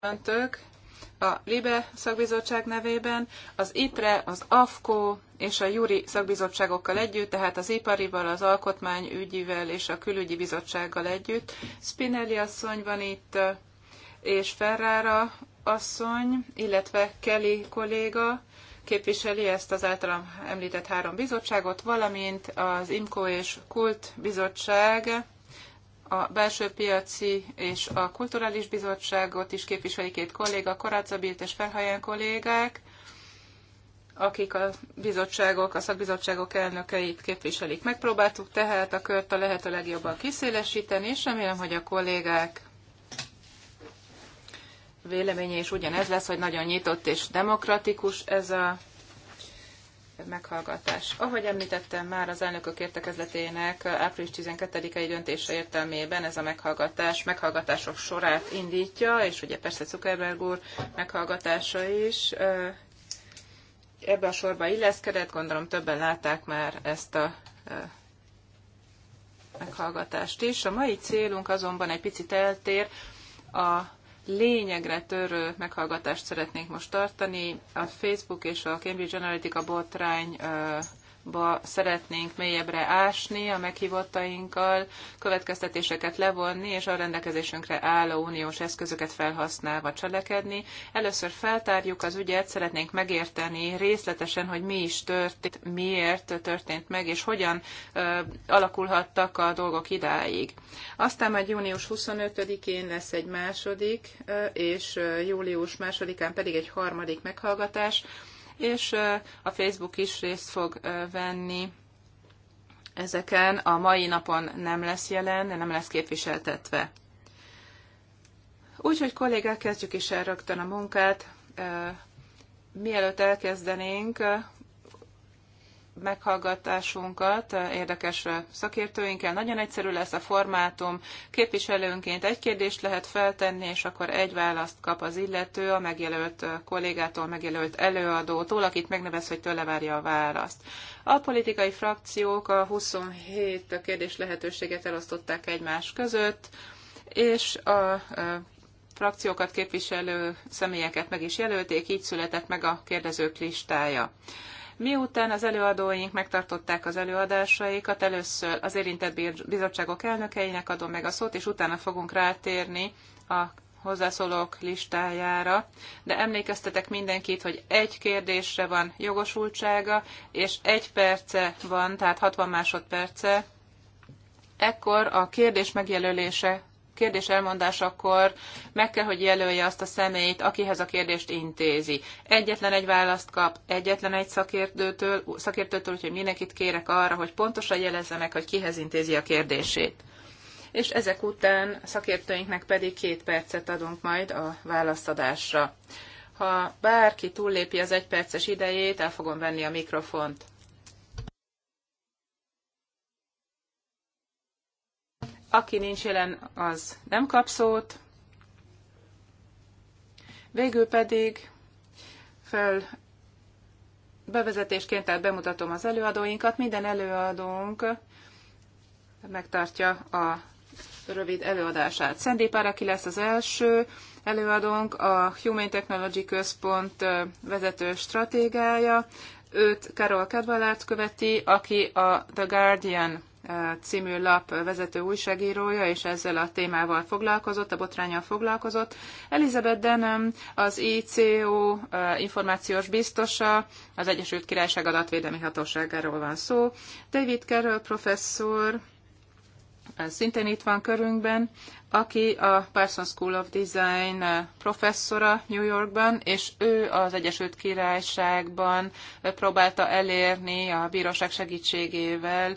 köszöntök a LIBE szakbizottság nevében, az ITRE, az AFKO és a JURI szakbizottságokkal együtt, tehát az iparival, az alkotmányügyivel és a külügyi bizottsággal együtt. Spinelli asszony van itt, és Ferrara asszony, illetve Kelly kolléga képviseli ezt az általam említett három bizottságot, valamint az IMCO és KULT bizottság a belső piaci és a kulturális bizottságot is képviseli két kolléga, Bilt és Ferhaján kollégák, akik a bizottságok, a szakbizottságok elnökeit képviselik. Megpróbáltuk tehát a kört a lehető legjobban kiszélesíteni, és remélem, hogy a kollégák véleménye is ugyanez lesz, hogy nagyon nyitott és demokratikus ez a meghallgatás. Ahogy említettem már az elnökök értekezletének április 12-i döntése értelmében ez a meghallgatás meghallgatások sorát indítja, és ugye persze Zuckerberg úr meghallgatása is ebbe a sorba illeszkedett, gondolom többen látták már ezt a meghallgatást is. A mai célunk azonban egy picit eltér a lényegre törő meghallgatást szeretnénk most tartani. A Facebook és a Cambridge Analytica botrány ba szeretnénk mélyebbre ásni a meghívottainkkal, következtetéseket levonni, és a rendelkezésünkre álló uniós eszközöket felhasználva cselekedni. Először feltárjuk az ügyet, szeretnénk megérteni részletesen, hogy mi is történt, miért történt meg, és hogyan ö, alakulhattak a dolgok idáig. Aztán majd június 25-én lesz egy második, ö, és július másodikán pedig egy harmadik meghallgatás, és a Facebook is részt fog venni ezeken. A mai napon nem lesz jelen, nem lesz képviseltetve. Úgyhogy kollégák, kezdjük is el rögtön a munkát. Mielőtt elkezdenénk, meghallgatásunkat eh, érdekes eh, szakértőinkkel. Nagyon egyszerű lesz a formátum. Képviselőnként egy kérdést lehet feltenni, és akkor egy választ kap az illető a megjelölt eh, kollégától, megjelölt előadótól, akit megnevez, hogy tőle várja a választ. A politikai frakciók a 27 kérdés lehetőséget elosztották egymás között, és a frakciókat képviselő személyeket meg is jelölték, így született meg a kérdezők listája. Miután az előadóink megtartották az előadásaikat, először az érintett bizottságok elnökeinek adom meg a szót, és utána fogunk rátérni a hozzászólók listájára, de emlékeztetek mindenkit, hogy egy kérdésre van jogosultsága, és egy perce van, tehát 60 másodperce, ekkor a kérdés megjelölése kérdés elmondásakor meg kell, hogy jelölje azt a személyt, akihez a kérdést intézi. Egyetlen egy választ kap, egyetlen egy szakértőtől, szakértőtől úgyhogy mindenkit kérek arra, hogy pontosan jelezze meg, hogy kihez intézi a kérdését. És ezek után szakértőinknek pedig két percet adunk majd a válaszadásra. Ha bárki túllépi az egyperces idejét, el fogom venni a mikrofont. Aki nincs jelen, az nem kap szót. Végül pedig fel bevezetésként, tehát bemutatom az előadóinkat. Minden előadónk megtartja a rövid előadását. Szendi Páraki lesz az első előadónk, a Human Technology Központ vezető stratégiája. Őt Karol Kedvalárt követi, aki a The Guardian című lap vezető újságírója, és ezzel a témával foglalkozott, a botrányal foglalkozott. Elizabeth Denham, az ICO információs biztosa, az Egyesült Királyság adatvédelmi hatóságáról van szó. David Carroll professzor, szintén itt van körünkben, aki a Parsons School of Design professzora New Yorkban, és ő az Egyesült Királyságban próbálta elérni a bíróság segítségével,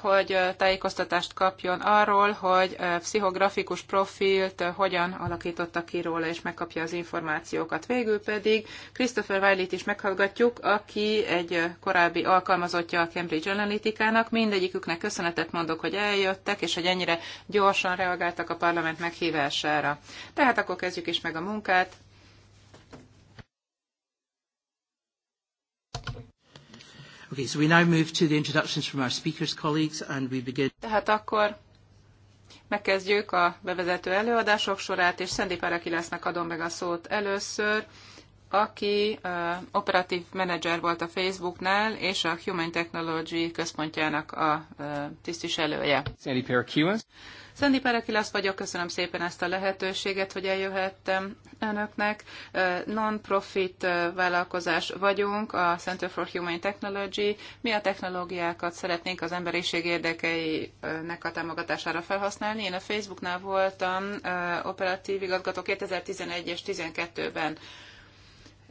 hogy tájékoztatást kapjon arról, hogy pszichografikus profilt hogyan alakítottak ki róla, és megkapja az információkat. Végül pedig Christopher Wiley-t is meghallgatjuk, aki egy korábbi alkalmazottja a Cambridge Analytica-nak. Mindegyiküknek köszönetet mondok, hogy eljöttek, és hogy ennyire gyorsan reagáltak a parlament meghívására. Tehát akkor kezdjük is meg a munkát. Okay, so we now move to the introductions from our speakers colleagues and we begin. Tehát akkor megkezdjük a bevezető előadások sorát, és Szendi Párakilásznak adom meg a szót először, aki uh, operatív menedzser volt a Facebooknál, és a Human Technology központjának a uh, tisztviselője. Sandy Parakilas. Sandy Parakilas vagyok, köszönöm szépen ezt a lehetőséget, hogy eljöhettem önöknek. Uh, Non-profit uh, vállalkozás vagyunk, a Center for Human Technology. Mi a technológiákat szeretnénk az emberiség érdekeinek a támogatására felhasználni. Én a Facebooknál voltam uh, operatív igazgató 2011 és 2012-ben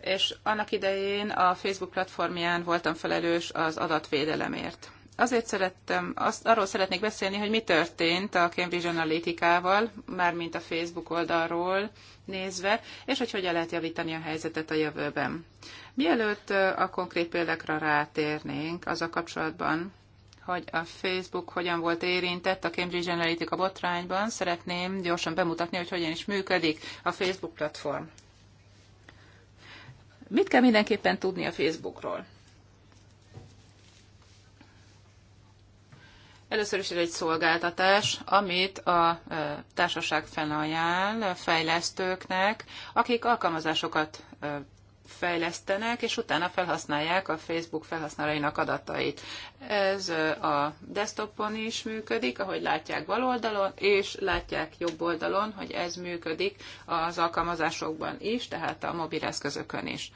és annak idején a Facebook platformján voltam felelős az adatvédelemért. Azért szerettem, azt, arról szeretnék beszélni, hogy mi történt a Cambridge Analytica-val, mármint a Facebook oldalról nézve, és hogy hogyan lehet javítani a helyzetet a jövőben. Mielőtt a konkrét példákra rátérnénk, az a kapcsolatban, hogy a Facebook hogyan volt érintett a Cambridge Analytica botrányban, szeretném gyorsan bemutatni, hogy hogyan is működik a Facebook platform. Mit kell mindenképpen tudni a Facebookról? Először is egy szolgáltatás, amit a társaság felajánl fejlesztőknek, akik alkalmazásokat fejlesztenek, és utána felhasználják a Facebook felhasználóinak adatait. Ez a desktopon is működik, ahogy látják bal oldalon, és látják jobb oldalon, hogy ez működik az alkalmazásokban is, tehát a mobil eszközökön is.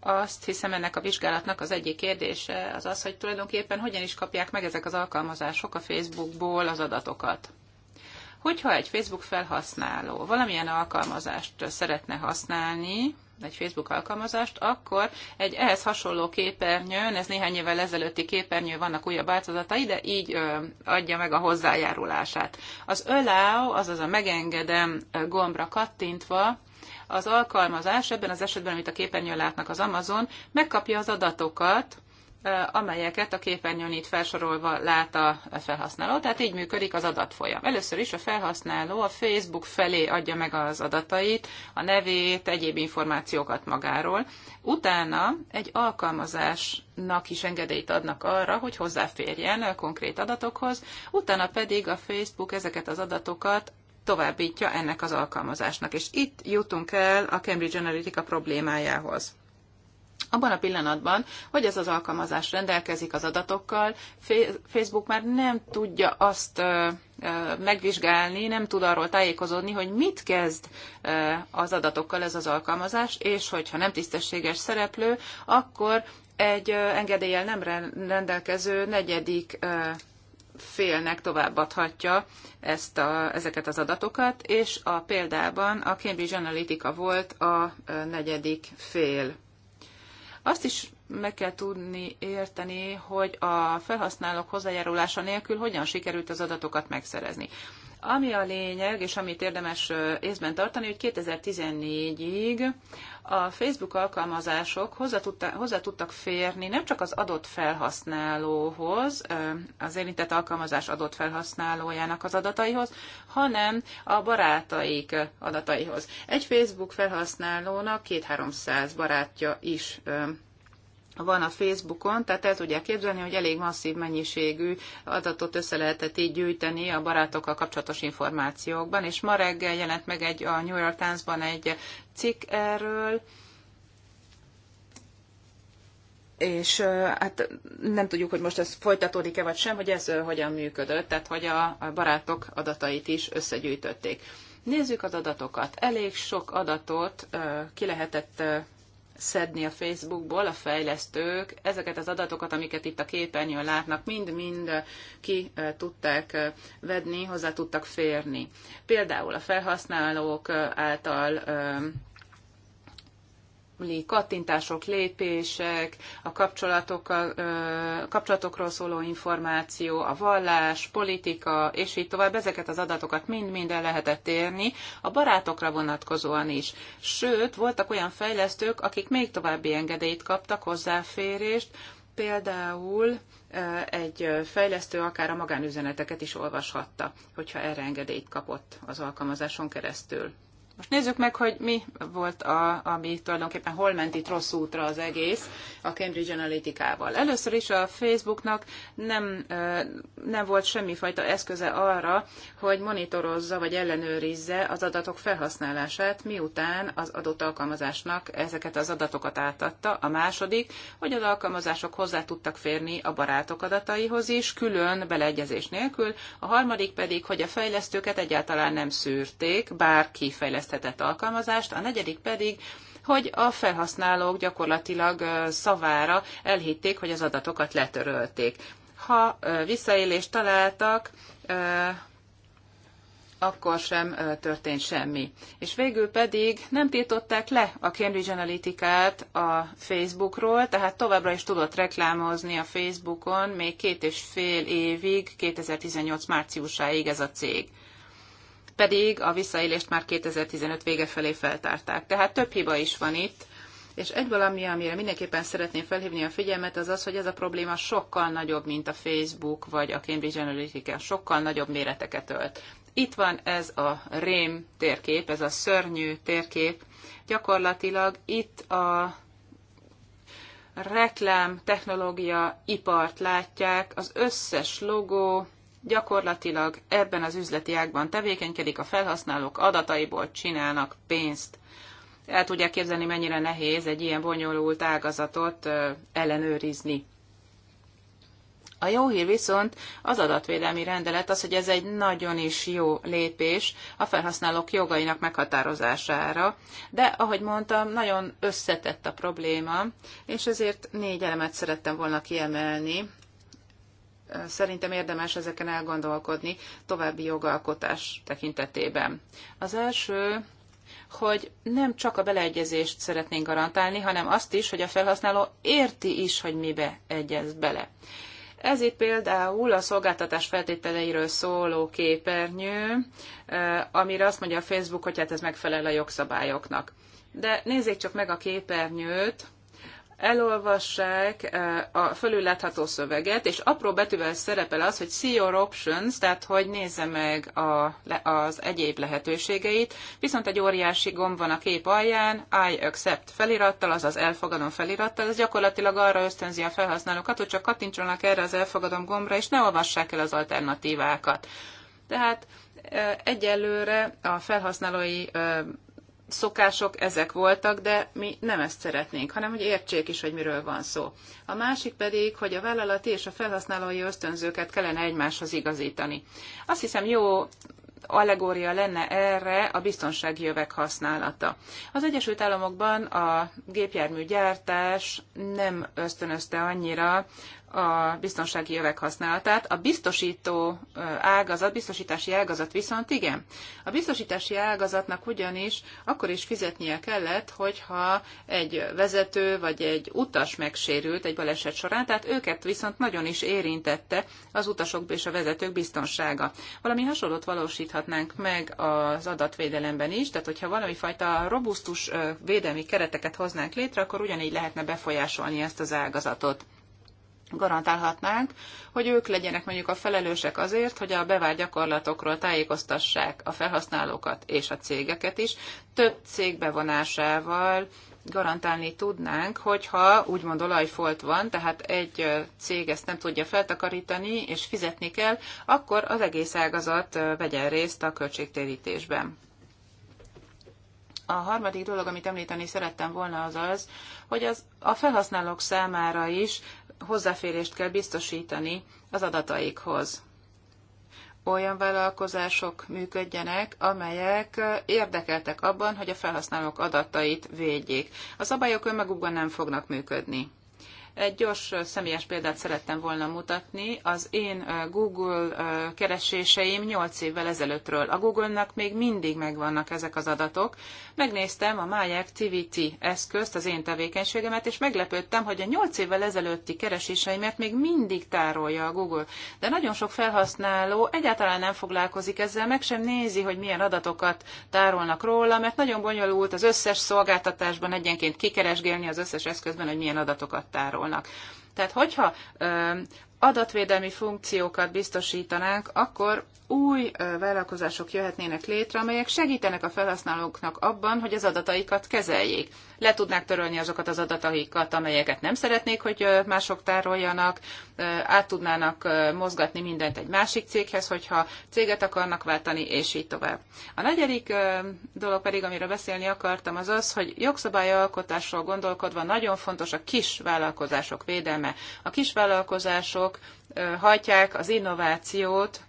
Azt hiszem ennek a vizsgálatnak az egyik kérdése az az, hogy tulajdonképpen hogyan is kapják meg ezek az alkalmazások a Facebookból az adatokat. Hogyha egy Facebook felhasználó valamilyen alkalmazást szeretne használni, egy Facebook alkalmazást, akkor egy ehhez hasonló képernyőn, ez néhány évvel ezelőtti képernyő, vannak újabb változatai, de így ö, adja meg a hozzájárulását. Az allow, azaz a megengedem gombra kattintva, az alkalmazás ebben az esetben, amit a képernyőn látnak az Amazon, megkapja az adatokat, amelyeket a képernyőn itt felsorolva lát a felhasználó. Tehát így működik az adatfolyam. Először is a felhasználó a Facebook felé adja meg az adatait, a nevét, egyéb információkat magáról. Utána egy alkalmazásnak is engedélyt adnak arra, hogy hozzáférjen a konkrét adatokhoz, utána pedig a Facebook ezeket az adatokat továbbítja ennek az alkalmazásnak. És itt jutunk el a Cambridge Analytica problémájához abban a pillanatban, hogy ez az alkalmazás rendelkezik az adatokkal, Facebook már nem tudja azt megvizsgálni, nem tud arról tájékozódni, hogy mit kezd az adatokkal ez az alkalmazás, és hogyha nem tisztességes szereplő, akkor egy engedéllyel nem rendelkező negyedik félnek továbbadhatja ezt a, ezeket az adatokat, és a példában a Cambridge Analytica volt a negyedik fél. Azt is meg kell tudni érteni, hogy a felhasználók hozzájárulása nélkül hogyan sikerült az adatokat megszerezni. Ami a lényeg, és amit érdemes észben tartani, hogy 2014-ig a Facebook alkalmazások hozzá, tudta, hozzá tudtak férni nem csak az adott felhasználóhoz, az érintett alkalmazás adott felhasználójának az adataihoz, hanem a barátaik adataihoz. Egy Facebook felhasználónak 2-300 barátja is van a Facebookon, tehát el tudják képzelni, hogy elég masszív mennyiségű adatot össze lehetett így gyűjteni a barátokkal kapcsolatos információkban, és ma reggel jelent meg egy, a New York Times-ban egy cikk erről, és hát nem tudjuk, hogy most ez folytatódik-e vagy sem, hogy ez hogyan működött, tehát hogy a barátok adatait is összegyűjtötték. Nézzük az adatokat. Elég sok adatot ki lehetett szedni a Facebookból a fejlesztők. Ezeket az adatokat, amiket itt a képernyőn látnak, mind-mind ki tudták vedni, hozzá tudtak férni. Például a felhasználók által kattintások, lépések, a kapcsolatokkal, kapcsolatokról szóló információ, a vallás, politika, és így tovább, ezeket az adatokat mind-mind el lehetett érni, a barátokra vonatkozóan is. Sőt, voltak olyan fejlesztők, akik még további engedélyt kaptak, hozzáférést, például egy fejlesztő akár a magánüzeneteket is olvashatta, hogyha erre engedélyt kapott az alkalmazáson keresztül. Most nézzük meg, hogy mi volt, a, ami tulajdonképpen hol ment itt rossz útra az egész a Cambridge Analytica-val. Először is a Facebooknak nem, nem volt semmifajta eszköze arra, hogy monitorozza vagy ellenőrizze az adatok felhasználását, miután az adott alkalmazásnak ezeket az adatokat átadta. A második, hogy az alkalmazások hozzá tudtak férni a barátok adataihoz is, külön beleegyezés nélkül. A harmadik pedig, hogy a fejlesztőket egyáltalán nem szűrték, bárki fejlesztő veszélyeztetett alkalmazást, a negyedik pedig, hogy a felhasználók gyakorlatilag szavára elhitték, hogy az adatokat letörölték. Ha visszaélést találtak, akkor sem történt semmi. És végül pedig nem tiltották le a Cambridge Analytica-t a Facebookról, tehát továbbra is tudott reklámozni a Facebookon még két és fél évig, 2018 márciusáig ez a cég pedig a visszaélést már 2015 vége felé feltárták. Tehát több hiba is van itt, és egy valami, amire mindenképpen szeretném felhívni a figyelmet, az az, hogy ez a probléma sokkal nagyobb, mint a Facebook vagy a Cambridge Analytica, sokkal nagyobb méreteket ölt. Itt van ez a rém térkép, ez a szörnyű térkép. Gyakorlatilag itt a reklám, technológia, ipart látják, az összes logó, gyakorlatilag ebben az üzleti ágban tevékenykedik, a felhasználók adataiból csinálnak pénzt. El tudják képzelni, mennyire nehéz egy ilyen bonyolult ágazatot ellenőrizni. A jó hír viszont az adatvédelmi rendelet az, hogy ez egy nagyon is jó lépés a felhasználók jogainak meghatározására, de ahogy mondtam, nagyon összetett a probléma, és ezért négy elemet szerettem volna kiemelni, szerintem érdemes ezeken elgondolkodni további jogalkotás tekintetében. Az első, hogy nem csak a beleegyezést szeretnénk garantálni, hanem azt is, hogy a felhasználó érti is, hogy mibe egyez bele. Ez itt például a szolgáltatás feltételeiről szóló képernyő, eh, amire azt mondja a Facebook, hogy hát ez megfelel a jogszabályoknak. De nézzék csak meg a képernyőt, elolvassák eh, a fölülátható szöveget, és apró betűvel szerepel az, hogy see your options, tehát hogy nézze meg a, az egyéb lehetőségeit, viszont egy óriási gomb van a kép alján, I accept felirattal, azaz elfogadom felirattal, ez gyakorlatilag arra ösztönzi a felhasználókat, hogy csak kattintsanak erre az elfogadom gombra, és ne olvassák el az alternatívákat. Tehát eh, egyelőre a felhasználói eh, szokások ezek voltak, de mi nem ezt szeretnénk, hanem hogy értsék is, hogy miről van szó. A másik pedig, hogy a vállalati és a felhasználói ösztönzőket kellene egymáshoz igazítani. Azt hiszem jó allegória lenne erre a biztonsági jövek használata. Az Egyesült Államokban a gépjárműgyártás nem ösztönözte annyira a biztonsági jövek használatát. A biztosító ágazat, biztosítási ágazat viszont igen. A biztosítási ágazatnak ugyanis akkor is fizetnie kellett, hogyha egy vezető vagy egy utas megsérült egy baleset során, tehát őket viszont nagyon is érintette az utasok és a vezetők biztonsága. Valami hasonlót valósíthatnánk meg az adatvédelemben is, tehát hogyha valami fajta robusztus védelmi kereteket hoznánk létre, akkor ugyanígy lehetne befolyásolni ezt az ágazatot garantálhatnánk, hogy ők legyenek mondjuk a felelősek azért, hogy a bevált gyakorlatokról tájékoztassák a felhasználókat és a cégeket is. Több cég bevonásával garantálni tudnánk, hogyha úgymond olajfolt van, tehát egy cég ezt nem tudja feltakarítani és fizetni kell, akkor az egész ágazat vegyen részt a költségtérítésben. A harmadik dolog, amit említeni szerettem volna, az az, hogy az a felhasználók számára is hozzáférést kell biztosítani az adataikhoz. Olyan vállalkozások működjenek, amelyek érdekeltek abban, hogy a felhasználók adatait védjék. A szabályok önmagukban nem fognak működni. Egy gyors személyes példát szerettem volna mutatni. Az én Google kereséseim 8 évvel ezelőttről. A Google-nak még mindig megvannak ezek az adatok. Megnéztem a My Activity eszközt, az én tevékenységemet, és meglepődtem, hogy a 8 évvel ezelőtti kereséseimet még mindig tárolja a Google. De nagyon sok felhasználó egyáltalán nem foglalkozik ezzel, meg sem nézi, hogy milyen adatokat tárolnak róla, mert nagyon bonyolult az összes szolgáltatásban egyenként kikeresgélni az összes eszközben, hogy milyen adatokat tárol válaszolnak. Tehát hogyha adatvédelmi funkciókat biztosítanánk, akkor új vállalkozások jöhetnének létre, amelyek segítenek a felhasználóknak abban, hogy az adataikat kezeljék. Le tudnák törölni azokat az adataikat, amelyeket nem szeretnék, hogy mások tároljanak, át tudnának mozgatni mindent egy másik céghez, hogyha céget akarnak váltani, és így tovább. A negyedik dolog pedig, amiről beszélni akartam, az az, hogy jogszabályalkotásról gondolkodva nagyon fontos a kis vállalkozások védelme eleme. A kisvállalkozások hajtják az innovációt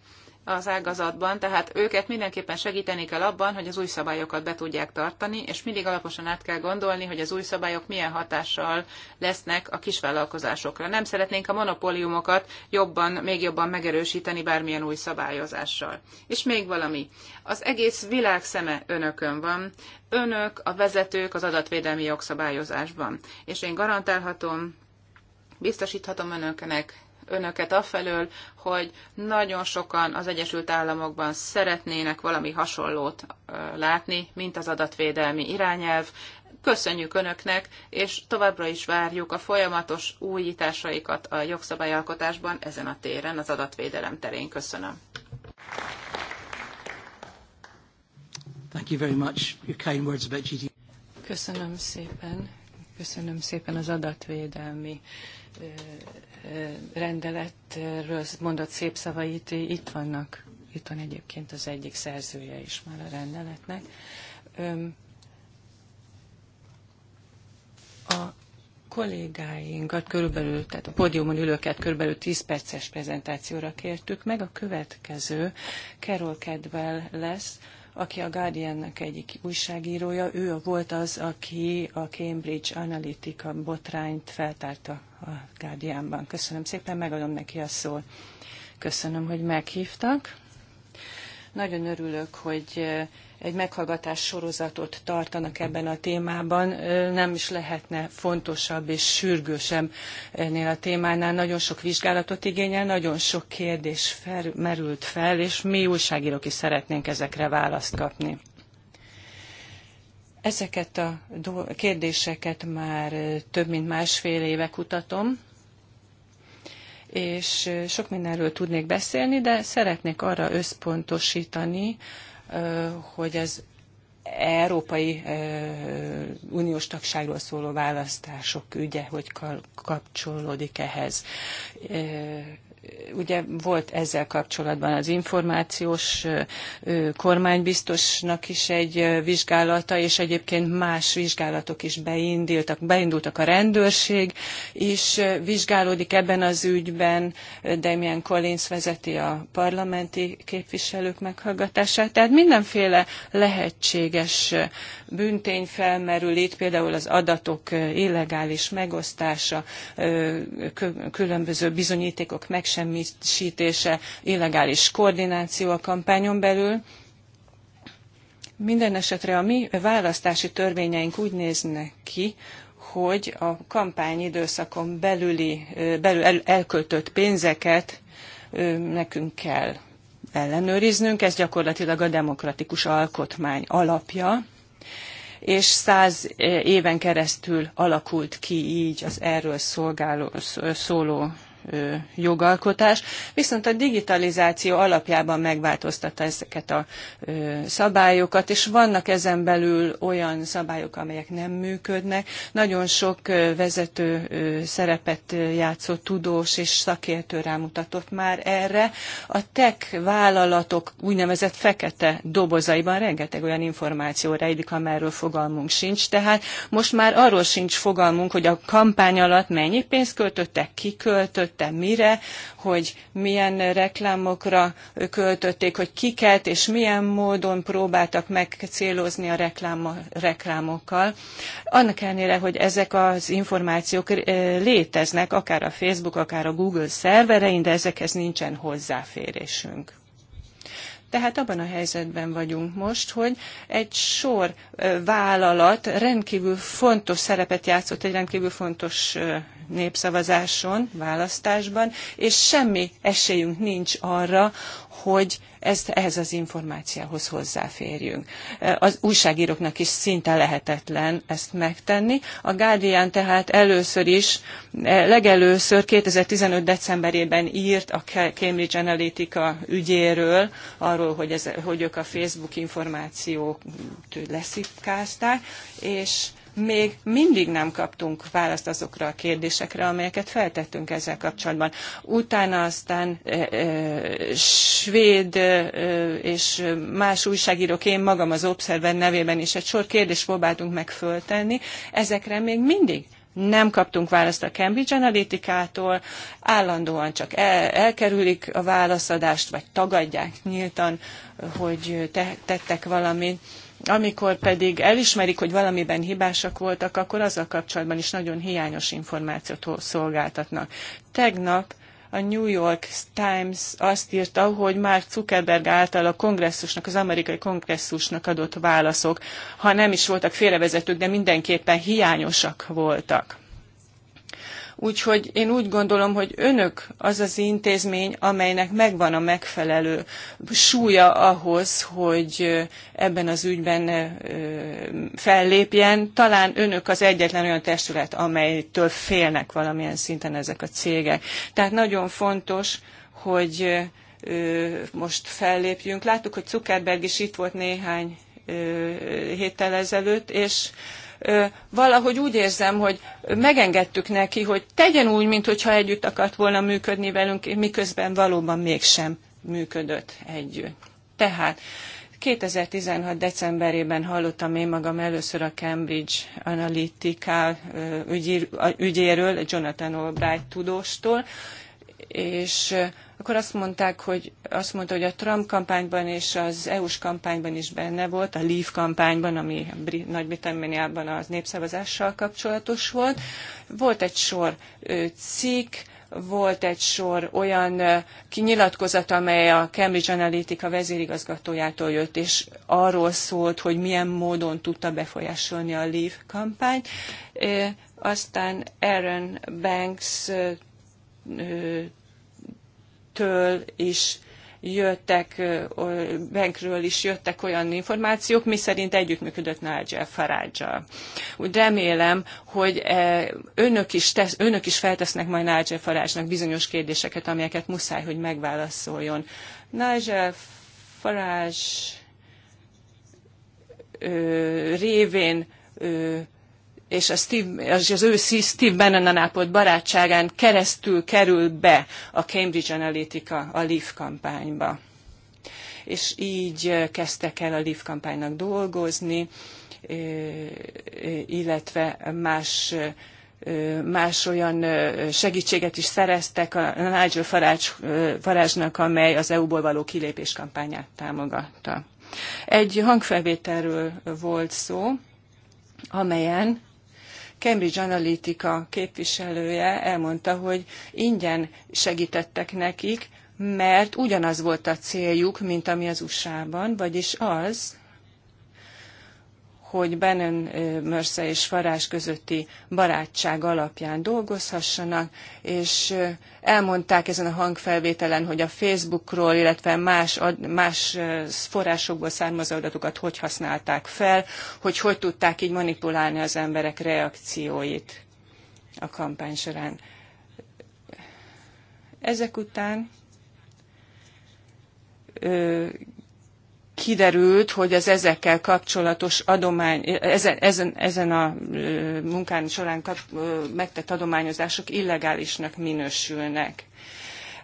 az ágazatban, tehát őket mindenképpen segíteni kell abban, hogy az új szabályokat be tudják tartani, és mindig alaposan át kell gondolni, hogy az új szabályok milyen hatással lesznek a kisvállalkozásokra. Nem szeretnénk a monopóliumokat jobban, még jobban megerősíteni bármilyen új szabályozással. És még valami. Az egész világ szeme önökön van. Önök a vezetők az adatvédelmi jogszabályozásban. És én garantálhatom, biztosíthatom önöknek, önöket afelől, hogy nagyon sokan az Egyesült Államokban szeretnének valami hasonlót látni, mint az adatvédelmi irányelv. Köszönjük Önöknek, és továbbra is várjuk a folyamatos újításaikat a jogszabályalkotásban ezen a téren, az adatvédelem terén. Köszönöm. Thank you very much. Your kind words about GDPR. Köszönöm szépen Köszönöm szépen az adatvédelmi rendeletről mondott szép szavait. Itt vannak, itt van egyébként az egyik szerzője is már a rendeletnek. A kollégáinkat körülbelül, tehát a pódiumon ülőket körülbelül 10 perces prezentációra kértük meg. A következő Carol Kedvel lesz, aki a Guardiannek egyik újságírója, ő volt az, aki a Cambridge Analytica botrányt feltárta a Guardianban. Köszönöm szépen, megadom neki a szót. Köszönöm, hogy meghívtak. Nagyon örülök, hogy egy meghallgatás sorozatot tartanak ebben a témában. Nem is lehetne fontosabb és sürgősebb ennél a témánál. Nagyon sok vizsgálatot igényel, nagyon sok kérdés fel, merült fel, és mi újságírók is szeretnénk ezekre választ kapni. Ezeket a kérdéseket már több mint másfél éve kutatom, és sok mindenről tudnék beszélni, de szeretnék arra összpontosítani, hogy az Európai Uniós tagságról szóló választások ügye, hogy kapcsolódik ehhez ugye volt ezzel kapcsolatban az információs kormánybiztosnak is egy vizsgálata, és egyébként más vizsgálatok is beindultak, beindultak a rendőrség, és vizsgálódik ebben az ügyben, Damien Collins vezeti a parlamenti képviselők meghallgatását, tehát mindenféle lehetséges büntény felmerül itt, például az adatok illegális megosztása, különböző bizonyítékok megsértése, megsemmisítése, illegális koordináció a kampányon belül. Minden esetre a mi választási törvényeink úgy néznek ki, hogy a kampány időszakon belüli, belül elköltött pénzeket nekünk kell ellenőriznünk, ez gyakorlatilag a demokratikus alkotmány alapja, és száz éven keresztül alakult ki így az erről szolgáló, szóló jogalkotás, viszont a digitalizáció alapjában megváltoztatta ezeket a szabályokat, és vannak ezen belül olyan szabályok, amelyek nem működnek. Nagyon sok vezető szerepet játszó tudós és szakértő rámutatott már erre. A tech vállalatok úgynevezett fekete dobozaiban rengeteg olyan információ rejlik, amelyről fogalmunk sincs, tehát most már arról sincs fogalmunk, hogy a kampány alatt mennyi pénzt költöttek, ki költött, költöttem mire, hogy milyen reklámokra költötték, hogy kiket és milyen módon próbáltak megcélozni a rekláma, reklámokkal. Annak ellenére, hogy ezek az információk eh, léteznek, akár a Facebook, akár a Google szerverein, de ezekhez nincsen hozzáférésünk. Tehát abban a helyzetben vagyunk most, hogy egy sor vállalat rendkívül fontos szerepet játszott egy rendkívül fontos népszavazáson, választásban, és semmi esélyünk nincs arra, hogy ezt, ehhez az információhoz hozzáférjünk. Az újságíróknak is szinte lehetetlen ezt megtenni. A Guardian tehát először is, legelőször 2015. decemberében írt a Cambridge Analytica ügyéről, arról, hogy, ez, hogy ők a Facebook információt leszikázták, és még mindig nem kaptunk választ azokra a kérdésekre, amelyeket feltettünk ezzel kapcsolatban. Utána aztán e, e, svéd e, és más újságírók, én magam az Observer nevében is egy sor kérdést próbáltunk meg föltenni, ezekre még mindig nem kaptunk választ a Cambridge Analytica-tól, állandóan csak el, elkerülik a válaszadást, vagy tagadják nyíltan, hogy te, tettek valamit amikor pedig elismerik, hogy valamiben hibásak voltak, akkor azzal kapcsolatban is nagyon hiányos információt szolgáltatnak. Tegnap a New York Times azt írta, hogy már Zuckerberg által a kongresszusnak, az amerikai kongresszusnak adott válaszok, ha nem is voltak félrevezetők, de mindenképpen hiányosak voltak. Úgyhogy én úgy gondolom, hogy önök az az intézmény, amelynek megvan a megfelelő súlya ahhoz, hogy ebben az ügyben fellépjen. Talán önök az egyetlen olyan testület, amelytől félnek valamilyen szinten ezek a cégek. Tehát nagyon fontos, hogy most fellépjünk. Láttuk, hogy Zuckerberg is itt volt néhány héttel ezelőtt, és valahogy úgy érzem, hogy megengedtük neki, hogy tegyen úgy, mintha együtt akart volna működni velünk, miközben valóban mégsem működött együtt. Tehát 2016. decemberében hallottam én magam először a Cambridge Analytica ügyéről, Jonathan Albright tudóstól, és akkor azt mondták, hogy azt mondta, hogy a Trump kampányban és az EU-s kampányban is benne volt, a Leave kampányban, ami Nagy-Britanniában az népszavazással kapcsolatos volt. Volt egy sor cikk, volt egy sor olyan kinyilatkozat, amely a Cambridge Analytica vezérigazgatójától jött, és arról szólt, hogy milyen módon tudta befolyásolni a Leave kampányt. Aztán Aaron Banks től is jöttek, bankről is jöttek olyan információk, mi szerint együttműködött Nigel farage Úgy remélem, hogy e, önök is, tesz, önök is feltesznek majd Nigel farage bizonyos kérdéseket, amelyeket muszáj, hogy megválaszoljon. Nigel Farage ö, révén ö, és, a Steve, és az ő Steve Bannon ápolt barátságán keresztül kerül be a Cambridge Analytica a Leaf kampányba. És így kezdtek el a Leaf kampánynak dolgozni, illetve más más olyan segítséget is szereztek a Nigel Farage-nak, amely az EU-ból való kilépés kampányát támogatta. Egy hangfelvételről volt szó, amelyen Cambridge Analytica képviselője elmondta, hogy ingyen segítettek nekik, mert ugyanaz volt a céljuk, mint ami az USA-ban, vagyis az, hogy Bannon Mörsze és Farás közötti barátság alapján dolgozhassanak, és elmondták ezen a hangfelvételen, hogy a Facebookról, illetve más, más forrásokból származó adatokat hogy használták fel, hogy hogy tudták így manipulálni az emberek reakcióit a kampány során. Ezek után kiderült, hogy az ezekkel kapcsolatos adomány, ezen, ezen, ezen a munkán során kap, megtett adományozások illegálisnak minősülnek.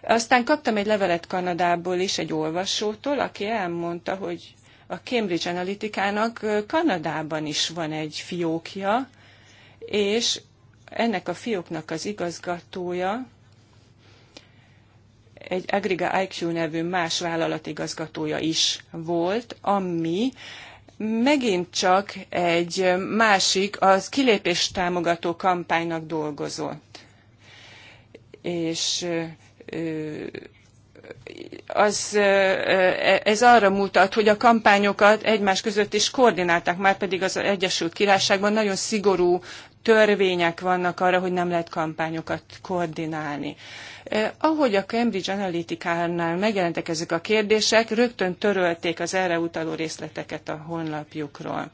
Aztán kaptam egy levelet Kanadából is, egy olvasótól, aki elmondta, hogy a Cambridge Analytikának Kanadában is van egy fiókja, és ennek a fióknak az igazgatója egy Agriga IQ nevű más vállalat igazgatója is volt, ami megint csak egy másik, az kilépést támogató kampánynak dolgozott. És az, ez arra mutat, hogy a kampányokat egymás között is koordinálták, már pedig az Egyesült Királyságban nagyon szigorú törvények vannak arra, hogy nem lehet kampányokat koordinálni. Eh, ahogy a Cambridge Analytica-nál megjelentek ezek a kérdések, rögtön törölték az erre utaló részleteket a honlapjukról.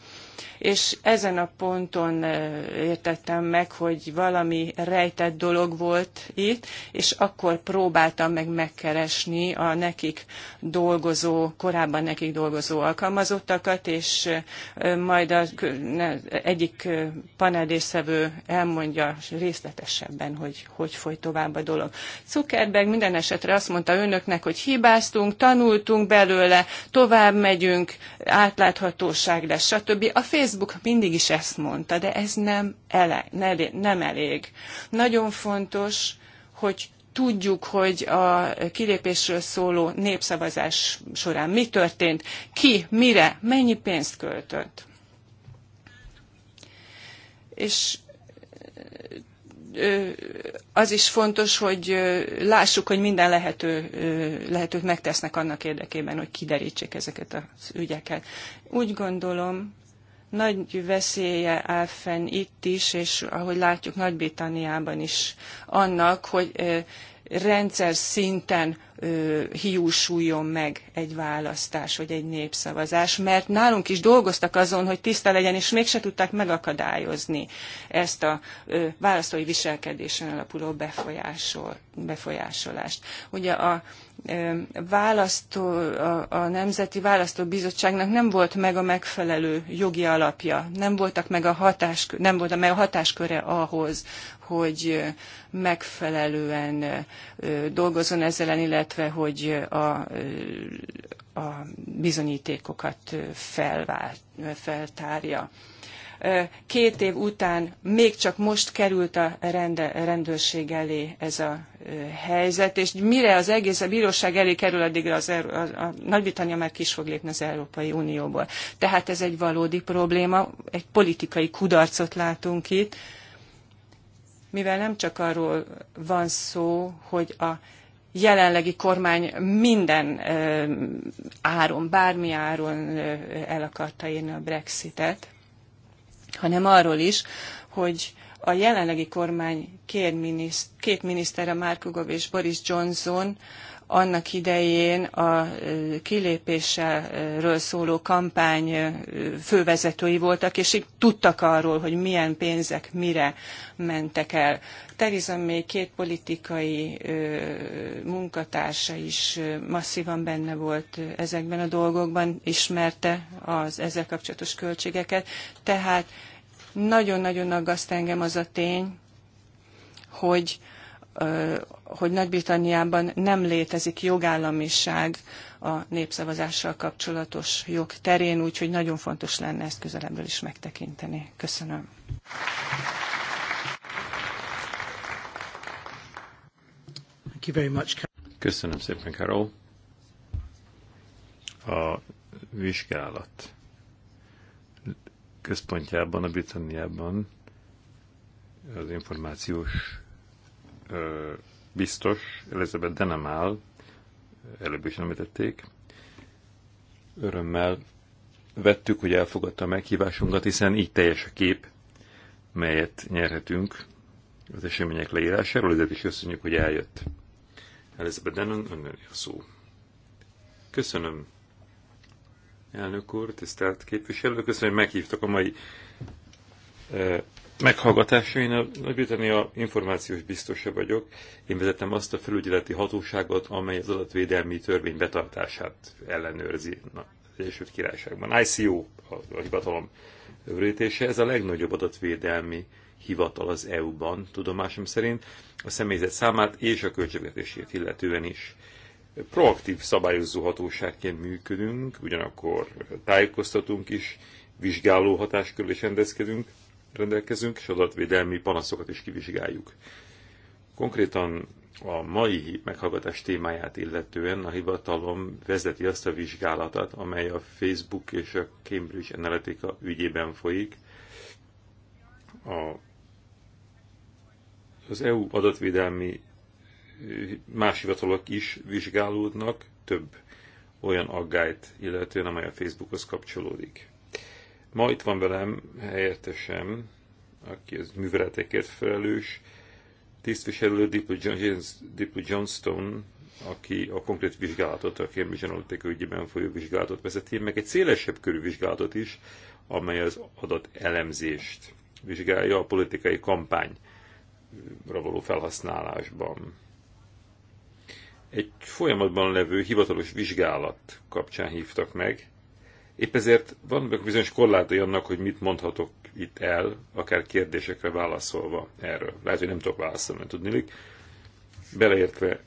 És ezen a ponton eh, értettem meg, hogy valami rejtett dolog volt itt, és akkor próbáltam meg megkeresni a nekik dolgozó, korábban nekik dolgozó alkalmazottakat, és eh, majd az egyik panelészevő elmondja részletesebben, hogy hogy folyt tovább a dolog. Zuckerberg minden esetre azt mondta önöknek, hogy hibáztunk, tanultunk belőle, tovább megyünk, átláthatóság lesz, stb. A Facebook mindig is ezt mondta, de ez nem, ele, nem elég. Nagyon fontos, hogy tudjuk, hogy a kilépésről szóló népszavazás során mi történt, ki, mire, mennyi pénzt költött. És az is fontos, hogy lássuk, hogy minden lehető, lehetőt megtesznek annak érdekében, hogy kiderítsék ezeket az ügyeket. Úgy gondolom, nagy veszélye áll fenn itt is, és ahogy látjuk Nagy-Britanniában is annak, hogy rendszer szinten ö, hiúsuljon meg egy választás vagy egy népszavazás, mert nálunk is dolgoztak azon, hogy tiszta legyen, és mégse tudták megakadályozni ezt a ö, választói viselkedésen alapuló befolyásol, befolyásolást. Ugye a választó, a, a Nemzeti Választóbizottságnak nem volt meg a megfelelő jogi alapja, nem, voltak meg a hatás, nem volt meg a hatásköre ahhoz, hogy megfelelően dolgozzon ezzel, illetve hogy a, a bizonyítékokat felvált feltárja két év után még csak most került a rendőrség elé ez a helyzet, és mire az egész a bíróság elé kerül, addigra az, a, a Nagy-Britannia már kis fog lépni az Európai Unióból. Tehát ez egy valódi probléma, egy politikai kudarcot látunk itt, mivel nem csak arról van szó, hogy a jelenlegi kormány minden áron, bármi áron el akarta írni a Brexitet, hanem arról is, hogy a jelenlegi kormány két, miniszt, két minisztere, Mark Ugov és Boris Johnson annak idején a kilépésről szóló kampány fővezetői voltak, és így tudtak arról, hogy milyen pénzek mire mentek el. Theresa még két politikai munkatársa is masszívan benne volt ezekben a dolgokban, ismerte az ezzel kapcsolatos költségeket, tehát nagyon-nagyon aggaszt engem az a tény, hogy, hogy Nagy-Britanniában nem létezik jogállamiság a népszavazással kapcsolatos jog terén, úgyhogy nagyon fontos lenne ezt közelebbről is megtekinteni. Köszönöm. Köszönöm szépen, Karol. A vizsgálat központjában, a Britanniában az információs biztos Elizabeth Denemál, előbb is említették, örömmel vettük, hogy elfogadta a meghívásunkat, hiszen így teljes a kép, melyet nyerhetünk az események leírásáról, ezért is köszönjük, hogy eljött. Elizabeth Denon, önnél a szó. Köszönöm elnök úr, tisztelt képviselő, köszönöm, hogy meghívtak a mai e, meghallgatásra. Én a Nagy-Britannia információs biztosa vagyok. Én vezetem azt a felügyeleti hatóságot, amely az adatvédelmi törvény betartását ellenőrzi Na, az Egyesült Királyságban. ICO a, a hivatalom övrítése. Ez a legnagyobb adatvédelmi hivatal az EU-ban, tudomásom szerint, a személyzet számát és a költségvetését illetően is proaktív szabályozó hatóságként működünk, ugyanakkor tájékoztatunk is, vizsgáló hatáskörül is rendezkedünk, rendelkezünk, és adatvédelmi panaszokat is kivizsgáljuk. Konkrétan a mai meghallgatás témáját illetően a hivatalom vezeti azt a vizsgálatot, amely a Facebook és a Cambridge Analytica ügyében folyik. A, az EU adatvédelmi más hivatalok is vizsgálódnak, több olyan aggályt illetően, amely a Facebookhoz kapcsolódik. Ma itt van velem helyettesem, aki az műveletekért felelős, tisztviselő Diplo Johnstone, aki a konkrét vizsgálatot, a Cambridge Analytica ügyében folyó vizsgálatot vezeti, meg egy szélesebb körű vizsgálatot is, amely az adat elemzést vizsgálja a politikai kampányra való felhasználásban egy folyamatban levő hivatalos vizsgálat kapcsán hívtak meg. Épp ezért van bizonyos korlátai annak, hogy mit mondhatok itt el, akár kérdésekre válaszolva erről. Lehet, hogy nem tudok válaszolni, tudnilik. Beleértve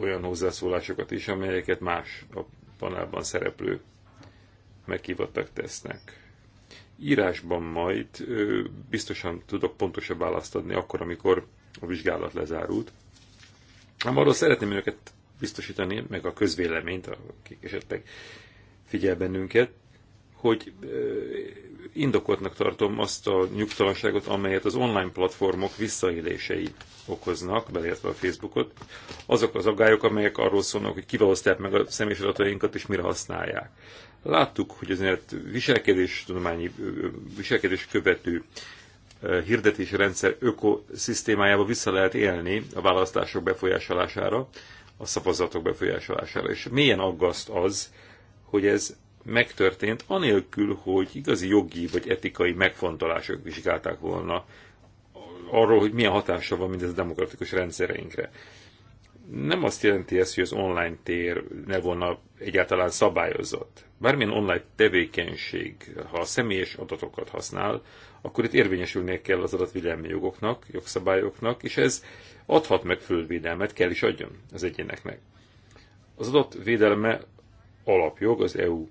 olyan hozzászólásokat is, amelyeket más a panelban szereplő meghívottak tesznek. Írásban majd biztosan tudok pontosabb választ adni akkor, amikor a vizsgálat lezárult nem arról szeretném önöket biztosítani, meg a közvéleményt, akik esetleg figyel bennünket, hogy indokotnak tartom azt a nyugtalanságot, amelyet az online platformok visszaélései okoznak, beleértve a Facebookot, azok az aggályok, amelyek arról szólnak, hogy kiválasztják meg a személyes adatainkat és mire használják. Láttuk, hogy azért viselkedés tudományi, viselkedés követő hirdetési rendszer ökoszisztémájába vissza lehet élni a választások befolyásolására, a szavazatok befolyásolására. És milyen aggaszt az, hogy ez megtörtént, anélkül, hogy igazi jogi vagy etikai megfontolások vizsgálták volna arról, hogy milyen hatása van mindez a demokratikus rendszereinkre nem azt jelenti ez, hogy az online tér ne volna egyáltalán szabályozott. Bármilyen online tevékenység, ha a személyes adatokat használ, akkor itt érvényesülnie kell az adatvédelmi jogoknak, jogszabályoknak, és ez adhat meg földvédelmet, kell is adjon az egyéneknek. Az adatvédelme alapjog az EU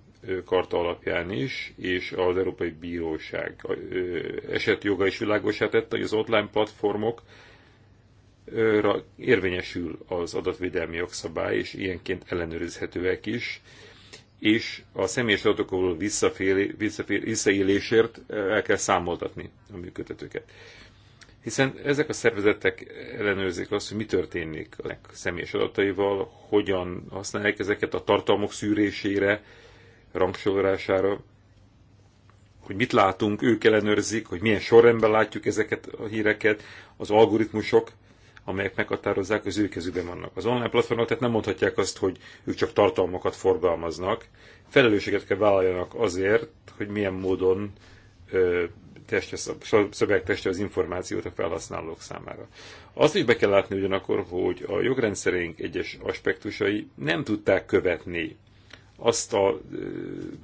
karta alapján is, és az Európai Bíróság joga is világosá tette, hogy az online platformok érvényesül az adatvédelmi jogszabály, és ilyenként ellenőrizhetőek is, és a személyes adatokról visszaélésért e, el kell számoltatni a működtetőket. Hiszen ezek a szervezetek ellenőrzik azt, hogy mi történik a személyes adataival, hogyan használják ezeket a tartalmok szűrésére, rangsorolására, hogy mit látunk, ők ellenőrzik, hogy milyen sorrendben látjuk ezeket a híreket, az algoritmusok amelyek meghatározzák, az ő kezükben vannak. Az online platformok tehát nem mondhatják azt, hogy ők csak tartalmakat forgalmaznak. Felelősséget kell vállaljanak azért, hogy milyen módon ö, testre, az információt a felhasználók számára. Azt is be kell látni ugyanakkor, hogy a jogrendszerénk egyes aspektusai nem tudták követni azt a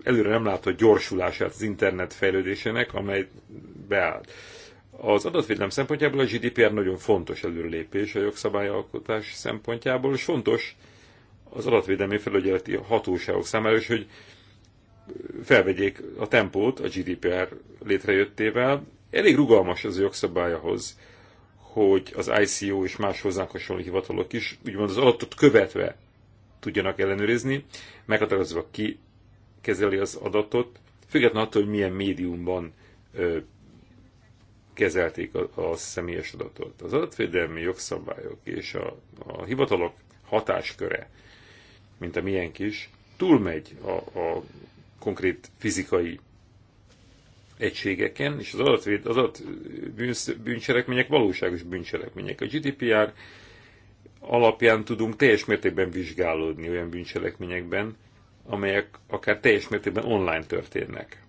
előre nem látott gyorsulását az internet fejlődésének, amely beállt. Az adatvédelem szempontjából a GDPR nagyon fontos előrelépés a jogszabályalkotás szempontjából, és fontos az adatvédelmi felügyeleti hatóságok számára is, hogy felvegyék a tempót a GDPR létrejöttével. Elég rugalmas az a jogszabály ahhoz, hogy az ICO és más hozzánk hasonló hivatalok is úgymond az adatot követve tudjanak ellenőrizni, meghatározva ki kezeli az adatot, függetlenül attól, hogy milyen médiumban kezelték a, a személyes adatot. Az adatvédelmi jogszabályok és a, a hivatalok hatásköre, mint a miénk is, túlmegy a, a konkrét fizikai egységeken, és az adatvéd, az adat bűncselekmények valóságos bűncselekmények. A GDPR alapján tudunk teljes mértékben vizsgálódni olyan bűncselekményekben, amelyek akár teljes mértékben online történnek.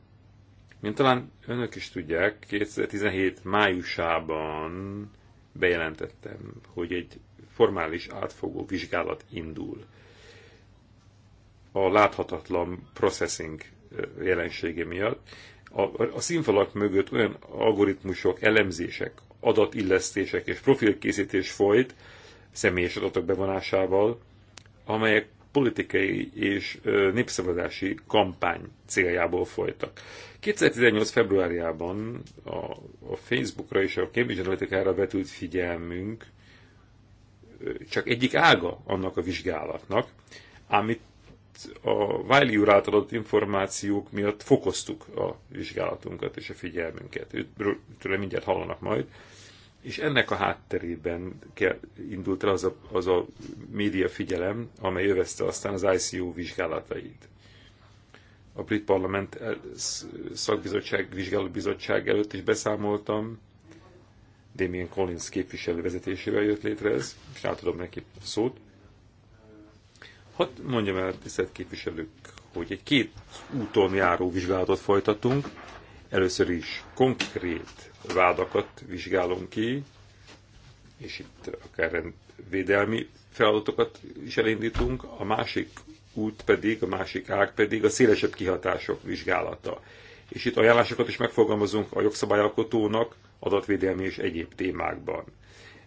Mint talán önök is tudják, 2017 májusában bejelentettem, hogy egy formális átfogó vizsgálat indul a láthatatlan processing jelensége miatt. A, a színfalak mögött olyan algoritmusok, elemzések, adatillesztések és profilkészítés folyt személyes adatok bevonásával, amelyek politikai és népszavazási kampány céljából folytak. 2018. februárjában a, a Facebookra és a Cambridge Analytica-ra vetült figyelmünk csak egyik ága annak a vizsgálatnak, amit a Wiley úr által adott információk miatt fokoztuk a vizsgálatunkat és a figyelmünket. Őtől mindjárt hallanak majd. És ennek a hátterében indult el az a, az a média figyelem, amely övezte aztán az ICO vizsgálatait a brit parlament eh, szakbizottság, vizsgálóbizottság előtt is beszámoltam. Damien Collins képviselő vezetésével jött létre ez, és átadom neki szót. Hát mondjam el, tisztelt képviselők, hogy egy két úton járó vizsgálatot folytatunk. Először is konkrét vádakat vizsgálunk ki, és itt akár védelmi feladatokat is elindítunk. A másik út pedig, a másik ág pedig a szélesebb kihatások vizsgálata. És itt ajánlásokat is megfogalmazunk a jogszabályalkotónak adatvédelmi és egyéb témákban.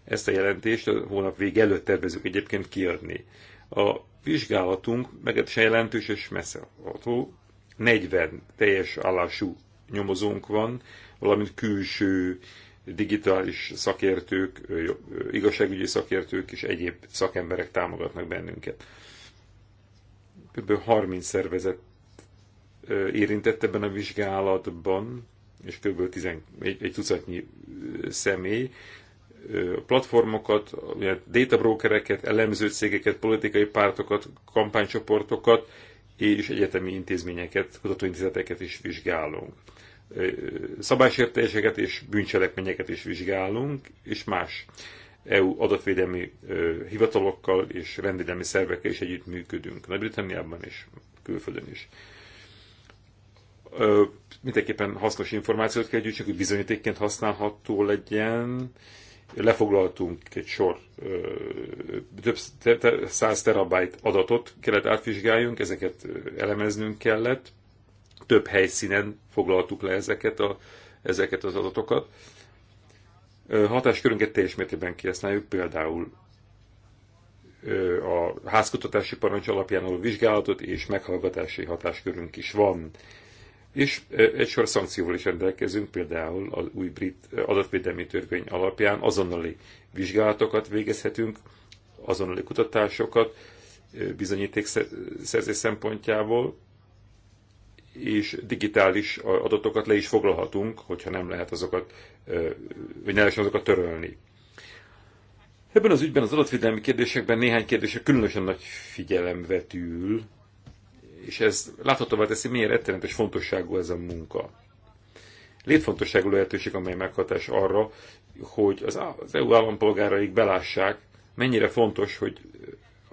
Ezt a jelentést a hónap vége előtt tervezünk egyébként kiadni. A vizsgálatunk meglehetősen jelentős és messzeható. 40 teljes állású nyomozónk van, valamint külső digitális szakértők, igazságügyi szakértők és egyéb szakemberek támogatnak bennünket kb. 30 szervezet érintett ebben a vizsgálatban, és kb. 10, egy, egy tucatnyi személy, platformokat, data brokereket, elemző cégeket, politikai pártokat, kampánycsoportokat és egyetemi intézményeket, kutatóintézeteket is vizsgálunk. Szabálysértéseket és bűncselekményeket is vizsgálunk, és más EU adatvédelmi hivatalokkal és rendvédelmi szervekkel is működünk Nagy-Britanniában és külföldön is. Ö, mindenképpen hasznos információt kell gyűjtsünk, hogy bizonyítékként használható legyen. Lefoglaltunk egy sor ö, több száz terabájt adatot kellett átvizsgáljunk, ezeket elemeznünk kellett. Több helyszínen foglaltuk le ezeket, a, ezeket az adatokat hatáskörünket teljes mértékben kihasználjuk, például a házkutatási parancs alapján a vizsgálatot és meghallgatási hatáskörünk is van. És egy sor szankcióval is rendelkezünk, például az új brit adatvédelmi törvény alapján azonnali vizsgálatokat végezhetünk, azonnali kutatásokat bizonyítékszerzés szempontjából, és digitális adatokat le is foglalhatunk, hogyha nem lehet azokat, vagy ne azokat törölni. Ebben az ügyben az adatvédelmi kérdésekben néhány kérdése különösen nagy figyelem vetül, és ez láthatóvá teszi, milyen rettenetes fontosságú ez a munka. Létfontosságú lehetőség, amely meghatás arra, hogy az, az EU állampolgáraik belássák, mennyire fontos, hogy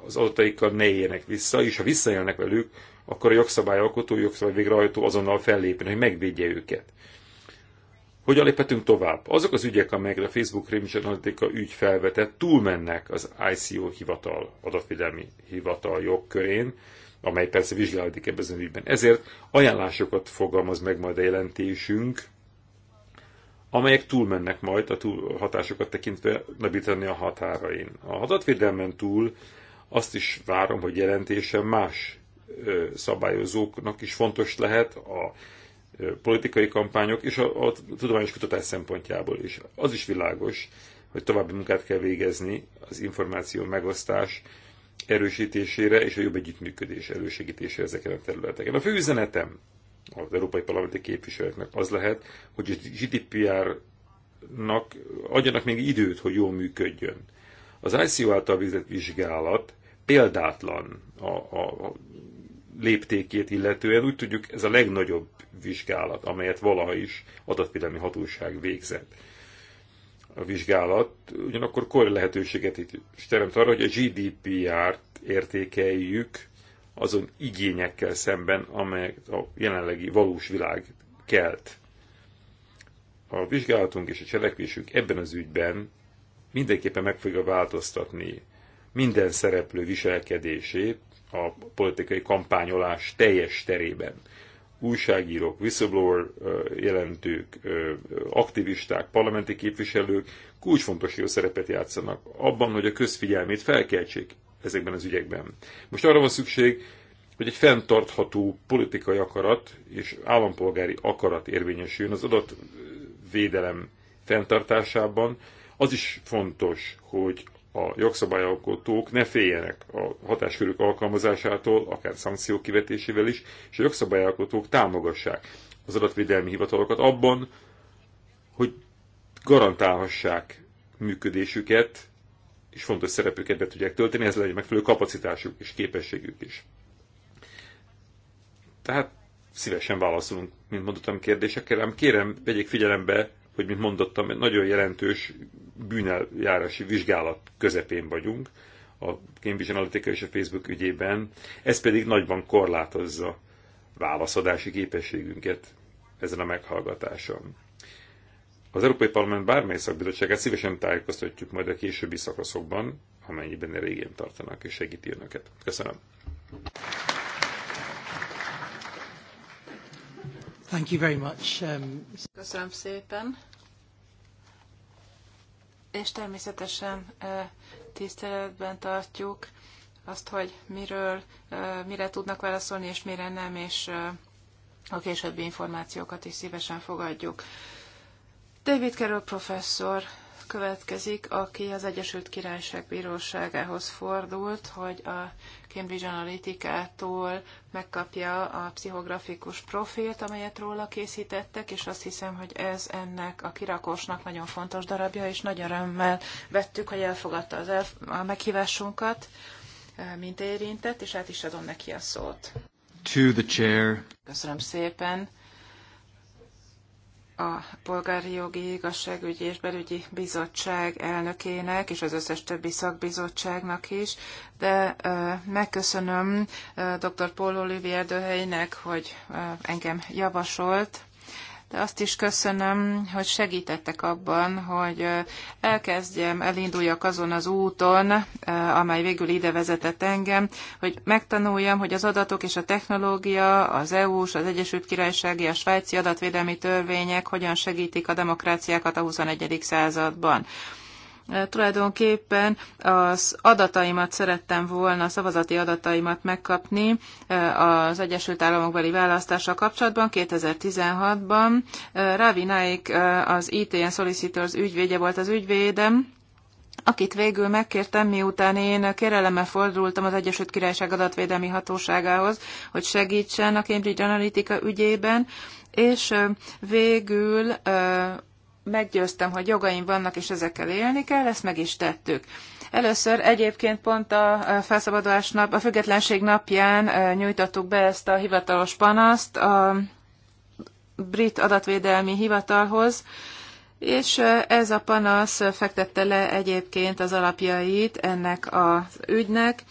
az adataikkal ne éljenek vissza, és ha visszaélnek velük, akkor a jogszabályalkotó, jogszabály végrehajtó azonnal fellépjen, hogy megvédje őket. Hogyan léphetünk tovább? Azok az ügyek, amelyekre a Facebook Rémis Analitika ügy felvetett, túlmennek az ICO hivatal, adatvédelmi hivatal jogkörén, amely persze vizsgálódik ebben az ügyben. Ezért ajánlásokat fogalmaz meg majd a jelentésünk, amelyek túlmennek majd a túl hatásokat tekintve nagyítani a határain. A adatvédelmen túl azt is várom, hogy jelentése más szabályozóknak is fontos lehet a politikai kampányok és a, a tudományos kutatás szempontjából is. Az is világos, hogy további munkát kell végezni az információ megosztás erősítésére és a jobb együttműködés elősegítésére ezeken a területeken. A fő üzenetem az Európai Parlamenti képviselőknek az lehet, hogy a GDPR-nak adjanak még időt, hogy jól működjön. Az ICO által végzett vizsgálat példátlan a, a, a léptékét illetően úgy tudjuk, ez a legnagyobb vizsgálat, amelyet valaha is adatvédelmi hatóság végzett. A vizsgálat ugyanakkor korai lehetőséget is teremt arra, hogy a GDPR-t értékeljük azon igényekkel szemben, amelyek a jelenlegi valós világ kelt. A vizsgálatunk és a cselekvésünk ebben az ügyben mindenképpen meg fogja változtatni minden szereplő viselkedését, a politikai kampányolás teljes terében. Újságírók, whistleblower jelentők, aktivisták, parlamenti képviselők kulcsfontosító szerepet játszanak abban, hogy a közfigyelmét felkeltsék ezekben az ügyekben. Most arra van szükség, hogy egy fenntartható politikai akarat és állampolgári akarat érvényesüljön az adatvédelem fenntartásában. Az is fontos, hogy a jogszabályalkotók ne féljenek a hatáskörük alkalmazásától, akár szankciók kivetésével is, és a jogszabályalkotók támogassák az adatvédelmi hivatalokat abban, hogy garantálhassák működésüket, és fontos szerepüket be tudják tölteni, ez legyen megfelelő kapacitásuk és képességük is. Tehát szívesen válaszolunk, mint mondottam, kérdésekkel, kérem, vegyék figyelembe hogy, mint mondottam, egy nagyon jelentős bűneljárási vizsgálat közepén vagyunk, a Cambridge Analytica és a Facebook ügyében, ez pedig nagyban korlátozza válaszadási képességünket ezen a meghallgatáson. Az Európai Parlament bármely szakbizottságát szívesen tájékoztatjuk majd a későbbi szakaszokban, amennyiben erre tartanak és segíti önöket. Köszönöm. Thank you very much. Um... Köszönöm szépen és természetesen tiszteletben tartjuk azt, hogy miről, mire tudnak válaszolni, és mire nem, és a későbbi információkat is szívesen fogadjuk. David Carroll professzor következik, aki az Egyesült Királyság Bíróságához fordult, hogy a Cambridge Analytica-tól megkapja a pszichografikus profilt, amelyet róla készítettek, és azt hiszem, hogy ez ennek a kirakósnak nagyon fontos darabja, és nagy örömmel vettük, hogy elfogadta az elf- a meghívásunkat, mint érintett, és át is adom neki a szót. To the chair. Köszönöm szépen a Polgári Jogi Igazságügyi és Belügyi Bizottság elnökének és az összes többi szakbizottságnak is, de megköszönöm dr. Paul Olivier hogy engem javasolt de azt is köszönöm, hogy segítettek abban, hogy elkezdjem, elinduljak azon az úton, amely végül ide vezetett engem, hogy megtanuljam, hogy az adatok és a technológia, az EU-s, az Egyesült Királysági, a svájci adatvédelmi törvények hogyan segítik a demokráciákat a 21. században Eh, tulajdonképpen az adataimat szerettem volna, szavazati adataimat megkapni eh, az Egyesült Államokbeli választással kapcsolatban 2016-ban. Eh, Ravi Naik az ITN Solicitors ügyvédje volt az ügyvédem, akit végül megkértem, miután én kérelemmel fordultam az Egyesült Királyság adatvédelmi hatóságához, hogy segítsen a Cambridge Analytica ügyében, és végül meggyőztem, hogy jogaim vannak, és ezekkel élni kell, ezt meg is tettük. Először egyébként pont a felszabadulás nap, a függetlenség napján nyújtottuk be ezt a hivatalos panaszt a brit adatvédelmi hivatalhoz, és ez a panasz fektette le egyébként az alapjait ennek az ügynek.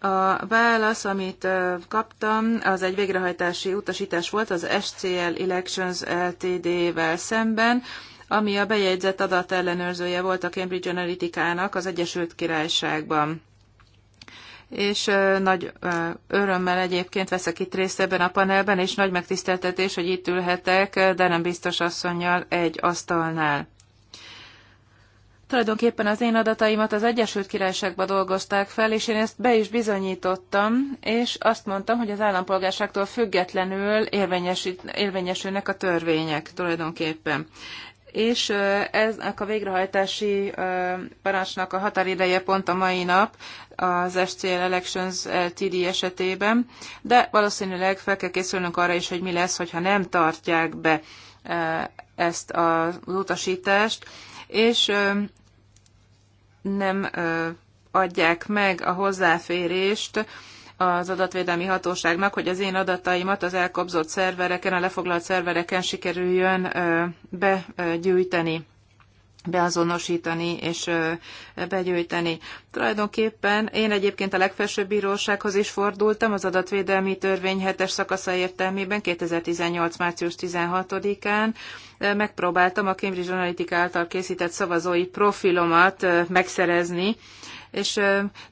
A válasz, amit kaptam, az egy végrehajtási utasítás volt az SCL Elections LTD-vel szemben, ami a bejegyzett adatellenőrzője volt a Cambridge Analytica-nak az Egyesült Királyságban és nagy örömmel egyébként veszek itt részt ebben a panelben, és nagy megtiszteltetés, hogy itt ülhetek, de nem biztos asszonynal egy asztalnál. Tulajdonképpen az én adataimat az Egyesült Királyságba dolgozták fel, és én ezt be is bizonyítottam, és azt mondtam, hogy az állampolgárságtól függetlenül érvényesülnek a törvények tulajdonképpen és eznek a végrehajtási parancsnak a határideje pont a mai nap az SCL Elections TD esetében, de valószínűleg fel kell készülnünk arra is, hogy mi lesz, hogyha nem tartják be ezt az utasítást, és nem adják meg a hozzáférést az adatvédelmi hatóságnak, hogy az én adataimat az elkobzott szervereken, a lefoglalt szervereken sikerüljön begyűjteni beazonosítani és begyűjteni. Tulajdonképpen én egyébként a legfelsőbb bírósághoz is fordultam az adatvédelmi törvény hetes szakasza értelmében 2018. március 16-án. Megpróbáltam a Cambridge Analytica által készített szavazói profilomat megszerezni, és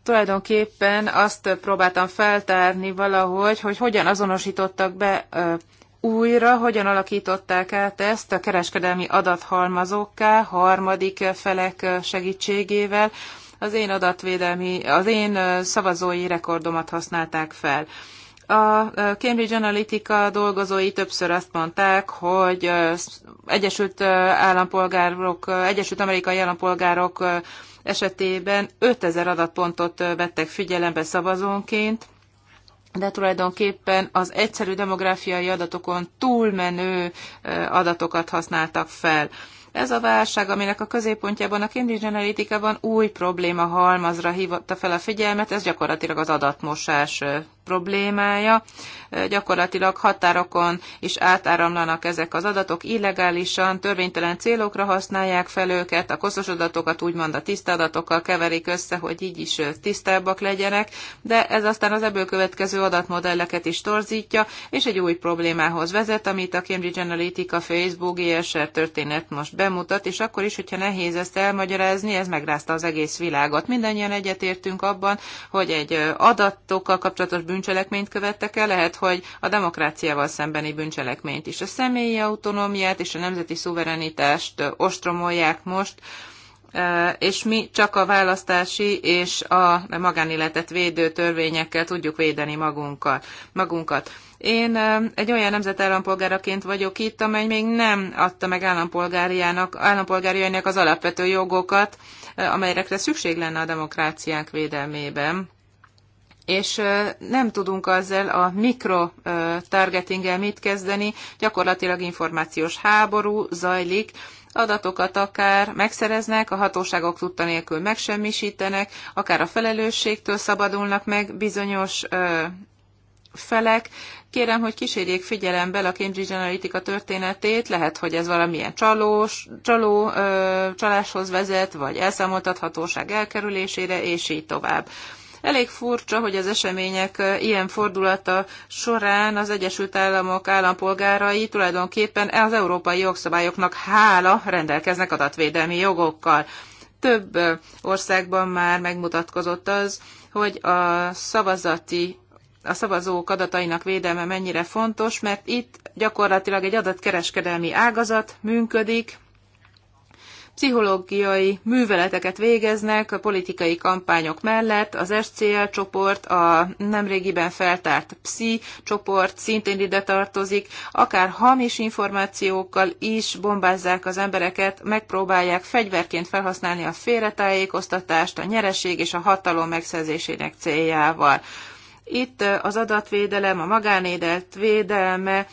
tulajdonképpen azt próbáltam feltárni valahogy, hogy hogyan azonosítottak be újra, hogyan alakították át ezt a kereskedelmi adathalmazókká, harmadik felek segítségével, az én adatvédelmi, az én szavazói rekordomat használták fel. A Cambridge Analytica dolgozói többször azt mondták, hogy Egyesült Állampolgárok, Egyesült Amerikai Állampolgárok esetében 5000 adatpontot vettek figyelembe szavazónként, de tulajdonképpen az egyszerű demográfiai adatokon túlmenő adatokat használtak fel. Ez a válság, aminek a középpontjában a Cambridge Analytica van új probléma halmazra hívta fel a figyelmet, ez gyakorlatilag az adatmosás problémája. Gyakorlatilag határokon is átáramlanak ezek az adatok, illegálisan, törvénytelen célokra használják fel őket, a koszos adatokat úgymond a tiszta adatokkal keverik össze, hogy így is tisztábbak legyenek, de ez aztán az ebből következő adatmodelleket is torzítja, és egy új problémához vezet, amit a Cambridge Analytica, Facebook, ISR történet most be bemutat, és akkor is, hogyha nehéz ezt elmagyarázni, ez megrázta az egész világot. Mindannyian egyetértünk abban, hogy egy adatokkal kapcsolatos bűncselekményt követtek el, lehet, hogy a demokráciával szembeni bűncselekményt is. A személyi autonómiát és a nemzeti szuverenitást ostromolják most, és mi csak a választási és a magánéletet védő törvényekkel tudjuk védeni magunkat. magunkat. Én egy olyan nemzetállampolgáraként vagyok itt, amely még nem adta meg állampolgáriának, állampolgárjainak az alapvető jogokat, amelyekre szükség lenne a demokráciánk védelmében és nem tudunk azzal a mikro targetinggel mit kezdeni, gyakorlatilag információs háború zajlik, adatokat akár megszereznek, a hatóságok tudta nélkül megsemmisítenek, akár a felelősségtől szabadulnak meg bizonyos ö, felek. Kérem, hogy kísérjék figyelembe a Cambridge Analytica történetét, lehet, hogy ez valamilyen csalós, csaló, ö, csaláshoz vezet, vagy elszámoltathatóság elkerülésére, és így tovább. Elég furcsa, hogy az események ilyen fordulata során az Egyesült Államok állampolgárai tulajdonképpen az európai jogszabályoknak hála rendelkeznek adatvédelmi jogokkal. Több országban már megmutatkozott az, hogy a szavazati a szavazók adatainak védelme mennyire fontos, mert itt gyakorlatilag egy adatkereskedelmi ágazat működik, pszichológiai műveleteket végeznek a politikai kampányok mellett. Az SCL csoport, a nemrégiben feltárt PSZI csoport szintén ide tartozik, akár hamis információkkal is bombázzák az embereket, megpróbálják fegyverként felhasználni a félretájékoztatást, a nyereség és a hatalom megszerzésének céljával. Itt az adatvédelem, a magánédelt védelme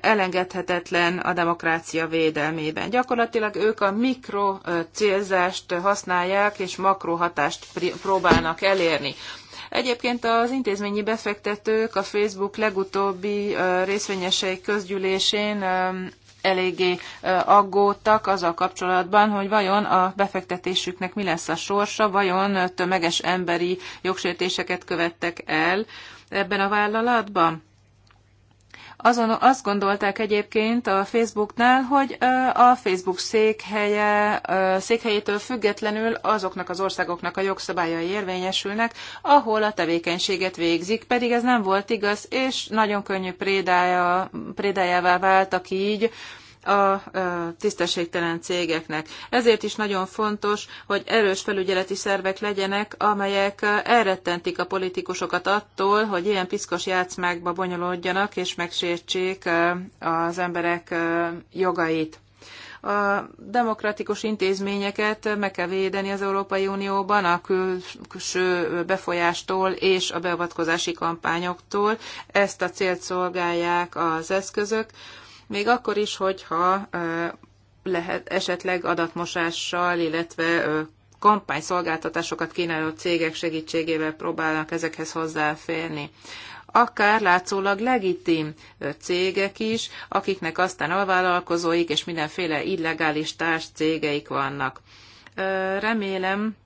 elengedhetetlen a demokrácia védelmében. Gyakorlatilag ők a mikro célzást használják, és makro hatást próbálnak elérni. Egyébként az intézményi befektetők a Facebook legutóbbi részvényesei közgyűlésén eléggé aggódtak azzal kapcsolatban, hogy vajon a befektetésüknek mi lesz a sorsa, vajon tömeges emberi jogsértéseket követtek el ebben a vállalatban azon azt gondolták egyébként a Facebooknál, hogy a Facebook székhelye, székhelyétől függetlenül azoknak az országoknak a jogszabályai érvényesülnek, ahol a tevékenységet végzik, pedig ez nem volt igaz, és nagyon könnyű prédája, prédájává váltak így a tisztességtelen cégeknek. Ezért is nagyon fontos, hogy erős felügyeleti szervek legyenek, amelyek elrettentik a politikusokat attól, hogy ilyen piszkos játszmákba bonyolódjanak és megsértsék az emberek jogait a demokratikus intézményeket meg kell védeni az Európai Unióban a külső befolyástól és a beavatkozási kampányoktól. Ezt a célt szolgálják az eszközök, még akkor is, hogyha lehet esetleg adatmosással, illetve kampányszolgáltatásokat kínáló cégek segítségével próbálnak ezekhez hozzáférni akár látszólag legitim cégek is, akiknek aztán alvállalkozóik és mindenféle illegális társ cégeik vannak. Remélem,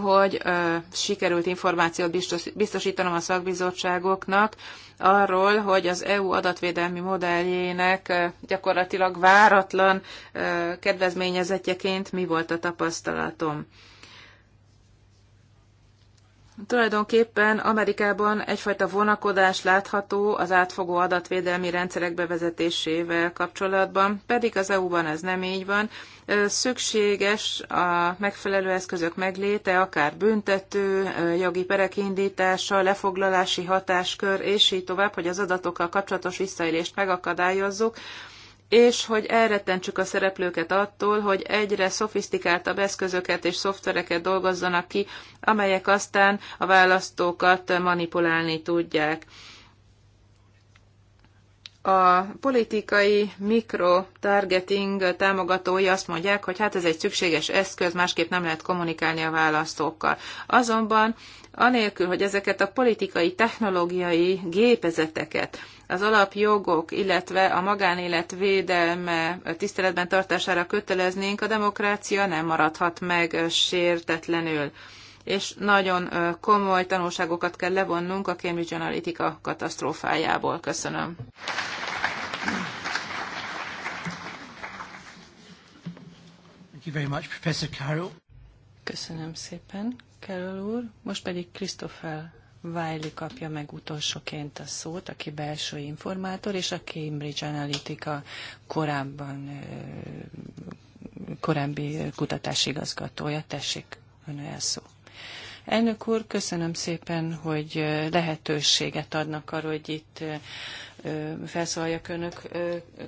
hogy ö, sikerült információt biztosítanom a szakbizottságoknak arról, hogy az EU adatvédelmi modelljének ö, gyakorlatilag váratlan ö, kedvezményezetjeként mi volt a tapasztalatom. Tulajdonképpen Amerikában egyfajta vonakodás látható az átfogó adatvédelmi rendszerek bevezetésével kapcsolatban, pedig az EU-ban ez nem így van. Szükséges a megfelelő eszközök megléte, akár büntető, jogi perek indítása, lefoglalási hatáskör, és így tovább, hogy az adatokkal kapcsolatos visszaélést megakadályozzuk, és hogy elrettentsük a szereplőket attól, hogy egyre szofisztikáltabb eszközöket és szoftvereket dolgozzanak ki, amelyek aztán a választókat manipulálni tudják a politikai mikrotargeting támogatói azt mondják, hogy hát ez egy szükséges eszköz, másképp nem lehet kommunikálni a választókkal. Azonban anélkül, hogy ezeket a politikai, technológiai gépezeteket, az alapjogok, illetve a magánélet védelme tiszteletben tartására köteleznénk, a demokrácia nem maradhat meg sértetlenül és nagyon komoly tanulságokat kell levonnunk a Cambridge Analytica katasztrófájából. Köszönöm. Thank you very much, Professor Carroll. Köszönöm szépen, Carroll úr. Most pedig Christopher Wiley kapja meg utolsóként a szót, aki belső informátor, és a Cambridge Analytica korábban, korábbi kutatási igazgatója. Tessék, ön szó. Elnök úr, köszönöm szépen, hogy lehetőséget adnak arra, hogy itt felszólaljak önök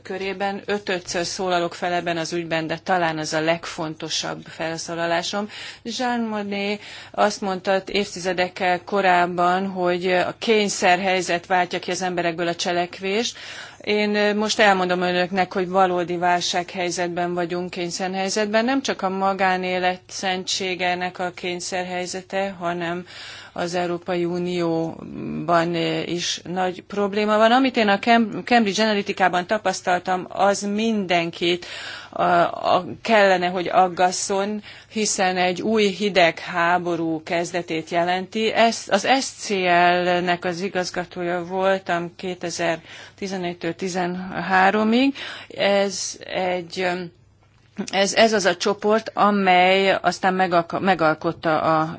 körében. Ötötször szólalok fel ebben az ügyben, de talán az a legfontosabb felszólalásom. Jean Monnet azt mondta évtizedekkel korábban, hogy a kényszerhelyzet váltja ki az emberekből a cselekvést, én most elmondom önöknek, hogy valódi válsághelyzetben vagyunk, kényszerhelyzetben. Nem csak a magánélet szentségenek a kényszerhelyzete, hanem az Európai Unióban eh, is nagy probléma van. Amit én a Cambridge Analytica-ban tapasztaltam, az mindenkit kellene, hogy aggasszon, hiszen egy új hidegháború kezdetét jelenti. Ez az SCL-nek az igazgatója voltam 2011-től 13 ig Ez egy ez, ez az a csoport, amely aztán megalkotta a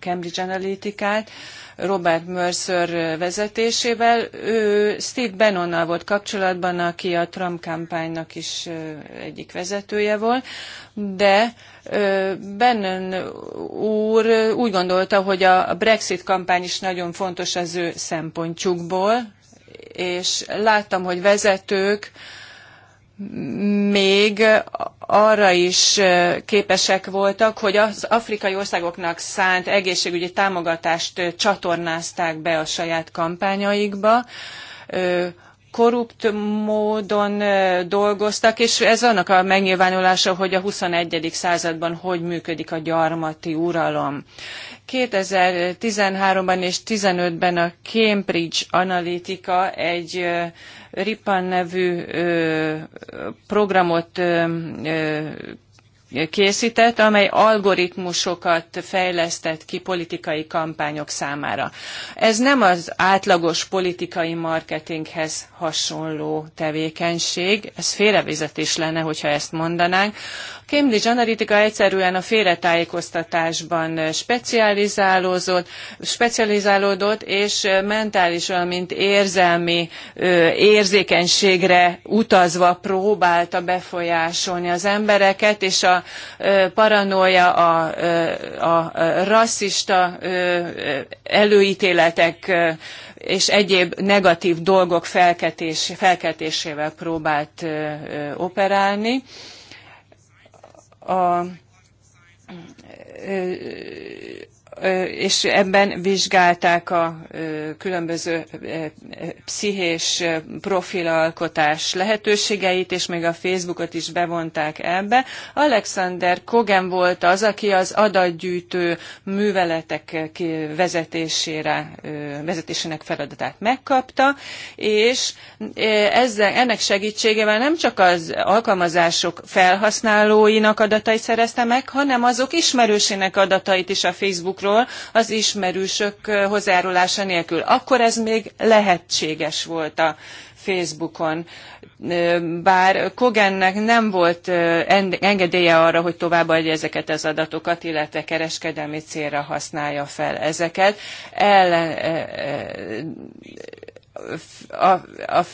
Cambridge Analytica-t, Robert Mercer vezetésével. Ő Steve Bannonnal volt kapcsolatban, aki a Trump kampánynak is egyik vezetője volt, de Bannon úr úgy gondolta, hogy a Brexit kampány is nagyon fontos az ő szempontjukból, és láttam, hogy vezetők, még arra is képesek voltak, hogy az afrikai országoknak szánt egészségügyi támogatást csatornázták be a saját kampányaikba, korrupt módon dolgoztak, és ez annak a megnyilvánulása, hogy a 21. században hogy működik a gyarmati uralom. 2013-ban és 2015-ben a Cambridge Analytica egy RIPAN nevű programot készített, amely algoritmusokat fejlesztett ki politikai kampányok számára. Ez nem az átlagos politikai marketinghez hasonló tevékenység, ez félrevezetés lenne, hogyha ezt mondanánk. A Cambridge Analytica egyszerűen a félretájékoztatásban specializálódott, specializálódott és mentális, valamint érzelmi érzékenységre utazva próbálta befolyásolni az embereket, és a paranoia, a, a rasszista előítéletek és egyéb negatív dolgok felketés, felkeltésével próbált operálni. A, és ebben vizsgálták a különböző pszichés profilalkotás lehetőségeit, és még a Facebookot is bevonták ebbe. Alexander Kogen volt az, aki az adatgyűjtő műveletek vezetésére, vezetésének feladatát megkapta, és ezzel, ennek segítségével nem csak az alkalmazások felhasználóinak adatait szerezte meg, hanem azok ismerősének adatait is a Facebookról, piacról az ismerősök hozzájárulása nélkül. Akkor ez még lehetséges volt a Facebookon. Bár Kogennek nem volt engedélye arra, hogy továbbadja ezeket az adatokat, illetve kereskedelmi célra használja fel ezeket. Ellen, a, a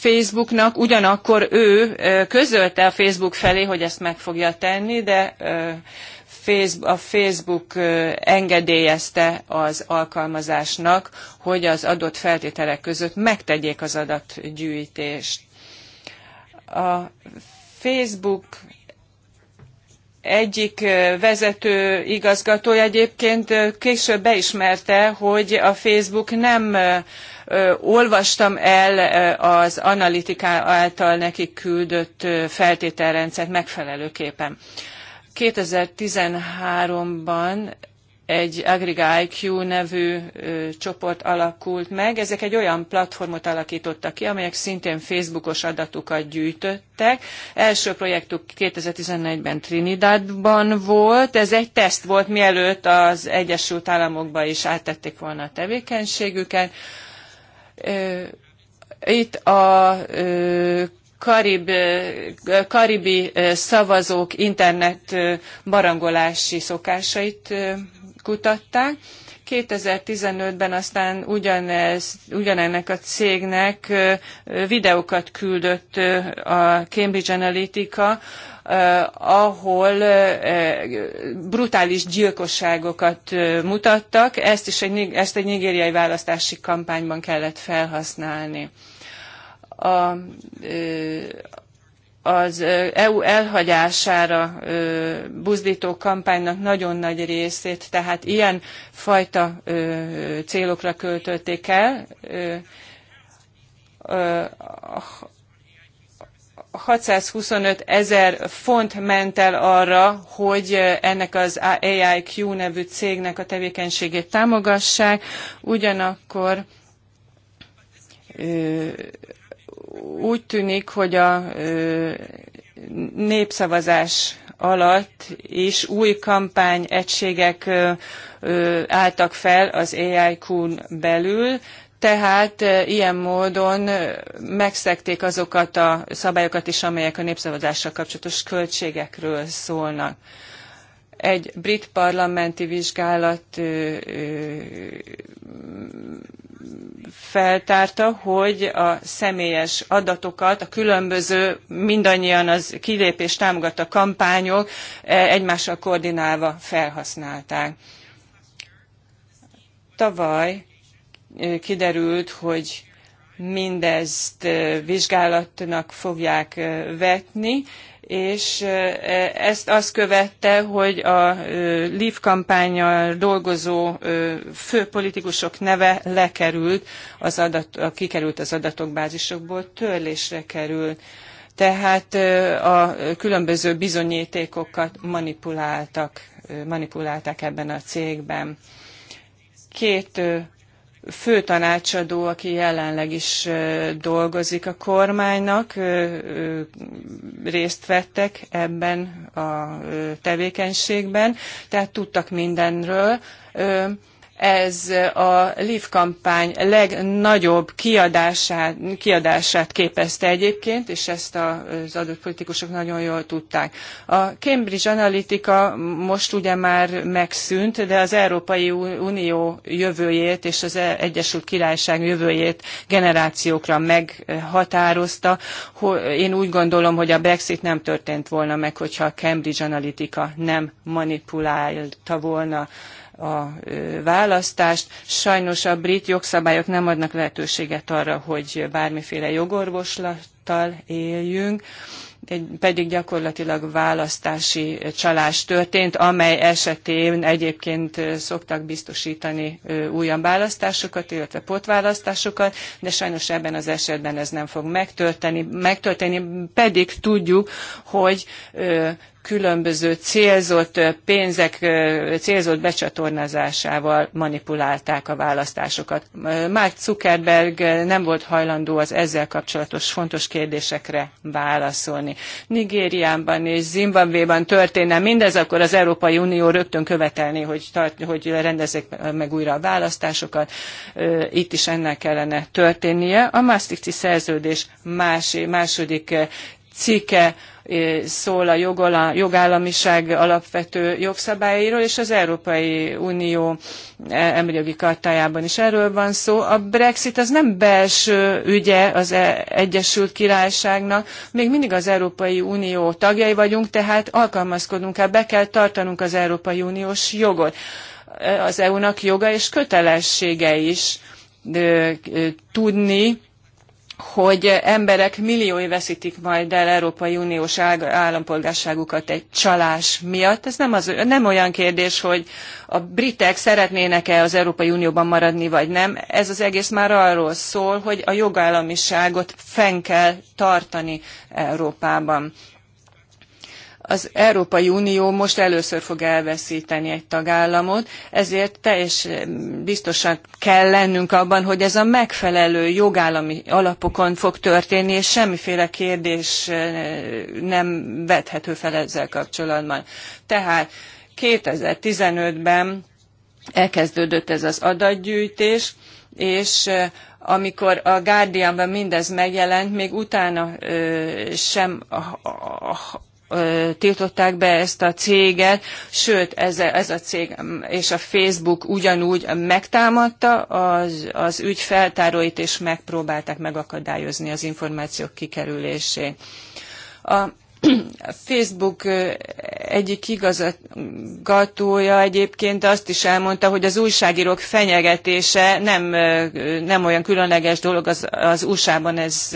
Facebooknak, ugyanakkor ő közölte a Facebook felé, hogy ezt meg fogja tenni, de a Facebook engedélyezte az alkalmazásnak, hogy az adott feltételek között megtegyék az adatgyűjtést. A Facebook egyik vezető igazgatója egyébként később beismerte, hogy a Facebook nem olvastam el az analitika által nekik küldött feltételrendszert megfelelőképpen. 2013-ban egy Agriga IQ nevű ö, csoport alakult meg. Ezek egy olyan platformot alakítottak ki, amelyek szintén Facebookos adatokat gyűjtöttek. Első projektük 2011-ben Trinidadban volt. Ez egy teszt volt, mielőtt az Egyesült Államokba is áttették volna a tevékenységüket. Ö, itt a ö, karib, karibi szavazók internet barangolási szokásait kutatták. 2015-ben aztán ugyanez, ugyanennek a cégnek videókat küldött a Cambridge Analytica, ahol brutális gyilkosságokat mutattak, ezt is egy, ezt egy nigériai választási kampányban kellett felhasználni a, az EU elhagyására buzdító kampánynak nagyon nagy részét, tehát ilyen fajta célokra költötték el. 625 ezer font ment el arra, hogy ennek az AIQ nevű cégnek a tevékenységét támogassák, ugyanakkor úgy tűnik, hogy a népszavazás alatt is új kampányegységek álltak fel az AIQ-n belül, tehát ilyen módon megszekték azokat a szabályokat is, amelyek a népszavazással kapcsolatos költségekről szólnak. Egy brit parlamenti vizsgálat feltárta, hogy a személyes adatokat a különböző, mindannyian az kilépést támogató kampányok e, egymással koordinálva felhasználták. Tavaly e, kiderült, hogy mindezt e, vizsgálatnak fogják vetni, és e, ezt azt követte, hogy a Leave kampányal dolgozó főpolitikusok neve lekerült, az adat, kikerült az adatokbázisokból, törlésre került. Tehát a különböző bizonyítékokat manipuláltak, manipulálták ebben a cégben. Két fő tanácsadó, aki jelenleg is dolgozik a kormánynak, részt vettek ebben a tevékenységben, tehát tudtak mindenről ez a LIV kampány legnagyobb kiadását, kiadását képezte egyébként, és ezt az adott politikusok nagyon jól tudták. A Cambridge Analytica most ugye már megszűnt, de az Európai Unió jövőjét és az Egyesült Királyság jövőjét generációkra meghatározta. Én úgy gondolom, hogy a Brexit nem történt volna meg, hogyha a Cambridge Analytica nem manipulálta volna a választást. Sajnos a brit jogszabályok nem adnak lehetőséget arra, hogy bármiféle jogorvoslattal éljünk pedig gyakorlatilag választási csalás történt, amely esetén egyébként szoktak biztosítani újabb választásokat, illetve pótválasztásokat, de sajnos ebben az esetben ez nem fog megtörténni, megtörténni pedig tudjuk, hogy különböző célzott pénzek célzott becsatornázásával manipulálták a választásokat. Mark Zuckerberg nem volt hajlandó az ezzel kapcsolatos fontos kérdésekre válaszolni. Nigériában és Zimbabvéban történne mindez, akkor az Európai Unió rögtön követelné, hogy, tart, hogy rendezzék meg újra a választásokat. Itt is ennek kellene történnie. A Maastrichti szerződés más, második cikke szól a jogállamiság alapvető jogszabályairól, és az Európai Unió e, emberjogi kartájában is erről van szó. A Brexit az nem belső ügye az e- Egyesült Királyságnak, még mindig az Európai Unió tagjai vagyunk, tehát alkalmazkodnunk kell, be kell tartanunk az Európai Uniós jogot. E, az EU-nak joga és kötelessége is tudni, hogy emberek milliói veszítik majd el Európai Uniós állampolgárságukat egy csalás miatt. Ez nem, az, nem olyan kérdés, hogy a britek szeretnének-e az Európai Unióban maradni, vagy nem. Ez az egész már arról szól, hogy a jogállamiságot fenn kell tartani Európában az Európai Unió most először fog elveszíteni egy tagállamot, ezért teljes biztosan kell lennünk abban, hogy ez a megfelelő jogállami alapokon fog történni, és semmiféle kérdés eh, nem vethető fel ezzel kapcsolatban. Tehát 2015-ben elkezdődött ez az adatgyűjtés, és eh, amikor a Guardianban mindez megjelent, még utána eh, sem tiltották be ezt a céget, sőt ez, ez a cég és a Facebook ugyanúgy megtámadta az, az ügy feltáróit, és megpróbálták megakadályozni az információk kikerülését. A Facebook egyik igazgatója egyébként azt is elmondta, hogy az újságírók fenyegetése nem, nem olyan különleges dolog, az, az USA-ban ez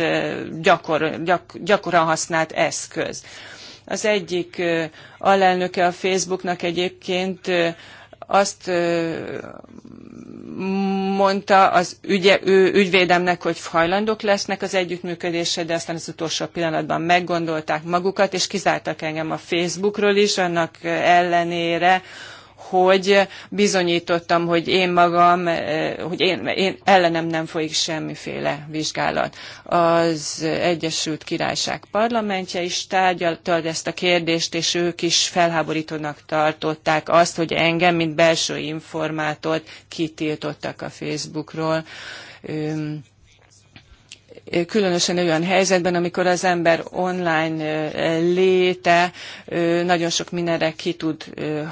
gyakor, gyak, gyakran használt eszköz. Az egyik alelnöke a Facebooknak egyébként azt mondta az ügye, ő, ügyvédemnek, hogy hajlandók lesznek az együttműködésre, de aztán az utolsó pillanatban meggondolták magukat, és kizártak engem a Facebookról is, annak ellenére, hogy bizonyítottam, hogy én magam, eh, hogy én, én ellenem nem folyik semmiféle vizsgálat. Az Egyesült Királyság parlamentje is tárgyalta ezt a kérdést, és ők is felháborítónak tartották azt, hogy engem, mint belső informátort kitiltottak a Facebookról. Üm, különösen olyan helyzetben, amikor az ember online léte nagyon sok mindenre ki tud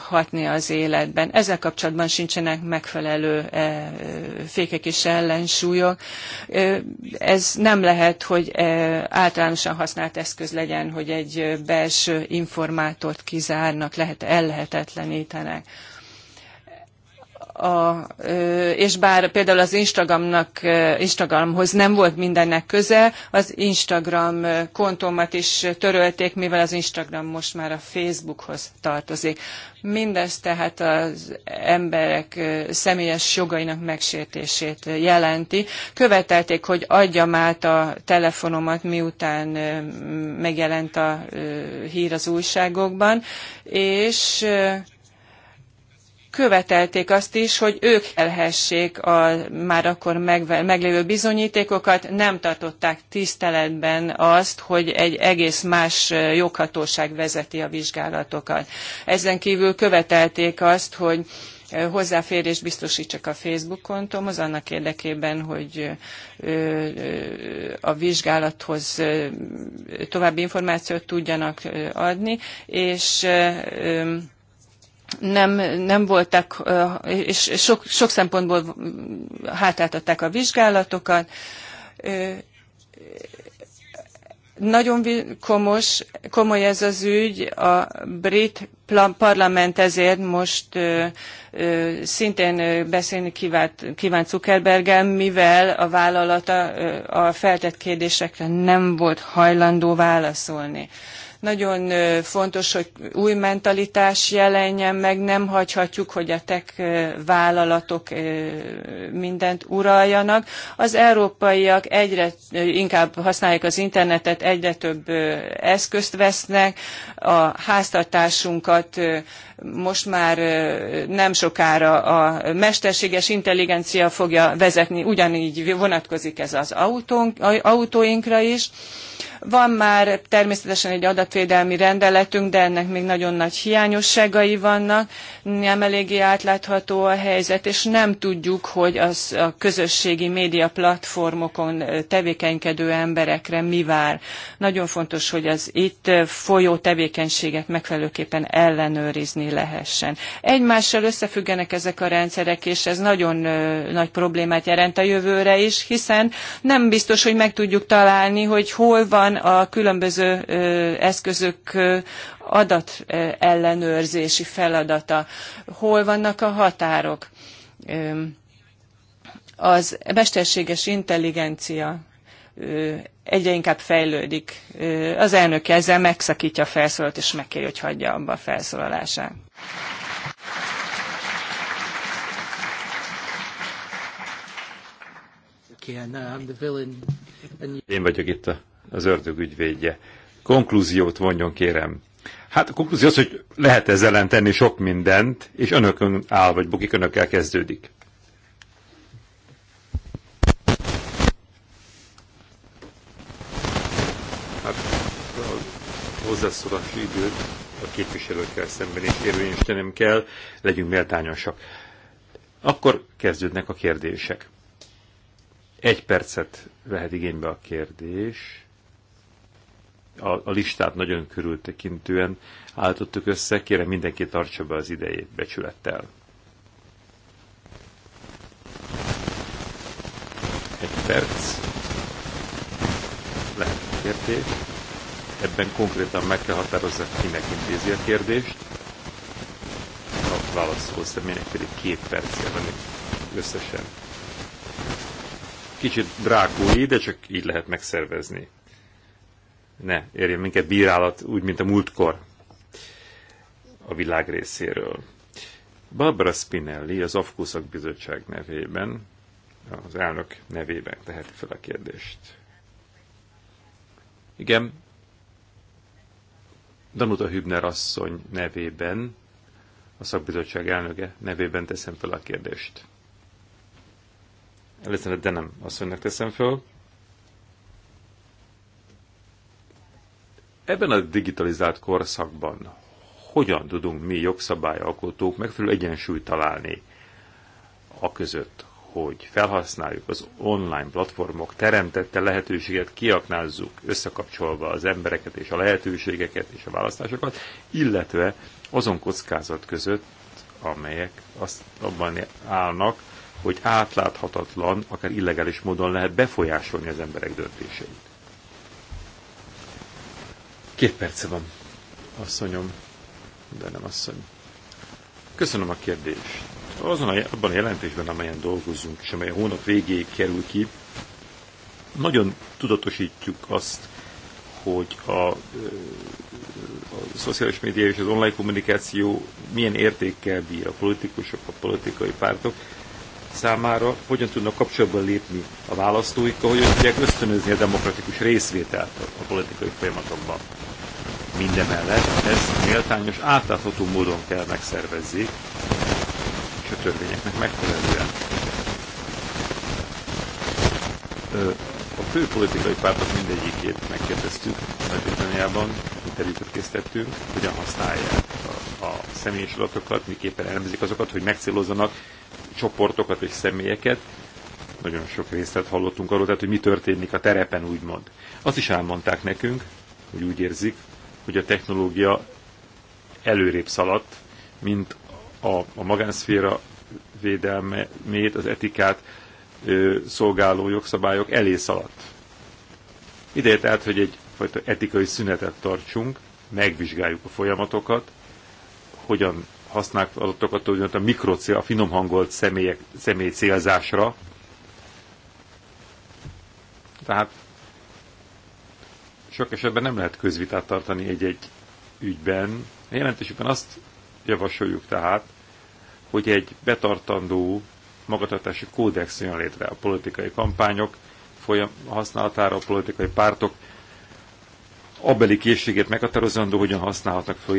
hatni az életben. Ezzel kapcsolatban sincsenek megfelelő fékek és ellensúlyok. Ez nem lehet, hogy általánosan használt eszköz legyen, hogy egy belső informátort kizárnak, lehet ellehetetlenítenek a, és bár például az Instagramnak, Instagramhoz nem volt mindennek köze, az Instagram kontómat is törölték, mivel az Instagram most már a Facebookhoz tartozik. Mindez tehát az emberek személyes jogainak megsértését jelenti. Követelték, hogy adjam át a telefonomat, miután megjelent a hír az újságokban, és követelték azt is, hogy ők elhessék a már akkor meglévő bizonyítékokat, nem tartották tiszteletben azt, hogy egy egész más joghatóság vezeti a vizsgálatokat. Ezen kívül követelték azt, hogy hozzáférés biztosítsak a Facebook kontomhoz, annak érdekében, hogy a vizsgálathoz további információt tudjanak adni, és nem, nem voltak, és sok, sok szempontból hátáltatták a vizsgálatokat. Nagyon komos, komoly ez az ügy, a brit parlament ezért most ö, ö, szintén beszélni kívánt, kívánt Zuckerberggel, mivel a vállalata ö, a feltett kérdésekre nem volt hajlandó válaszolni. Ö, nagyon fontos, hogy új mentalitás jelenjen meg, nem hagyhatjuk, hogy a tech vállalatok mindent uraljanak. Az európaiak egyre inkább használják az internetet, egyre több eszközt vesznek, a háztartásunkat most már nem sokára a mesterséges intelligencia fogja vezetni, ugyanígy vonatkozik ez az autónk, autóinkra is. Van már természetesen egy adatvédelmi rendeletünk, de ennek még nagyon nagy hiányosságai vannak, nem eléggé átlátható a helyzet, és nem tudjuk, hogy az a közösségi média platformokon tevékenykedő emberekre mi vár. Nagyon fontos, hogy az itt folyó tevékenységet megfelelőképpen ellenőrizni lehessen. Egymással összefüggenek ezek a rendszerek, és ez nagyon nagy problémát jelent a jövőre is, hiszen nem biztos, hogy meg tudjuk találni, hogy hol van van a különböző eszközök adat ellenőrzési feladata, hol vannak a határok. Az mesterséges intelligencia egyre inkább fejlődik. Az elnök ezzel megszakítja a felszólalt, és megkéri, hogy hagyja abba a felszólalását. Uh, Én vagyok itt a az ördög ügyvédje. Konklúziót mondjon, kérem. Hát a konklúzió az, hogy lehet ezzel ellen tenni sok mindent, és önökön áll, vagy bukik, önökkel kezdődik. Hát a hozzászólási időt a képviselőkkel szemben is érvényesítenem kell, legyünk méltányosak. Akkor kezdődnek a kérdések. Egy percet vehet igénybe a kérdés a, a listát nagyon körültekintően álltottuk össze. Kérem mindenki tartsa be az idejét becsülettel. Egy perc. Lehet a kérdés. Ebben konkrétan meg kell határozni, kinek intézi a kérdést. A válaszoló személynek pedig két perc jelenik összesen kicsit drákói, de csak így lehet megszervezni ne érjen minket bírálat úgy, mint a múltkor a világ részéről. Barbara Spinelli az Afkuszak Bizottság nevében, az elnök nevében teheti fel a kérdést. Igen, Danuta Hübner asszony nevében, a szakbizottság elnöke nevében teszem fel a kérdést. Először de nem asszonynak teszem fel. Ebben a digitalizált korszakban hogyan tudunk mi jogszabályalkotók megfelelő egyensúlyt találni a között, hogy felhasználjuk az online platformok teremtette lehetőséget, kiaknázzuk összekapcsolva az embereket és a lehetőségeket és a választásokat, illetve azon kockázat között, amelyek azt abban állnak, hogy átláthatatlan, akár illegális módon lehet befolyásolni az emberek döntéseit. Két perce van, asszonyom, de nem asszony. Köszönöm a kérdést. Azon a, abban a jelentésben, amelyen dolgozunk, és amely a hónap végéig kerül ki, nagyon tudatosítjuk azt, hogy a, a, a szociális média és az online kommunikáció milyen értékkel bír a politikusok, a politikai pártok, számára hogyan tudnak kapcsolatban lépni a választóikkal, hogyan tudják ösztönözni a demokratikus részvételt a politikai folyamatokban. Mindemellett ezt méltányos, átlátható módon kell megszervezzék, és a törvényeknek megfelelően. A fő politikai pártok mindegyikét megkérdeztük Nagy-Britanniában, interjúkat készítettünk, hogyan használják a, a személyes adatokat, miképpen elemzik azokat, hogy megcélozzanak csoportokat és személyeket. Nagyon sok részlet hallottunk arról, tehát, hogy mi történik a terepen, úgymond. Azt is elmondták nekünk, hogy úgy érzik, hogy a technológia előrébb szaladt, mint a, a magánszféra védelmét, az etikát ö, szolgáló jogszabályok elé szaladt. Ideje tehát, hogy egyfajta etikai szünetet tartsunk, megvizsgáljuk a folyamatokat, hogyan használt adatokat, úgynevezett a mikrocél, a finom hangolt személyek, személy célzásra. Tehát sok esetben nem lehet közvitát tartani egy-egy ügyben. A jelentésükben azt javasoljuk tehát, hogy egy betartandó magatartási kódex jön létre a politikai kampányok folyam használatára, a politikai pártok abeli készségét meghatározandó, hogyan használhatnak föl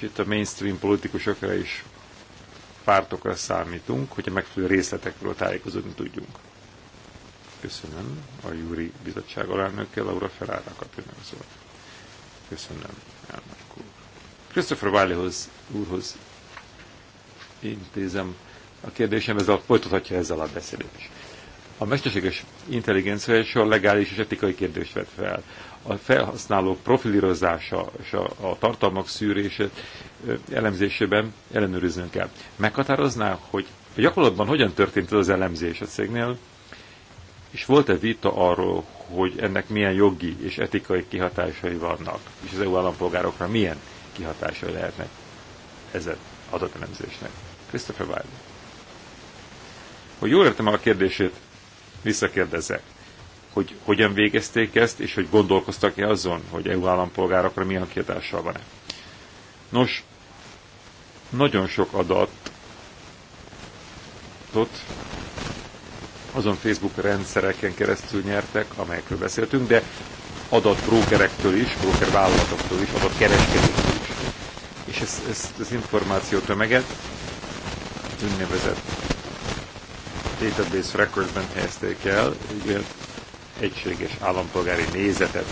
és itt a mainstream politikusokra is pártokra számítunk, hogy a megfelelő részletekről tájékozódni tudjunk. Köszönöm a Júri Bizottság alelnökkel, Laura Ferrara kapja meg szót. Köszönöm, elnök úr. Christopher Wileyhoz, úrhoz intézem a kérdésem, ezzel folytathatja ezzel a beszélést. A mesterséges intelligencia egy a legális és etikai kérdést vet fel a felhasználók profilírozása és a, a tartalmak szűrése elemzésében ellenőriznünk kell. Meghatározná, hogy a gyakorlatban hogyan történt ez az elemzés a cégnél, és volt-e vita arról, hogy ennek milyen jogi és etikai kihatásai vannak, és az EU állampolgárokra milyen kihatásai lehetnek ezen adatelemzésnek? Christopher Wilde. Hogy jól értem a kérdését, visszakérdezek hogy hogyan végezték ezt, és hogy gondolkoztak-e azon, hogy EU állampolgárokra milyen kiadással van-e. Nos, nagyon sok adatot azon Facebook rendszereken keresztül nyertek, amelyekről beszéltünk, de adatbrókerektől is, brókervállalatoktól is, adatkereskedőktől is. És ezt, ezt az információ tömeget úgynevezett database recordsben helyezték el, egy olyan egységes állampolgári nézetet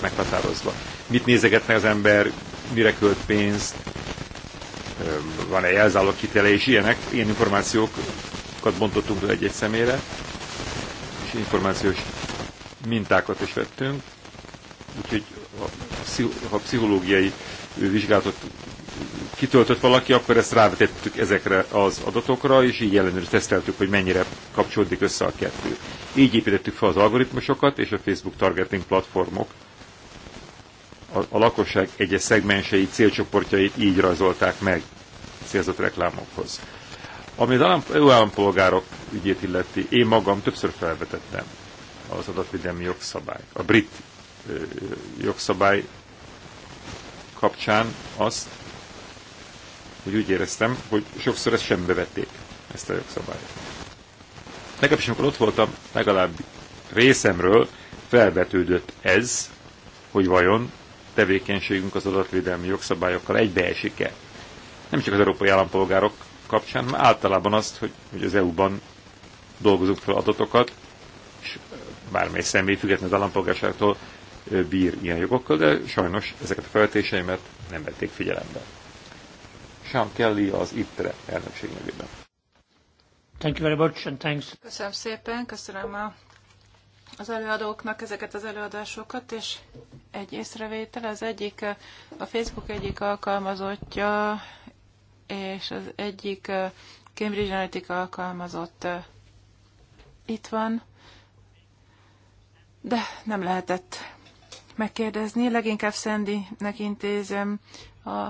meghatározva. Mit nézegetne az ember, mire költ pénzt, van-e jelzálog kitele, és ilyenek, ilyen információkat bontottunk le egy-egy szemére, és információs mintákat is vettünk, úgyhogy ha pszichológiai vizsgálatot kitöltött valaki, akkor ezt rávetettük ezekre az adatokra, és így ellenőr teszteltük, hogy mennyire kapcsolódik össze a kettő. Így építettük fel az algoritmusokat és a Facebook targeting platformok a, a lakosság egyes szegmensei, célcsoportjait így rajzolták meg célzott reklámokhoz. Ami az EU állampolgárok ügyét illeti, én magam többször felvetettem az adatvédelmi jogszabály, a brit ö, jogszabály kapcsán azt, hogy úgy éreztem, hogy sokszor ezt sem bevették, ezt a jogszabályt. Nekem is amikor ott voltam, legalább részemről felvetődött ez, hogy vajon tevékenységünk az adatvédelmi jogszabályokkal egybeesik-e. Nem csak az európai állampolgárok kapcsán, hanem általában azt, hogy, hogy az EU-ban dolgozunk fel adatokat, és bármely személy független az állampolgárságtól bír ilyen jogokkal, de sajnos ezeket a feltéseimet nem vették figyelembe. Sean Kelly az ITRE elnökség nevében. Thank you very much and thanks. Köszönöm szépen, köszönöm a, az előadóknak ezeket az előadásokat, és egy észrevétel, az egyik, a Facebook egyik alkalmazottja, és az egyik Cambridge Analytica alkalmazott itt van, de nem lehetett megkérdezni. Leginkább Szendinek intézem a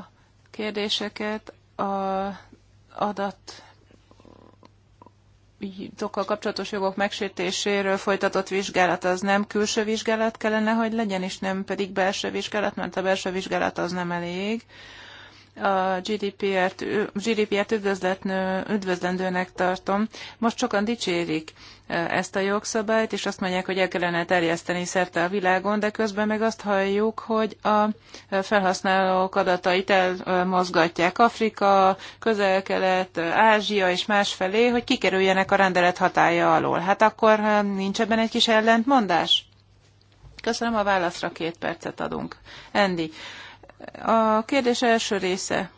kérdéseket, a adat jogokkal kapcsolatos jogok megsértéséről folytatott vizsgálat az nem külső vizsgálat kellene, hogy legyen, és nem pedig belső vizsgálat, mert a belső vizsgálat az nem elég a GDP-et, gdp üdvözletnő, üdvözlendőnek tartom. Most sokan dicsérik e, ezt a jogszabályt, és azt mondják, hogy el kellene terjeszteni szerte a világon, de közben meg azt halljuk, hogy a e, felhasználók adatait elmozgatják Afrika, közel-kelet, Ázsia és másfelé, hogy kikerüljenek a rendelet hatája alól. Hát akkor e, nincs ebben egy kis ellentmondás? Köszönöm a válaszra, két percet adunk. Andy, a kérdés első része,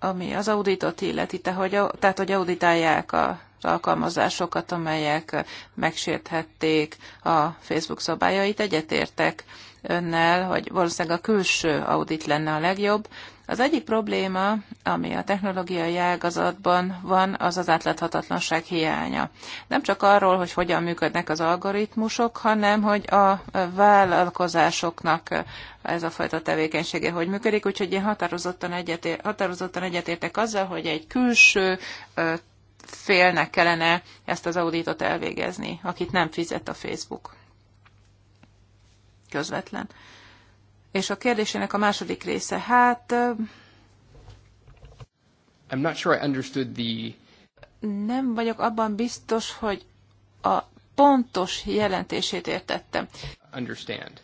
ami az auditot illeti, tehát hogy auditálják a alkalmazásokat, amelyek megsérthették a Facebook szabályait. Egyetértek önnel, hogy valószínűleg a külső audit lenne a legjobb, az egyik probléma, ami a technológiai ágazatban van, az az átláthatatlanság hiánya. Nem csak arról, hogy hogyan működnek az algoritmusok, hanem hogy a vállalkozásoknak ez a fajta tevékenysége hogy működik, úgyhogy én határozottan, egyetér, határozottan egyetértek azzal, hogy egy külső félnek kellene ezt az auditot elvégezni, akit nem fizet a Facebook közvetlen. És a kérdésének a második része, hát... I'm not sure I understood the... Nem vagyok abban biztos, hogy a pontos jelentését értettem. Understand.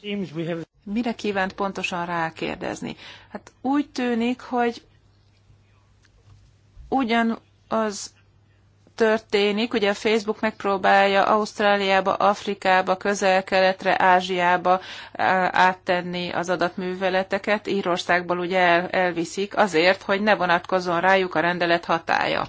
Seems we have... Mire kívánt pontosan rákérdezni? Hát úgy tűnik, hogy ugyanaz történik, ugye a Facebook megpróbálja Ausztráliába, Afrikába, közel-keletre, Ázsiába áttenni az adatműveleteket, Írországból ugye el, elviszik azért, hogy ne vonatkozzon rájuk a rendelet hatája.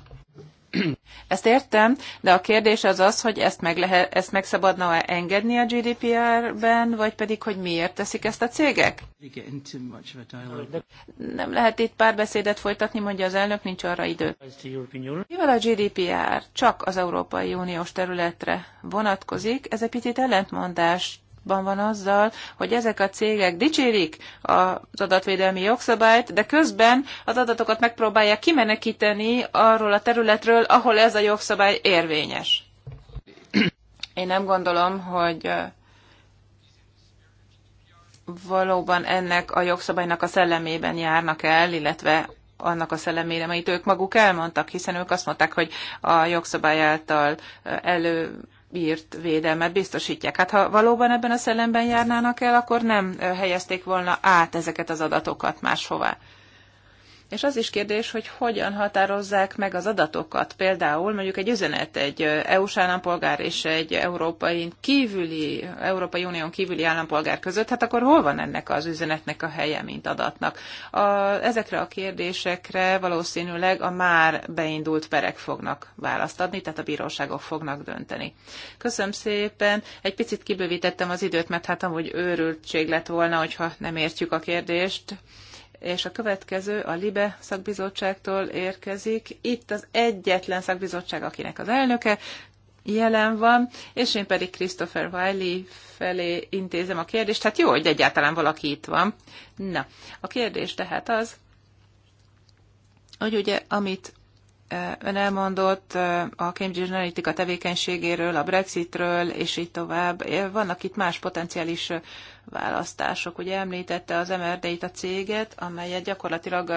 Ezt értem, de a kérdés az az, hogy ezt meg, lehet, ezt meg szabadna -e engedni a GDPR-ben, vagy pedig, hogy miért teszik ezt a cégek? Nem lehet itt párbeszédet folytatni, mondja az elnök, nincs arra idő. Mivel a GDPR csak az Európai Uniós területre vonatkozik, ez egy picit ellentmondás kapcsolatban van azzal, hogy ezek a cégek dicsérik az adatvédelmi jogszabályt, de közben az adatokat megpróbálják kimenekíteni arról a területről, ahol ez a jogszabály érvényes. Én nem gondolom, hogy valóban ennek a jogszabálynak a szellemében járnak el, illetve annak a szellemére, amit ők maguk elmondtak, hiszen ők azt mondták, hogy a jogszabály által elő bírt védelmet biztosítják. Hát ha valóban ebben a szellemben járnának el, akkor nem helyezték volna át ezeket az adatokat máshová. És az is kérdés, hogy hogyan határozzák meg az adatokat. Például mondjuk egy üzenet egy EU-s állampolgár és egy európai, kívüli, Európai Unión kívüli állampolgár között, hát akkor hol van ennek az üzenetnek a helye, mint adatnak? A, ezekre a kérdésekre valószínűleg a már beindult perek fognak választ adni, tehát a bíróságok fognak dönteni. Köszönöm szépen. Egy picit kibővítettem az időt, mert hát amúgy őrültség lett volna, hogyha nem értjük a kérdést és a következő a LIBE szakbizottságtól érkezik. Itt az egyetlen szakbizottság, akinek az elnöke jelen van, és én pedig Christopher Wiley felé intézem a kérdést. Hát jó, hogy egyáltalán valaki itt van. Na, a kérdés tehát az, hogy ugye, amit eh, ön elmondott eh, a Cambridge Analytica tevékenységéről, a Brexitről, és így tovább. Eh, vannak itt más potenciális választások. Ugye említette az MRD-t a céget, amelyet gyakorlatilag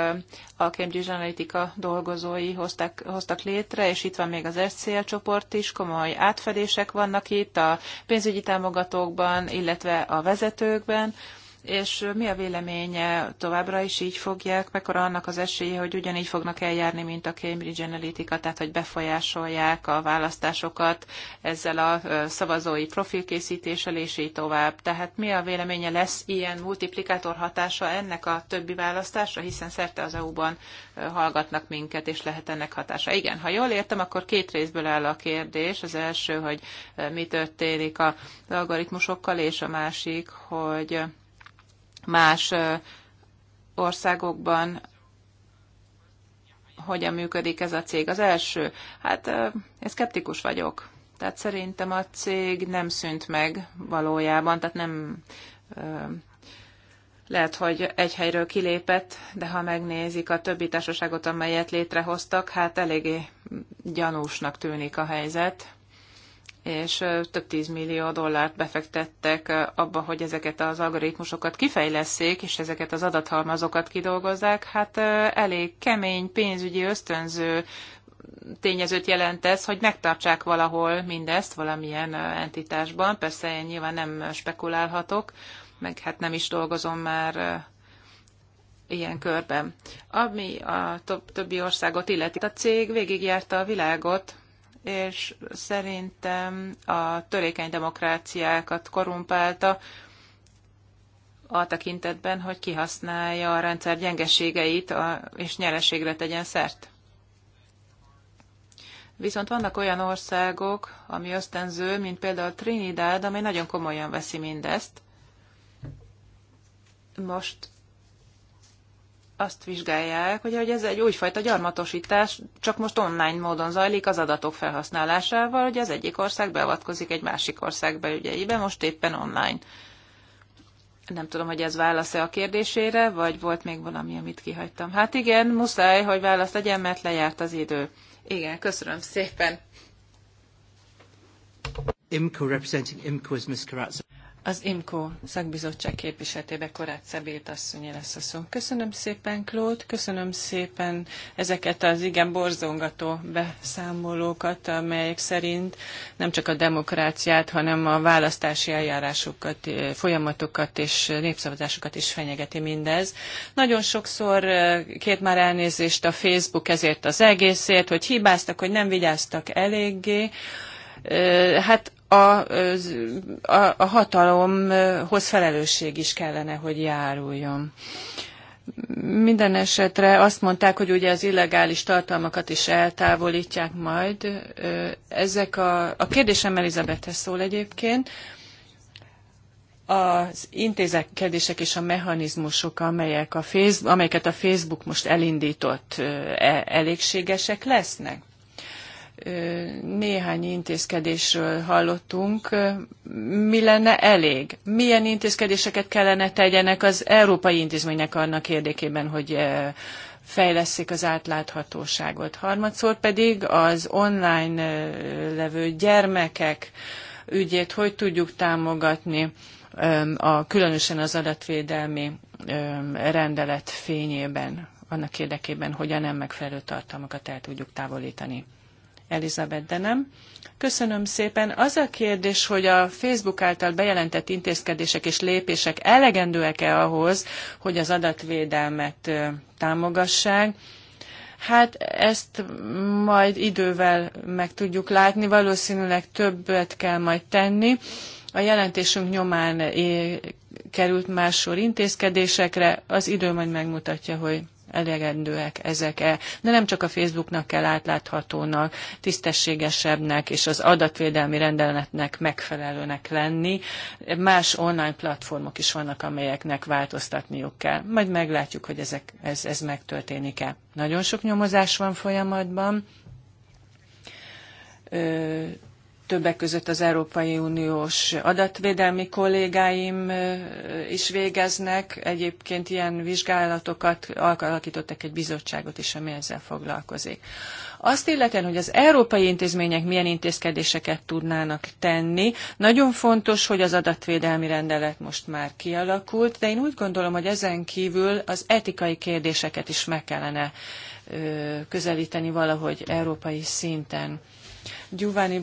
a Cambridge Analytica dolgozói hozták, hoztak létre, és itt van még az SCL csoport is, komoly átfedések vannak itt a pénzügyi támogatókban, illetve a vezetőkben és mi a véleménye, továbbra is így fogják, mekkora annak az esélye, hogy ugyanígy fognak eljárni, mint a Cambridge Analytica, tehát hogy befolyásolják a választásokat ezzel a szavazói profilkészítéssel, és így tovább. Tehát mi a véleménye, lesz ilyen multiplikátor hatása ennek a többi választásra, hiszen szerte az EU-ban hallgatnak minket, és lehet ennek hatása. Igen, ha jól értem, akkor két részből áll a kérdés. Az első, hogy mi történik a algoritmusokkal, és a másik, hogy más országokban hogyan működik ez a cég. Az első, hát én szkeptikus vagyok. Tehát szerintem a cég nem szűnt meg valójában, tehát nem lehet, hogy egy helyről kilépett, de ha megnézik a többi társaságot, amelyet létrehoztak, hát eléggé gyanúsnak tűnik a helyzet és több tízmillió dollárt befektettek abba, hogy ezeket az algoritmusokat kifejleszék, és ezeket az adathalmazokat kidolgozzák, hát elég kemény pénzügyi ösztönző tényezőt jelent ez, hogy megtartsák valahol mindezt valamilyen entitásban. Persze én nyilván nem spekulálhatok, meg hát nem is dolgozom már ilyen körben. Ami a többi országot illeti, a cég végigjárta a világot, és szerintem a törékeny demokráciákat korumpálta a tekintetben, hogy kihasználja a rendszer gyengeségeit és nyereségre tegyen szert. Viszont vannak olyan országok, ami ösztönző, mint például Trinidad, amely nagyon komolyan veszi mindezt. Most azt vizsgálják, hogy, hogy ez egy újfajta gyarmatosítás, csak most online módon zajlik az adatok felhasználásával, hogy az egyik ország beavatkozik egy másik ország belügyeibe, most éppen online. Nem tudom, hogy ez válasz-e a kérdésére, vagy volt még valami, amit kihagytam. Hát igen, muszáj, hogy választ legyen, mert lejárt az idő. Igen, köszönöm szépen. IMCO representing IMCO is Ms. Karatza. Az IMCO szakbizottság képviseltébe korát Szebét lesz a szó. Köszönöm szépen, Klót, köszönöm szépen ezeket az igen borzongató beszámolókat, amelyek szerint nem csak a demokráciát, hanem a választási eljárásokat, eh, folyamatokat és népszavazásokat is fenyegeti mindez. Nagyon sokszor eh, két már elnézést a Facebook ezért az egészért, hogy hibáztak, hogy nem vigyáztak eléggé. Eh, hát a, a, a hatalomhoz felelősség is kellene, hogy járuljon. Minden esetre azt mondták, hogy ugye az illegális tartalmakat is eltávolítják majd. Ezek a, a kérdésem Elizabethhez szól egyébként. Az intézkedések és a mechanizmusok, amelyek a Facebook, amelyeket a Facebook most elindított, e- elégségesek lesznek? néhány intézkedésről hallottunk. Mi lenne elég? Milyen intézkedéseket kellene tegyenek az európai intézmények annak érdekében, hogy eh, fejleszik az átláthatóságot. Harmadszor pedig az online eh, levő gyermekek ügyét hogy tudjuk támogatni, eh, a, különösen az adatvédelmi rendelet fényében, annak érdekében, hogy a nem megfelelő tartalmakat el tudjuk távolítani. Elizabeth de nem. Köszönöm szépen. Az a kérdés, hogy a Facebook által bejelentett intézkedések és lépések elegendőek-e ahhoz, hogy az adatvédelmet támogassák. Hát ezt majd idővel meg tudjuk látni, valószínűleg többet kell majd tenni. A jelentésünk nyomán került más sor intézkedésekre, az idő majd megmutatja, hogy elegendőek ezek-e. De nem csak a Facebooknak kell átláthatónak, tisztességesebbnek és az adatvédelmi rendeletnek megfelelőnek lenni. Más online platformok is vannak, amelyeknek változtatniuk kell. Majd meglátjuk, hogy ezek, ez, ez megtörténik-e. Nagyon sok nyomozás van folyamatban. Ö többek között az Európai Uniós adatvédelmi kollégáim is végeznek. Egyébként ilyen vizsgálatokat alakítottak egy bizottságot is, ami ezzel foglalkozik. Azt illetően, hogy az európai intézmények milyen intézkedéseket tudnának tenni, nagyon fontos, hogy az adatvédelmi rendelet most már kialakult, de én úgy gondolom, hogy ezen kívül az etikai kérdéseket is meg kellene közelíteni valahogy európai szinten. Giovanni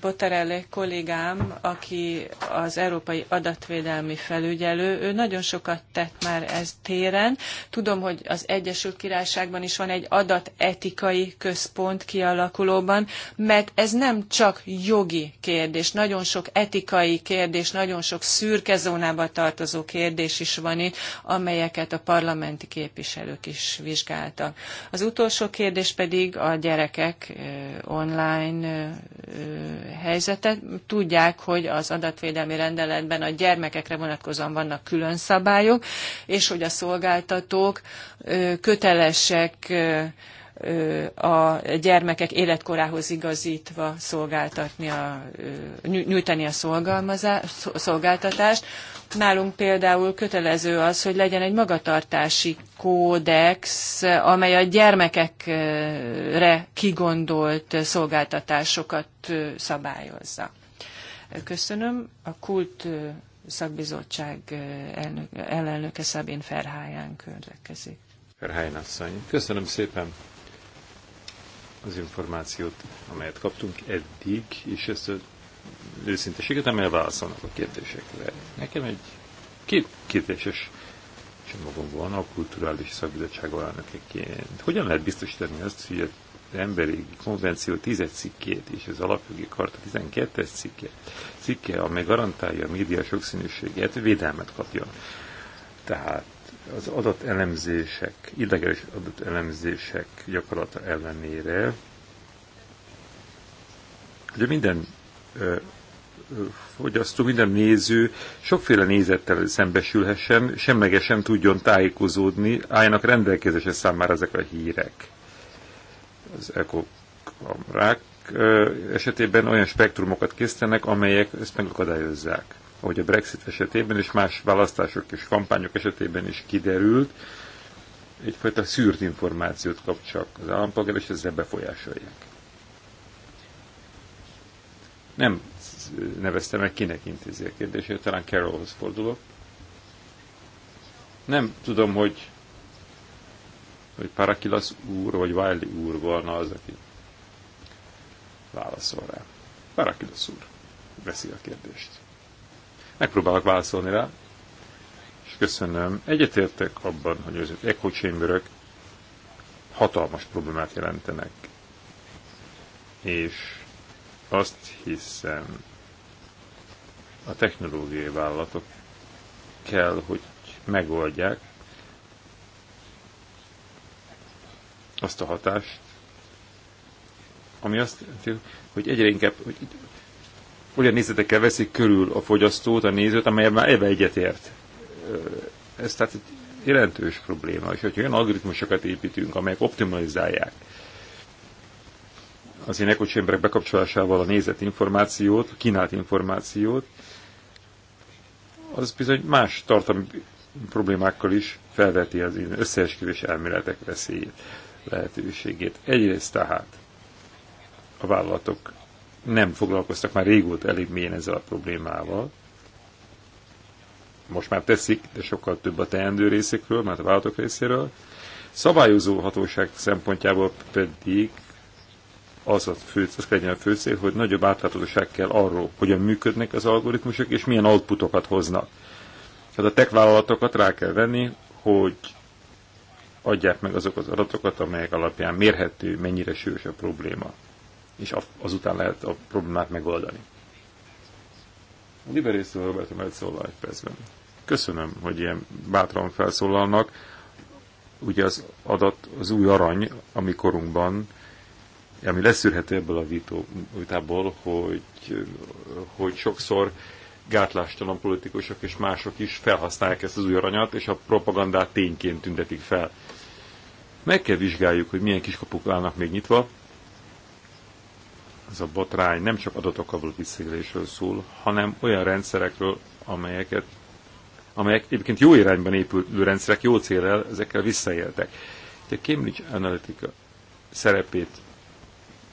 Bottarelli kollégám, aki az Európai Adatvédelmi Felügyelő, ő nagyon sokat tett már ez téren. Tudom, hogy az Egyesült Királyságban is van egy adatetikai központ kialakulóban, mert ez nem csak jogi kérdés, nagyon sok etikai kérdés, nagyon sok szürke zónába tartozó kérdés is van itt, amelyeket a parlamenti képviselők is vizsgáltak. Az utolsó kérdés pedig a gyerekek online érzékeny helyzetet. Tudják, hogy az adatvédelmi rendeletben a gyermekekre vonatkozóan vannak külön szabályok, és hogy a szolgáltatók kötelesek a gyermekek életkorához igazítva szolgáltatni a, nyújtani a szolgáltatást. Nálunk például kötelező az, hogy legyen egy magatartási kódex, amely a gyermekekre kigondolt szolgáltatásokat szabályozza. Köszönöm. A Kult Szakbizottság elnök, elnöke Szabin Ferháján következik. Ferháján asszony. Köszönöm szépen az információt, amelyet kaptunk eddig, és ezt az őszinteséget, amelyel válaszolnak a kérdésekre. Nekem egy két kérdéses csomagom van a kulturális szakbizottság alánökeként. Hogyan lehet biztosítani azt, hogy az emberi konvenció 10 cikkét és az alapjogi karta 12 cikke, cikke, amely garantálja a média sokszínűséget, védelmet kapjon. Tehát az adatelemzések, illegális adatelemzések gyakorlata ellenére, hogy minden fogyasztó, minden néző sokféle nézettel szembesülhessen, semlegesen tudjon tájékozódni, álljanak rendelkezésre számára ezek a hírek. Az ekokamrák esetében olyan spektrumokat készítenek, amelyek ezt megakadályozzák ahogy a Brexit esetében és más választások és kampányok esetében is kiderült, egyfajta szűrt információt kap csak az állampolgár, és ezzel befolyásolják. Nem neveztem meg, kinek intézi a kérdését, talán Carolhoz fordulok. Nem tudom, hogy hogy Parakilasz úr vagy Wiley úr volna az, aki válaszol rá. Parakilasz úr veszi a kérdést. Megpróbálok válaszolni rá. És köszönöm. Egyetértek abban, hogy az echo chamber hatalmas problémát jelentenek. És azt hiszem, a technológiai vállalatok kell, hogy megoldják azt a hatást, ami azt jelenti, hogy egyre inkább hogy olyan nézetekkel veszik körül a fogyasztót, a nézőt, amelyel már eve egyetért. Ez tehát egy jelentős probléma, és hogyha olyan algoritmusokat építünk, amelyek optimalizálják az ilyen ekocsémberek bekapcsolásával a nézett információt, kínált információt, az bizony más tartalmi problémákkal is felveti az összeesküvés elméletek veszélyét, lehetőségét. Egyrészt tehát a vállalatok nem foglalkoztak már régóta elég mélyen ezzel a problémával. Most már teszik, de sokkal több a teendő részékről, mert a vállalatok részéről. Szabályozó hatóság szempontjából pedig az, a fő, az legyen a fő cél, hogy nagyobb átláthatóság kell arról, hogyan működnek az algoritmusok, és milyen outputokat hoznak. Tehát a tech vállalatokat rá kell venni, hogy adják meg azok az adatokat, amelyek alapján mérhető, mennyire sűrűs a probléma és azután lehet a problémát megoldani. A liberésztől Roberto majd egy percben. Köszönöm, hogy ilyen bátran felszólalnak. Ugye az adat az új arany, ami korunkban, ami leszűrhető ebből a vitó, vitából, hogy, hogy sokszor gátlástalan politikusok és mások is felhasználják ezt az új aranyat, és a propagandát tényként tüntetik fel. Meg kell vizsgáljuk, hogy milyen kiskapuk állnak még nyitva, ez a botrány nem csak adatokkal való visszaélésről szól, hanem olyan rendszerekről, amelyeket, amelyek egyébként jó irányban épülő rendszerek, jó célral ezekkel visszaéltek. A Cambridge Analytica szerepét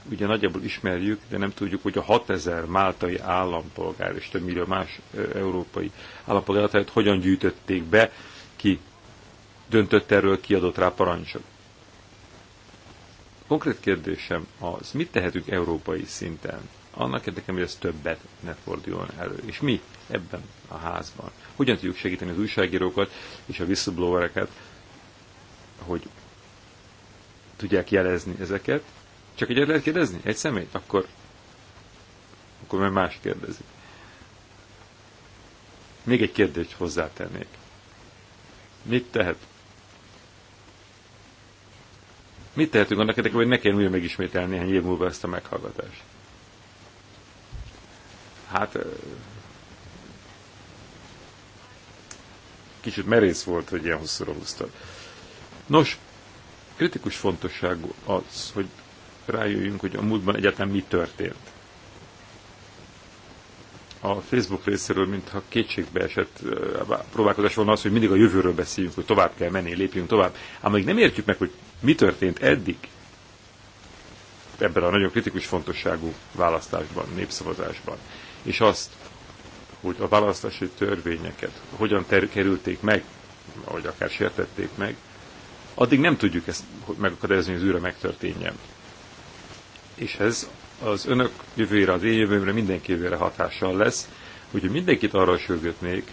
ugye nagyjából ismerjük, de nem tudjuk, hogy a 6000 máltai állampolgár és több millió más európai állampolgárat hogyan gyűjtötték be, ki döntött erről, kiadott rá parancsot. Konkrét kérdésem az, mit tehetünk európai szinten? Annak érdekében, hogy ez többet ne forduljon elő. És mi ebben a házban? Hogyan tudjuk segíteni az újságírókat és a whistleblowereket, hogy tudják jelezni ezeket? Csak egyet lehet kérdezni? Egy személyt? Akkor, akkor már más kérdezik. Még egy kérdést hozzátennék. Mit tehet Mit tehetünk annak érdekében, hogy ne kelljen újra megismételni néhány év múlva ezt a meghallgatást? Hát kicsit merész volt, hogy ilyen hosszúra húztad. Nos, kritikus fontosságú az, hogy rájöjjünk, hogy a múltban egyáltalán mi történt. A Facebook részéről, mintha kétségbe esett próbálkozás volna az, hogy mindig a jövőről beszéljünk, hogy tovább kell menni, lépjünk tovább. Ám még nem értjük meg, hogy mi történt eddig ebben a nagyon kritikus fontosságú választásban, népszavazásban, és azt, hogy a választási törvényeket hogyan ter- kerülték meg, vagy akár sértették meg, addig nem tudjuk ezt megakadályozni, hogy az űre megtörténjen. És ez az önök jövőjére, az én jövőmre, mindenki jövőre hatással lesz, úgyhogy mindenkit arra sürgetnék,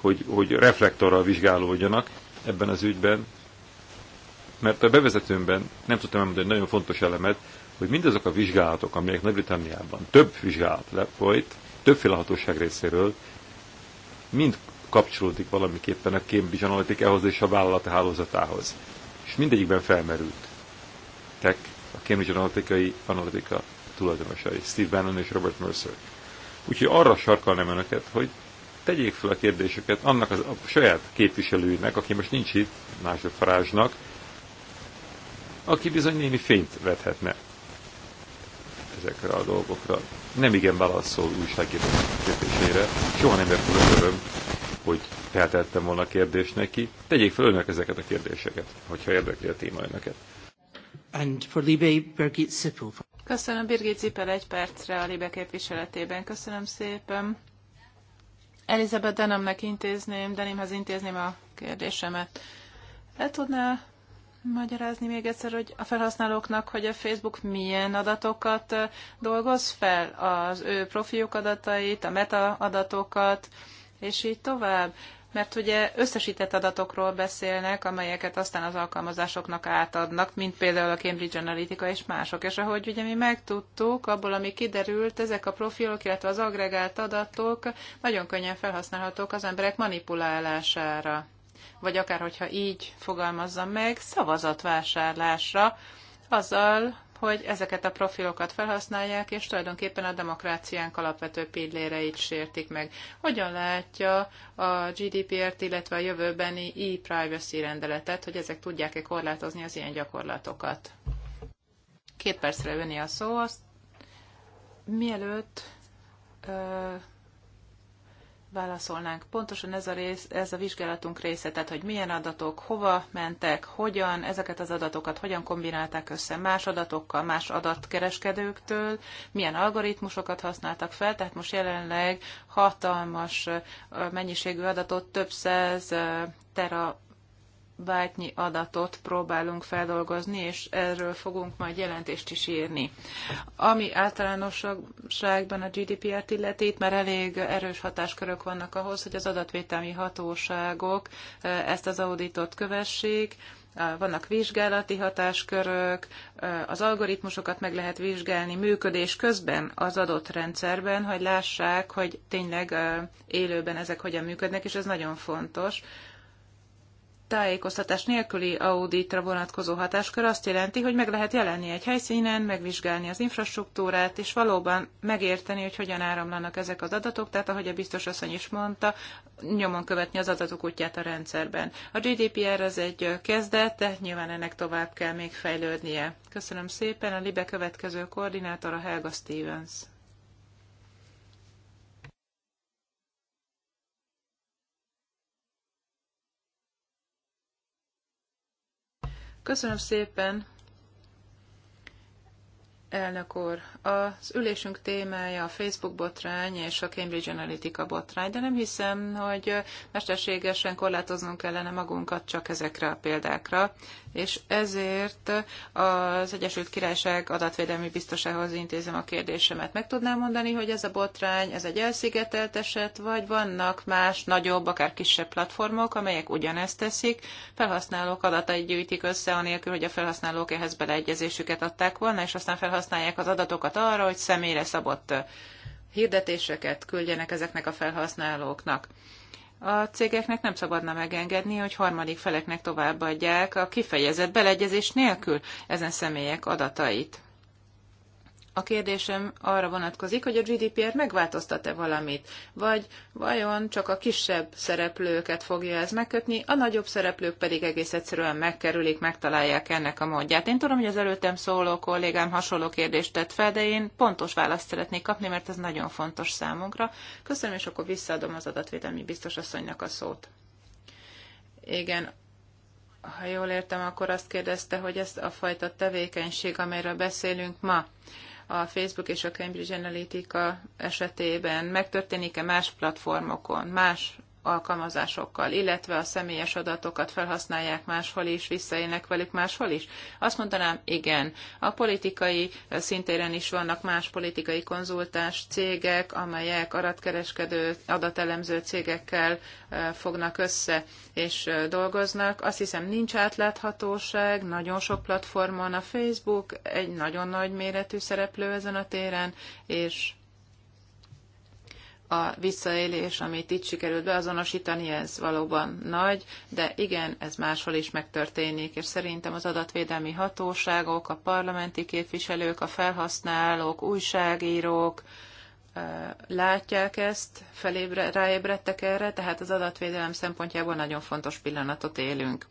hogy, hogy reflektorral vizsgálódjanak ebben az ügyben, mert a bevezetőmben nem tudtam elmondani egy nagyon fontos elemet, hogy mindazok a vizsgálatok, amelyek Nagy-Britanniában több vizsgálat lefolyt, többféle hatóság részéről, mind kapcsolódik valamiképpen a Cambridge Analytica-hoz és a vállalati hálózatához. És mindegyikben felmerült. Tek, a Cambridge Analytica-i tulajdonosai, Steve Bannon és Robert Mercer. Úgyhogy arra sarkalnám önöket, hogy tegyék fel a kérdéseket annak az, a saját képviselőnek, aki most nincs itt, farázsnak, aki bizony némi fényt vethetne ezekre a dolgokra. Nem igen válaszol újságíró kérdésére. Soha nem ért az öröm, hogy feltettem volna a kérdést neki. Tegyék fel önök ezeket a kérdéseket, hogyha érdekli a téma önöket. And for Libé, Birgit Zippel. Köszönöm Birgit Zippel egy percre a Libé képviseletében. Köszönöm szépen. Elizabeth Denemnek intézném, Denemhez intézném a kérdésemet. Le tudná magyarázni még egyszer, hogy a felhasználóknak, hogy a Facebook milyen adatokat dolgoz fel, az ő profiuk adatait, a meta adatokat, és így tovább. Mert ugye összesített adatokról beszélnek, amelyeket aztán az alkalmazásoknak átadnak, mint például a Cambridge Analytica és mások. És ahogy ugye mi megtudtuk, abból, ami kiderült, ezek a profilok, illetve az agregált adatok nagyon könnyen felhasználhatók az emberek manipulálására vagy akár hogyha így fogalmazzam meg, szavazatvásárlásra, azzal, hogy ezeket a profilokat felhasználják, és tulajdonképpen a demokráciánk alapvető pilléreit sértik meg. Hogyan látja a GDPR-t, illetve a jövőbeni e-privacy rendeletet, hogy ezek tudják-e korlátozni az ilyen gyakorlatokat? Két percre venni a szó, azt mielőtt válaszolnánk. Pontosan ez a, rész, ez a vizsgálatunk része, tehát hogy milyen adatok, hova mentek, hogyan, ezeket az adatokat hogyan kombinálták össze más adatokkal, más adatkereskedőktől, milyen algoritmusokat használtak fel, tehát most jelenleg hatalmas mennyiségű adatot, több száz tera bátnyi adatot próbálunk feldolgozni, és erről fogunk majd jelentést is írni. Ami általánosságban a GDPR-t illeti, itt már elég erős hatáskörök vannak ahhoz, hogy az adatvételmi hatóságok ezt az auditot kövessék, vannak vizsgálati hatáskörök, az algoritmusokat meg lehet vizsgálni működés közben az adott rendszerben, hogy lássák, hogy tényleg élőben ezek hogyan működnek, és ez nagyon fontos tájékoztatás nélküli auditra vonatkozó hatáskör azt jelenti, hogy meg lehet jelenni egy helyszínen, megvizsgálni az infrastruktúrát, és valóban megérteni, hogy hogyan áramlanak ezek az adatok, tehát ahogy a biztos asszony is mondta, nyomon követni az adatok útját a rendszerben. A GDPR az egy kezdet, de nyilván ennek tovább kell még fejlődnie. Köszönöm szépen, a LIBE következő koordinátora Helga Stevens. Köszönöm szépen, elnök úr. Az ülésünk témája a Facebook botrány és a Cambridge Analytica botrány, de nem hiszem, hogy mesterségesen korlátoznunk kellene magunkat csak ezekre a példákra, és ezért az Egyesült Királyság adatvédelmi biztosához intézem a kérdésemet. Meg tudnám mondani, hogy ez a botrány, ez egy elszigetelt eset, vagy vannak más, nagyobb, akár kisebb platformok, amelyek ugyanezt teszik, felhasználók adatait gyűjtik össze, anélkül, hogy a felhasználók ehhez beleegyezésüket adták volna, és aztán felhasználják az adatokat arra, hogy személyre szabott hirdetéseket küldjenek ezeknek a felhasználóknak a cégeknek nem szabadna megengedni, hogy harmadik feleknek továbbadják a kifejezett beleegyezés nélkül ezen személyek adatait. A kérdésem arra vonatkozik, hogy a GDPR megváltoztat-e valamit, vagy vajon csak a kisebb szereplőket fogja ez megkötni, a nagyobb szereplők pedig egész egyszerűen megkerülik, megtalálják ennek a módját. Én tudom, hogy az előttem szóló kollégám hasonló kérdést tett fel, de én pontos választ szeretnék kapni, mert ez nagyon fontos számunkra. Köszönöm, és akkor visszaadom az adatvédelmi biztos asszonynak a szót. Igen, ha jól értem, akkor azt kérdezte, hogy ez a fajta tevékenység, amelyről beszélünk ma, a Facebook és a Cambridge Analytica esetében? Megtörténik-e más platformokon, más alkalmazásokkal, illetve a személyes adatokat felhasználják máshol is, visszaélnek velük máshol is? Azt mondanám, igen. A politikai szintéren is vannak más politikai konzultás cégek, amelyek adatkereskedő, adatelemző cégekkel e, fognak össze és e, dolgoznak. Azt hiszem, nincs átláthatóság, nagyon sok platformon a Facebook egy nagyon nagy méretű szereplő ezen a téren, és a visszaélés, amit itt sikerült beazonosítani, ez valóban nagy, de igen, ez máshol is megtörténik, és szerintem az adatvédelmi hatóságok, a parlamenti képviselők, a felhasználók, újságírók látják ezt, felébre, ráébredtek erre, tehát az adatvédelem szempontjából nagyon fontos pillanatot élünk.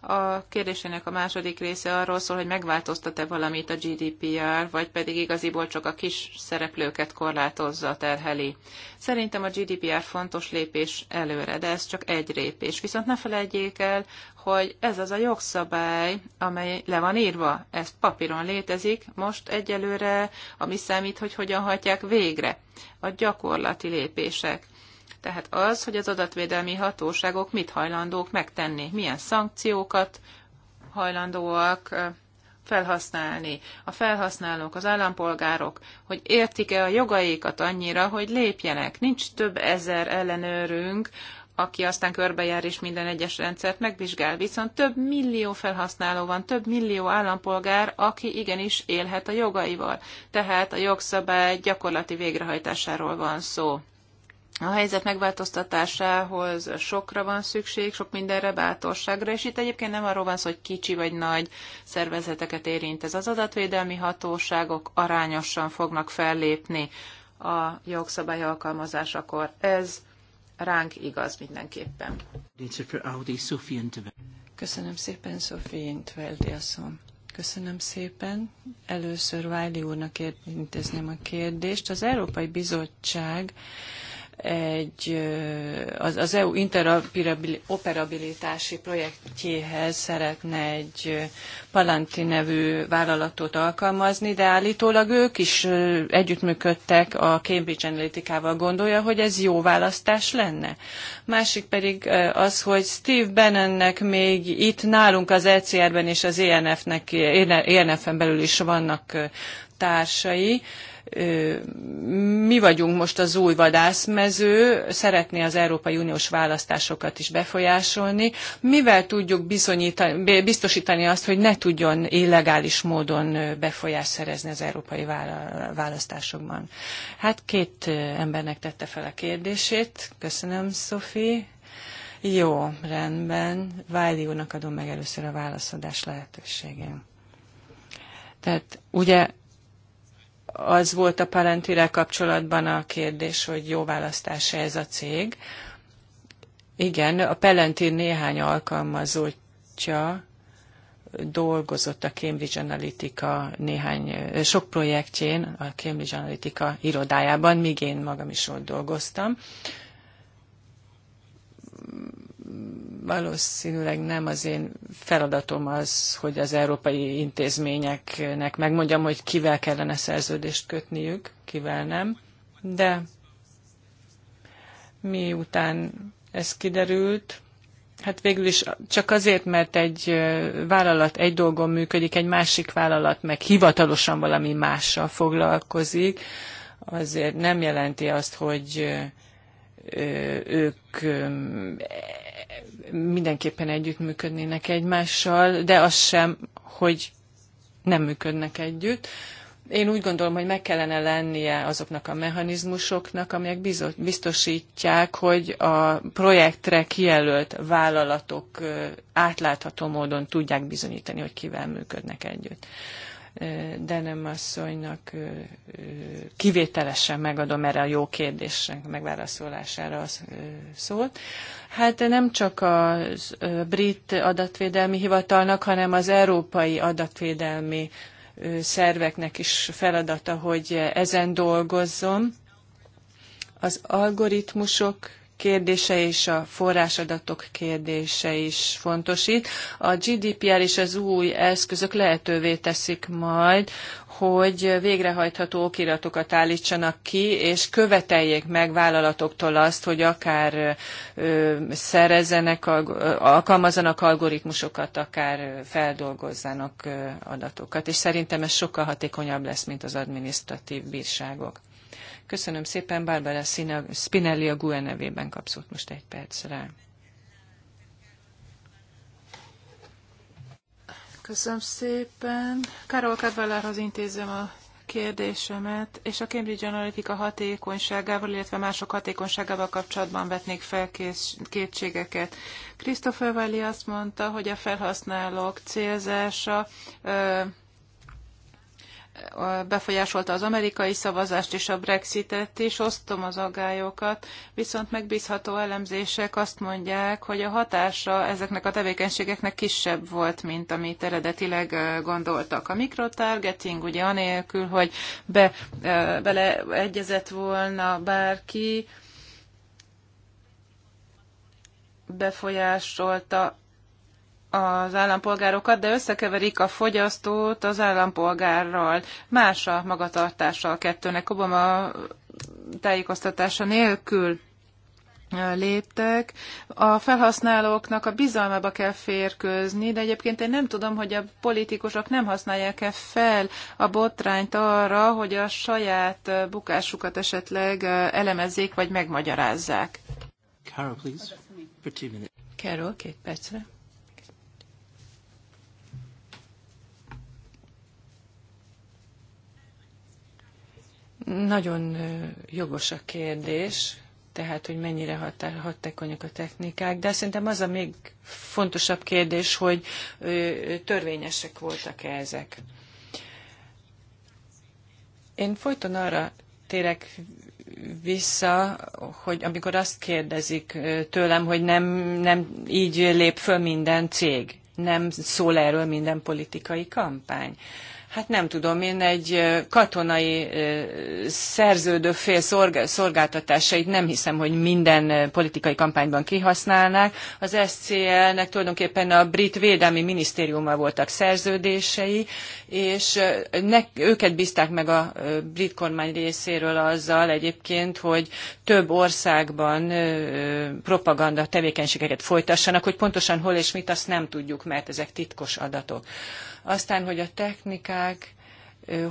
A kérdésének a második része arról szól, hogy megváltoztat-e valamit a GDPR, vagy pedig igaziból csak a kis szereplőket korlátozza, terheli. Szerintem a GDPR fontos lépés előre, de ez csak egy lépés. Viszont ne felejtjék el, hogy ez az a jogszabály, amely le van írva, ezt papíron létezik, most egyelőre, ami számít, hogy hogyan hajtják végre a gyakorlati lépések. Tehát az, hogy az adatvédelmi hatóságok mit hajlandók megtenni, milyen szankciókat hajlandóak felhasználni, a felhasználók, az állampolgárok, hogy értik-e a jogaikat annyira, hogy lépjenek. Nincs több ezer ellenőrünk, aki aztán körbejár és minden egyes rendszert megvizsgál, viszont több millió felhasználó van, több millió állampolgár, aki igenis élhet a jogaival. Tehát a jogszabály gyakorlati végrehajtásáról van szó a helyzet megváltoztatásához sokra van szükség, sok mindenre, bátorságra, és itt egyébként nem arról van szó, hogy kicsi vagy nagy szervezeteket érint ez. Az adatvédelmi hatóságok arányosan fognak fellépni a jogszabály alkalmazásakor. Ez ránk igaz mindenképpen. Köszönöm szépen, Sophie Intveldi asszony. Köszönöm szépen. Először Váli úrnak intézném a kérdést. Az Európai Bizottság egy, az, az EU interoperabilitási projektjéhez szeretne egy Palanti nevű vállalatot alkalmazni, de állítólag ők is együttműködtek a Cambridge Analytica-val gondolja, hogy ez jó választás lenne. Másik pedig az, hogy Steve Bannonnek még itt nálunk az ECR-ben és az ENF-nek, ENF-en belül is vannak társai, mi vagyunk most az új vadászmező, szeretné az Európai Uniós választásokat is befolyásolni. Mivel tudjuk bizonyítani, biztosítani azt, hogy ne tudjon illegális módon befolyás szerezni az európai választásokban? Hát két embernek tette fel a kérdését. Köszönöm, Szofi. Jó, rendben. Vájli úrnak adom meg először a válaszadás lehetőségén. Tehát ugye az volt a Palantirel kapcsolatban a kérdés, hogy jó választása ez a cég. Igen, a Palantir néhány alkalmazottja dolgozott a Cambridge Analytica néhány, sok projektjén a Cambridge Analytica irodájában, míg én magam is ott dolgoztam valószínűleg nem az én feladatom az, hogy az európai intézményeknek megmondjam, hogy kivel kellene szerződést kötniük, kivel nem, de miután ez kiderült, hát végül is csak azért, mert egy vállalat egy dolgon működik, egy másik vállalat meg hivatalosan valami mással foglalkozik, azért nem jelenti azt, hogy ők mindenképpen együttműködnének egymással, de az sem, hogy nem működnek együtt. Én úgy gondolom, hogy meg kellene lennie azoknak a mechanizmusoknak, amelyek biztosítják, hogy a projektre kijelölt vállalatok átlátható módon tudják bizonyítani, hogy kivel működnek együtt. Denem asszonynak kivételesen megadom erre a jó kérdésnek megválaszolására a szót. Hát nem csak a brit adatvédelmi hivatalnak, hanem az európai adatvédelmi szerveknek is feladata, hogy ezen dolgozzon. Az algoritmusok kérdése és a forrásadatok kérdése is fontos itt. A GDPR és az új eszközök lehetővé teszik majd, hogy végrehajtható okiratokat állítsanak ki, és követeljék meg vállalatoktól azt, hogy akár ö, szerezenek, alkalmazanak algoritmusokat, akár feldolgozzanak adatokat. És szerintem ez sokkal hatékonyabb lesz, mint az adminisztratív bírságok. Köszönöm szépen, Barbara Spinelli a GUE nevében kapszott most egy percre. Köszönöm szépen. Karol Kedvellárhoz intézem a kérdésemet, és a Cambridge Analytica hatékonyságával, illetve mások hatékonyságával kapcsolatban vetnék fel kétségeket. Christopher Valley azt mondta, hogy a felhasználók célzása befolyásolta az amerikai szavazást és a Brexitet is, osztom az aggályokat, viszont megbízható elemzések azt mondják, hogy a hatása ezeknek a tevékenységeknek kisebb volt, mint amit eredetileg gondoltak. A mikrotargeting ugye anélkül, hogy be, beleegyezett volna bárki, befolyásolta az állampolgárokat, de összekeverik a fogyasztót az állampolgárral. Más a magatartása a kettőnek. Obama tájékoztatása nélkül léptek. A felhasználóknak a bizalmába kell férkőzni, de egyébként én nem tudom, hogy a politikusok nem használják-e fel a botrányt arra, hogy a saját bukásukat esetleg elemezzék vagy megmagyarázzák. Carol, please. For two minutes. Carol, két percre. Nagyon jogos a kérdés, tehát hogy mennyire hatékonyak a technikák, de szerintem az a még fontosabb kérdés, hogy törvényesek voltak-e ezek. Én folyton arra térek vissza, hogy amikor azt kérdezik tőlem, hogy nem, nem így lép föl minden cég, nem szól erről minden politikai kampány hát nem tudom, én egy katonai szerződő fél szolgáltatásait nem hiszem, hogy minden politikai kampányban kihasználnák. Az SCL-nek tulajdonképpen a brit védelmi minisztériummal voltak szerződései, és ne, őket bízták meg a brit kormány részéről azzal egyébként, hogy több országban propaganda tevékenységeket folytassanak, hogy pontosan hol és mit, azt nem tudjuk, mert ezek titkos adatok aztán, hogy a technikák,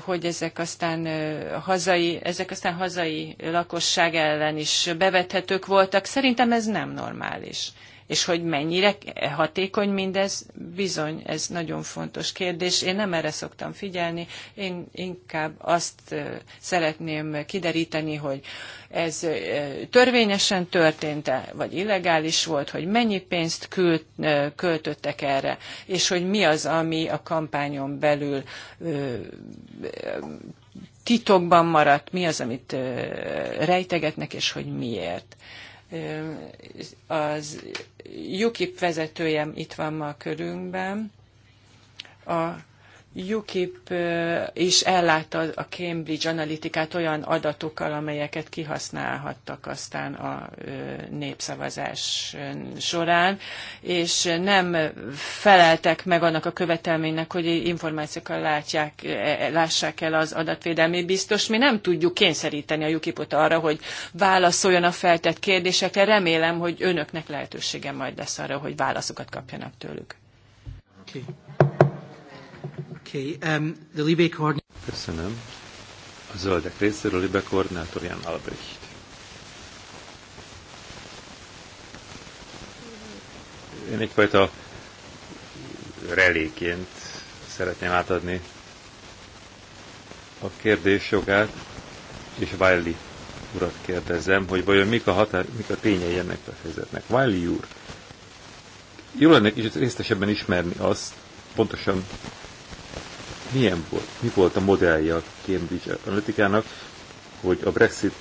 hogy ezek aztán hazai, ezek aztán hazai lakosság ellen is bevethetők voltak. Szerintem ez nem normális és hogy mennyire hatékony mindez, bizony, ez nagyon fontos kérdés. Én nem erre szoktam figyelni, én inkább azt szeretném kideríteni, hogy ez törvényesen történt-e, vagy illegális volt, hogy mennyi pénzt küld, költöttek erre, és hogy mi az, ami a kampányon belül titokban maradt, mi az, amit rejtegetnek, és hogy miért az UKIP vezetője itt van ma körünkben, a UKIP is ellátta a Cambridge Analytikát olyan adatokkal, amelyeket kihasználhattak aztán a népszavazás során, és nem feleltek meg annak a követelménynek, hogy információkkal látják, e, e, lássák el az adatvédelmi biztos. Mi nem tudjuk kényszeríteni a UKIP-ot arra, hogy válaszoljon a feltett kérdésekre. Remélem, hogy önöknek lehetősége majd lesz arra, hogy válaszokat kapjanak tőlük. Okay. Okay, um, the Libé Köszönöm. A zöldek részéről a Libé koordinátor Jan Albrecht. Én egyfajta reléként szeretném átadni a kérdés jogát, és Wiley urat kérdezem, hogy vajon mik a, határ, mik a tényei ennek a helyzetnek. Wiley úr, jó lenne kicsit részesebben ismerni azt, pontosan milyen volt, mi volt a modellje a Cambridge Analytica-nak, hogy a Brexit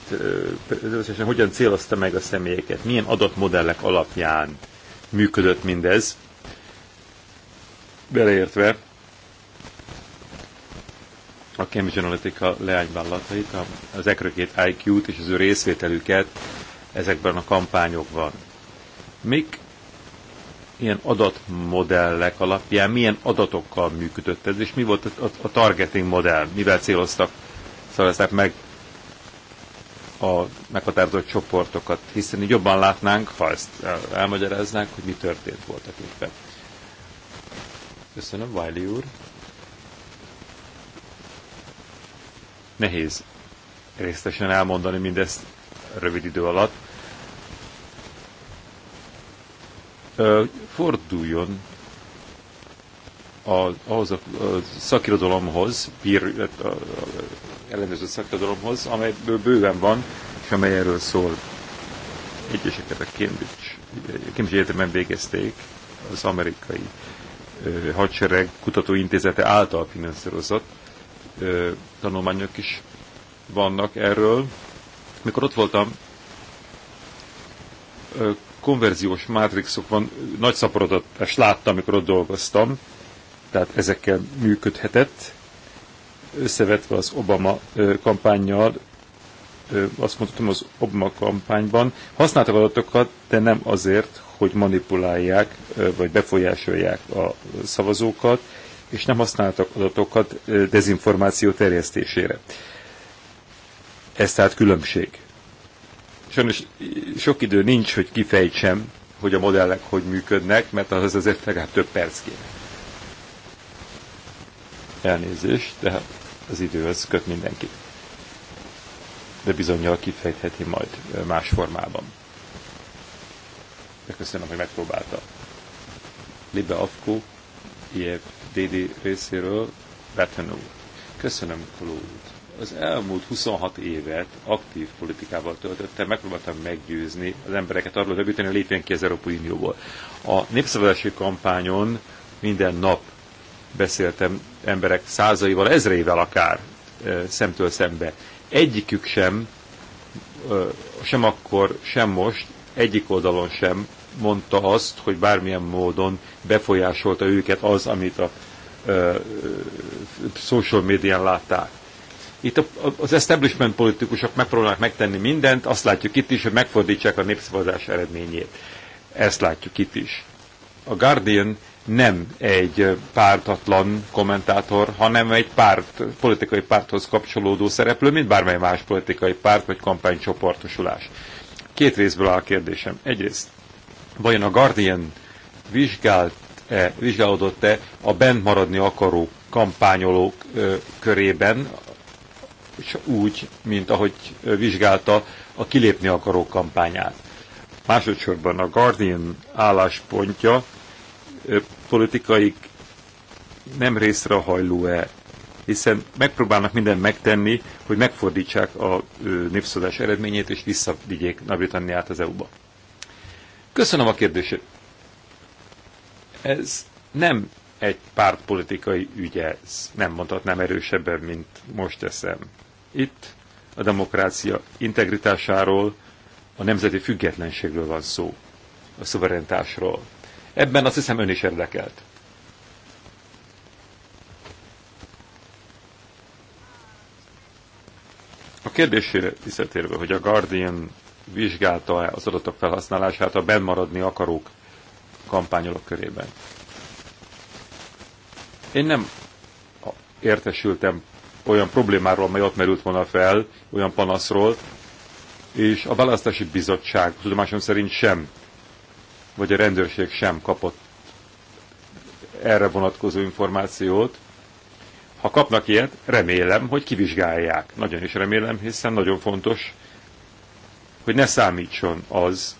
összesen hogyan célozta meg a személyeket, milyen adatmodellek alapján működött mindez, beleértve a Cambridge Analytica leányvállalatait, az ekrökét IQ-t és az ő részvételüket ezekben a kampányokban. Mik milyen adatmodellek alapján, milyen adatokkal működött ez, és mi volt a, a, a targeting modell, mivel céloztak, szavazták meg a meghatározott csoportokat, hiszen így jobban látnánk, ha ezt elmagyaráznánk, hogy mi történt voltak éppen. Köszönöm, Wiley úr. Nehéz részletesen elmondani mindezt rövid idő alatt forduljon a, ahhoz a, a szakirodalomhoz, a, a, ellenőrző szakirodalomhoz, amelyből bőven van, és amely erről szól. Egyeseket a Cambridge, Cambridge Egyetemen végezték, az amerikai ö, hadsereg kutatóintézete által finanszírozott ö, tanulmányok is vannak erről. Mikor ott voltam, ö, konverziós mátrixok van, nagy szaporodást láttam, amikor ott dolgoztam, tehát ezekkel működhetett. Összevetve az Obama kampányjal, azt mondhatom az Obama kampányban, használtak adatokat, de nem azért, hogy manipulálják vagy befolyásolják a szavazókat, és nem használtak adatokat dezinformáció terjesztésére. Ez tehát különbség. Sajnos sok idő nincs, hogy kifejtsem, hogy a modellek hogy működnek, mert az azért legalább több perc kéne. Elnézést, de hát az idő az köt mindenkit. De bizonyal kifejtheti majd más formában. De köszönöm, hogy megpróbálta. Libe Afko, IF DD részéről, Bethenó. Köszönöm, Klóri az elmúlt 26 évet aktív politikával töltöttem, megpróbáltam meggyőzni az embereket arról, hogy a lépjen ki az Európai Unióból. A népszavazási kampányon minden nap beszéltem emberek százaival, ezreivel akár szemtől szembe. Egyikük sem, sem akkor, sem most, egyik oldalon sem mondta azt, hogy bármilyen módon befolyásolta őket az, amit a social médián látták. Itt az establishment politikusok megpróbálnak megtenni mindent, azt látjuk itt is, hogy megfordítsák a népszavazás eredményét. Ezt látjuk itt is. A Guardian nem egy pártatlan kommentátor, hanem egy párt, politikai párthoz kapcsolódó szereplő, mint bármely más politikai párt vagy kampánycsoportosulás. Két részből áll a kérdésem. Egyrészt, vajon a Guardian vizsgált -e, vizsgálódott-e a bent maradni akaró kampányolók ö, eh, körében, úgy, mint ahogy vizsgálta a kilépni akaró kampányát. Másodszorban a Guardian álláspontja politikai nem részre hajló-e, hiszen megpróbálnak mindent megtenni, hogy megfordítsák a népszavazás eredményét, és visszavigyék Nagy-Britanniát az EU-ba. Köszönöm a kérdését. Ez nem egy pártpolitikai ügy ez. Nem mondhatnám erősebben, mint most teszem. Itt a demokrácia integritásáról, a nemzeti függetlenségről van szó, a szuverenitásról. Ebben azt hiszem ön is érdekelt. A kérdésére visszatérve, hogy a Guardian vizsgálta-e az adatok felhasználását a benmaradni akarók kampányolók körében. Én nem értesültem olyan problémáról, amely ott merült volna fel, olyan panaszról, és a választási bizottság tudomásom szerint sem, vagy a rendőrség sem kapott erre vonatkozó információt. Ha kapnak ilyet, remélem, hogy kivizsgálják. Nagyon is remélem, hiszen nagyon fontos, hogy ne számítson az,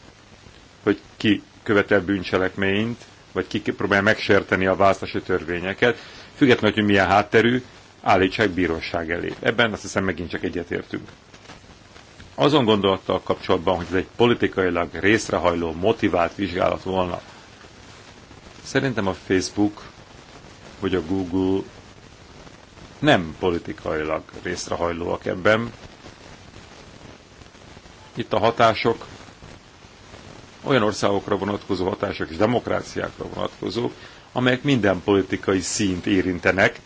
hogy ki követel bűncselekményt, vagy ki próbálja megsérteni a választási törvényeket, függetlenül, hogy milyen hátterű, állítsák bíróság elé. Ebben azt hiszem megint csak egyetértünk. Azon gondolattal kapcsolatban, hogy ez egy politikailag részrehajló, motivált vizsgálat volna, szerintem a Facebook vagy a Google nem politikailag részrehajlóak ebben. Itt a hatások olyan országokra vonatkozó hatások és demokráciákra vonatkozók, amelyek minden politikai színt érintenek,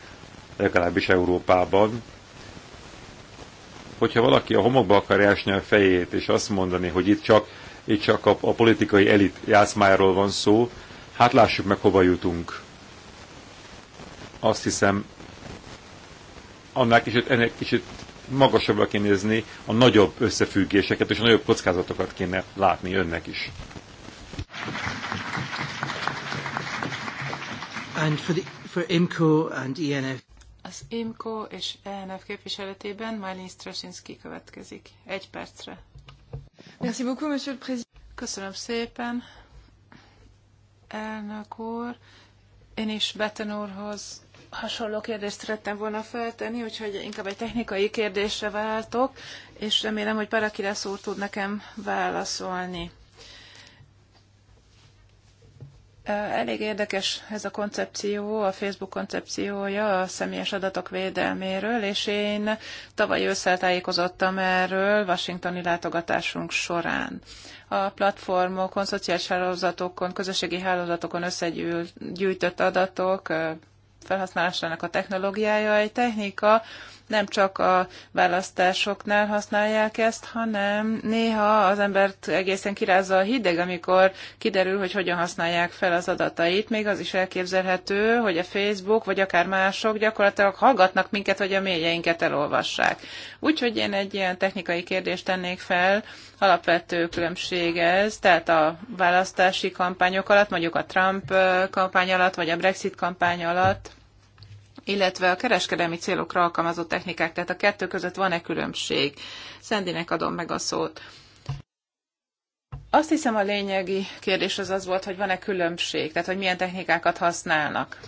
legalábbis Európában. Hogyha valaki a homokba akar a fejét, és azt mondani, hogy itt csak, itt csak a, a politikai elit játszmájáról van szó, hát lássuk meg, hova jutunk. Azt hiszem, annál kicsit, ennek kicsit magasabbra kéne nézni a nagyobb összefüggéseket és a nagyobb kockázatokat kéne látni önnek is. And for the, for IMCO and ENF. Az IMCO és ENF képviseletében Majlin Straszinski következik. Egy percre. Merci beaucoup, monsieur le président. Köszönöm szépen, elnök úr. Én is Betten úrhoz hasonló kérdést szerettem volna feltenni, úgyhogy inkább egy technikai kérdésre váltok, és remélem, hogy Parakirász úr tud nekem válaszolni. Elég érdekes ez a koncepció, a Facebook koncepciója a személyes adatok védelméről, és én tavaly ősszel tájékozottam erről Washingtoni látogatásunk során. A platformokon, szociális hálózatokon, közösségi hálózatokon összegyűjtött adatok felhasználásának a technológiája egy technika, nem csak a választásoknál használják ezt, hanem néha az embert egészen kirázza a hideg, amikor kiderül, hogy hogyan használják fel az adatait. Még az is elképzelhető, hogy a Facebook vagy akár mások gyakorlatilag hallgatnak minket, hogy a mélyeinket elolvassák. Úgyhogy én egy ilyen technikai kérdést tennék fel, alapvető különbség ez, tehát a választási kampányok alatt, mondjuk a Trump kampány alatt, vagy a Brexit kampány alatt, illetve a kereskedelmi célokra alkalmazott technikák, tehát a kettő között van-e különbség? Szendinek adom meg a szót. Azt hiszem a lényegi kérdés az az volt, hogy van-e különbség, tehát hogy milyen technikákat használnak.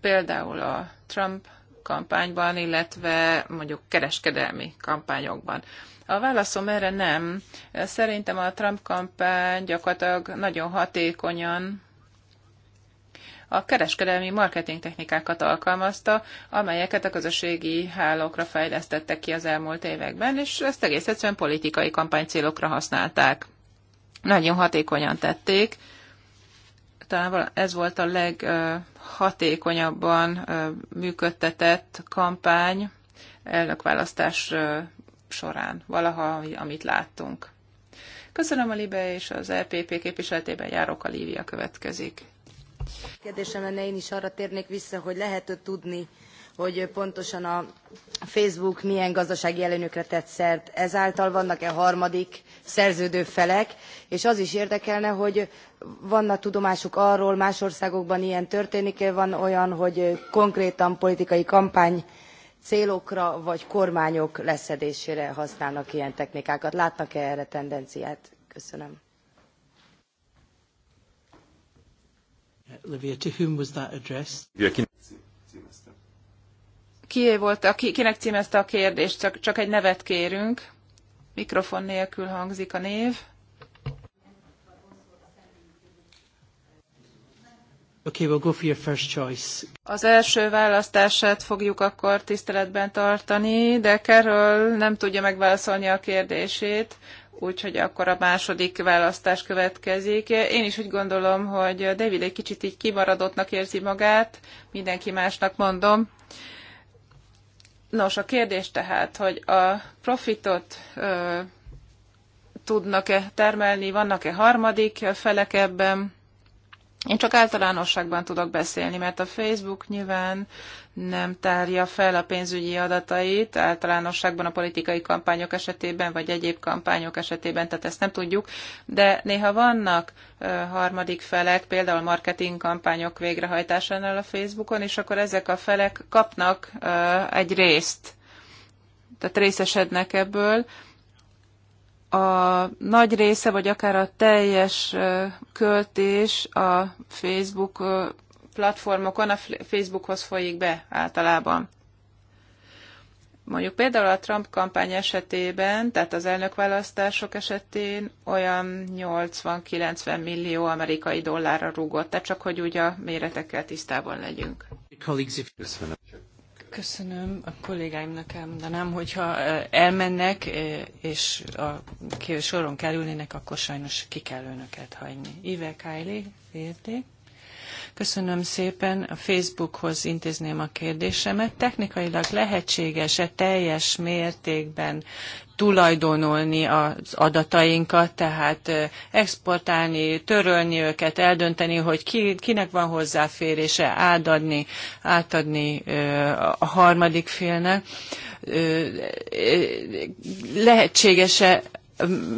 Például a Trump kampányban, illetve mondjuk kereskedelmi kampányokban. A válaszom erre nem. Szerintem a Trump kampány gyakorlatilag nagyon hatékonyan a kereskedelmi marketing technikákat alkalmazta, amelyeket a közösségi hálókra fejlesztettek ki az elmúlt években, és ezt egész egyszerűen politikai kampánycélokra használták. Nagyon hatékonyan tették, talán ez volt a leghatékonyabban működtetett kampány elnökválasztás során, valaha, amit láttunk. Köszönöm a Libe és az EPP képviseletében járok a Lívia következik. Kérdésem lenne, én is arra térnék vissza, hogy lehet tudni, hogy pontosan a Facebook milyen gazdasági előnyökre tett szert. Ezáltal vannak-e harmadik szerződő felek, és az is érdekelne, hogy vannak tudomásuk arról, más országokban ilyen történik -e, van olyan, hogy konkrétan politikai kampány célokra vagy kormányok leszedésére használnak ilyen technikákat. Látnak-e erre tendenciát? Köszönöm. Olivia, to whom was that addressed? Kié volt, a, kinek címezte a kérdést? Csak, csak egy nevet kérünk. Mikrofon nélkül hangzik a név. Okay, we'll go for your first choice. Az első választását fogjuk akkor tiszteletben tartani, de Carol nem tudja megválaszolni a kérdését úgyhogy akkor a második választás következik. Én is úgy gondolom, hogy David egy kicsit így kimaradottnak érzi magát, mindenki másnak mondom. Nos, a kérdés tehát, hogy a profitot ö, tudnak-e termelni, vannak-e harmadik felek ebben? Én csak általánosságban tudok beszélni, mert a Facebook nyilván nem tárja fel a pénzügyi adatait, általánosságban a politikai kampányok esetében, vagy egyéb kampányok esetében, tehát ezt nem tudjuk, de néha vannak harmadik felek, például marketing kampányok végrehajtásánál a Facebookon, és akkor ezek a felek kapnak egy részt, tehát részesednek ebből, a nagy része, vagy akár a teljes költés a Facebook platformokon a Facebookhoz folyik be általában. Mondjuk például a Trump kampány esetében, tehát az elnökválasztások esetén olyan 80-90 millió amerikai dollárra rúgott, tehát csak hogy úgy a méretekkel tisztában legyünk. Köszönöm. Köszönöm a kollégáimnak elmondanám, hogyha elmennek és a soron kerülnének, akkor sajnos ki kell önöket hagyni. Ive Kylie, érték. Köszönöm szépen. A Facebookhoz intézném a kérdésemet. Technikailag lehetséges-e teljes mértékben tulajdonolni az adatainkat, tehát exportálni, törölni őket, eldönteni, hogy ki, kinek van hozzáférése, átadni, átadni a harmadik félnek. Lehetséges-e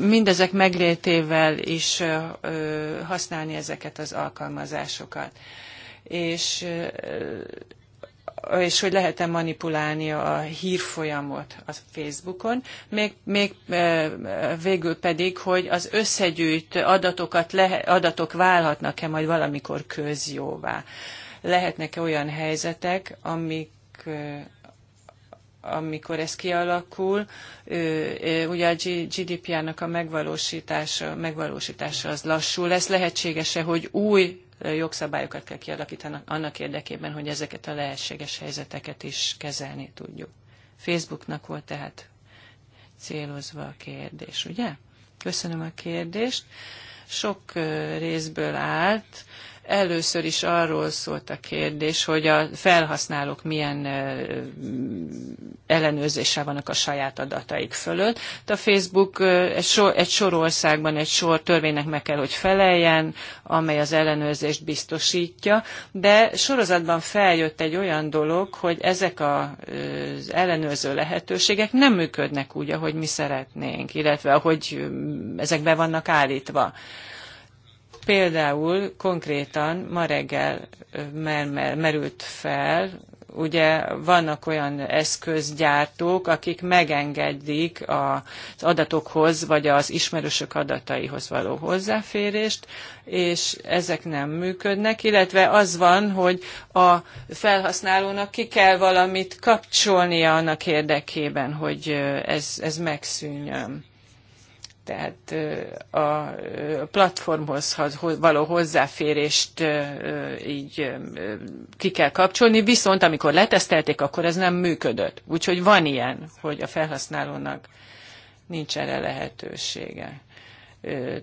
mindezek meglétével is használni ezeket az alkalmazásokat. És és hogy lehet-e manipulálni a hírfolyamot a Facebookon, még, még végül pedig, hogy az összegyűjt adatokat adatok válhatnak-e majd valamikor közjóvá. Lehetnek-e olyan helyzetek, amik amikor ez kialakul, ugye a GDP-nak a megvalósítása, megvalósítása az lassú lesz. Lehetséges-e, hogy új jogszabályokat kell kialakítani annak érdekében, hogy ezeket a lehetséges helyzeteket is kezelni tudjuk. Facebooknak volt tehát célozva a kérdés, ugye? Köszönöm a kérdést. Sok részből állt Először is arról szólt a kérdés, hogy a felhasználók milyen ellenőrzéssel vannak a saját adataik fölött. De a Facebook egy sor, egy sor országban egy sor törvénynek meg kell, hogy feleljen, amely az ellenőrzést biztosítja, de sorozatban feljött egy olyan dolog, hogy ezek az ellenőrző lehetőségek nem működnek úgy, ahogy mi szeretnénk, illetve ahogy ezek be vannak állítva. Például konkrétan ma reggel mer mer merült fel, ugye vannak olyan eszközgyártók, akik megengedik az adatokhoz, vagy az ismerősök adataihoz való hozzáférést, és ezek nem működnek, illetve az van, hogy a felhasználónak ki kell valamit kapcsolnia annak érdekében, hogy ez, ez megszűnjön tehát a platformhoz való hozzáférést így ki kell kapcsolni, viszont amikor letesztelték, akkor ez nem működött. Úgyhogy van ilyen, hogy a felhasználónak nincs erre lehetősége.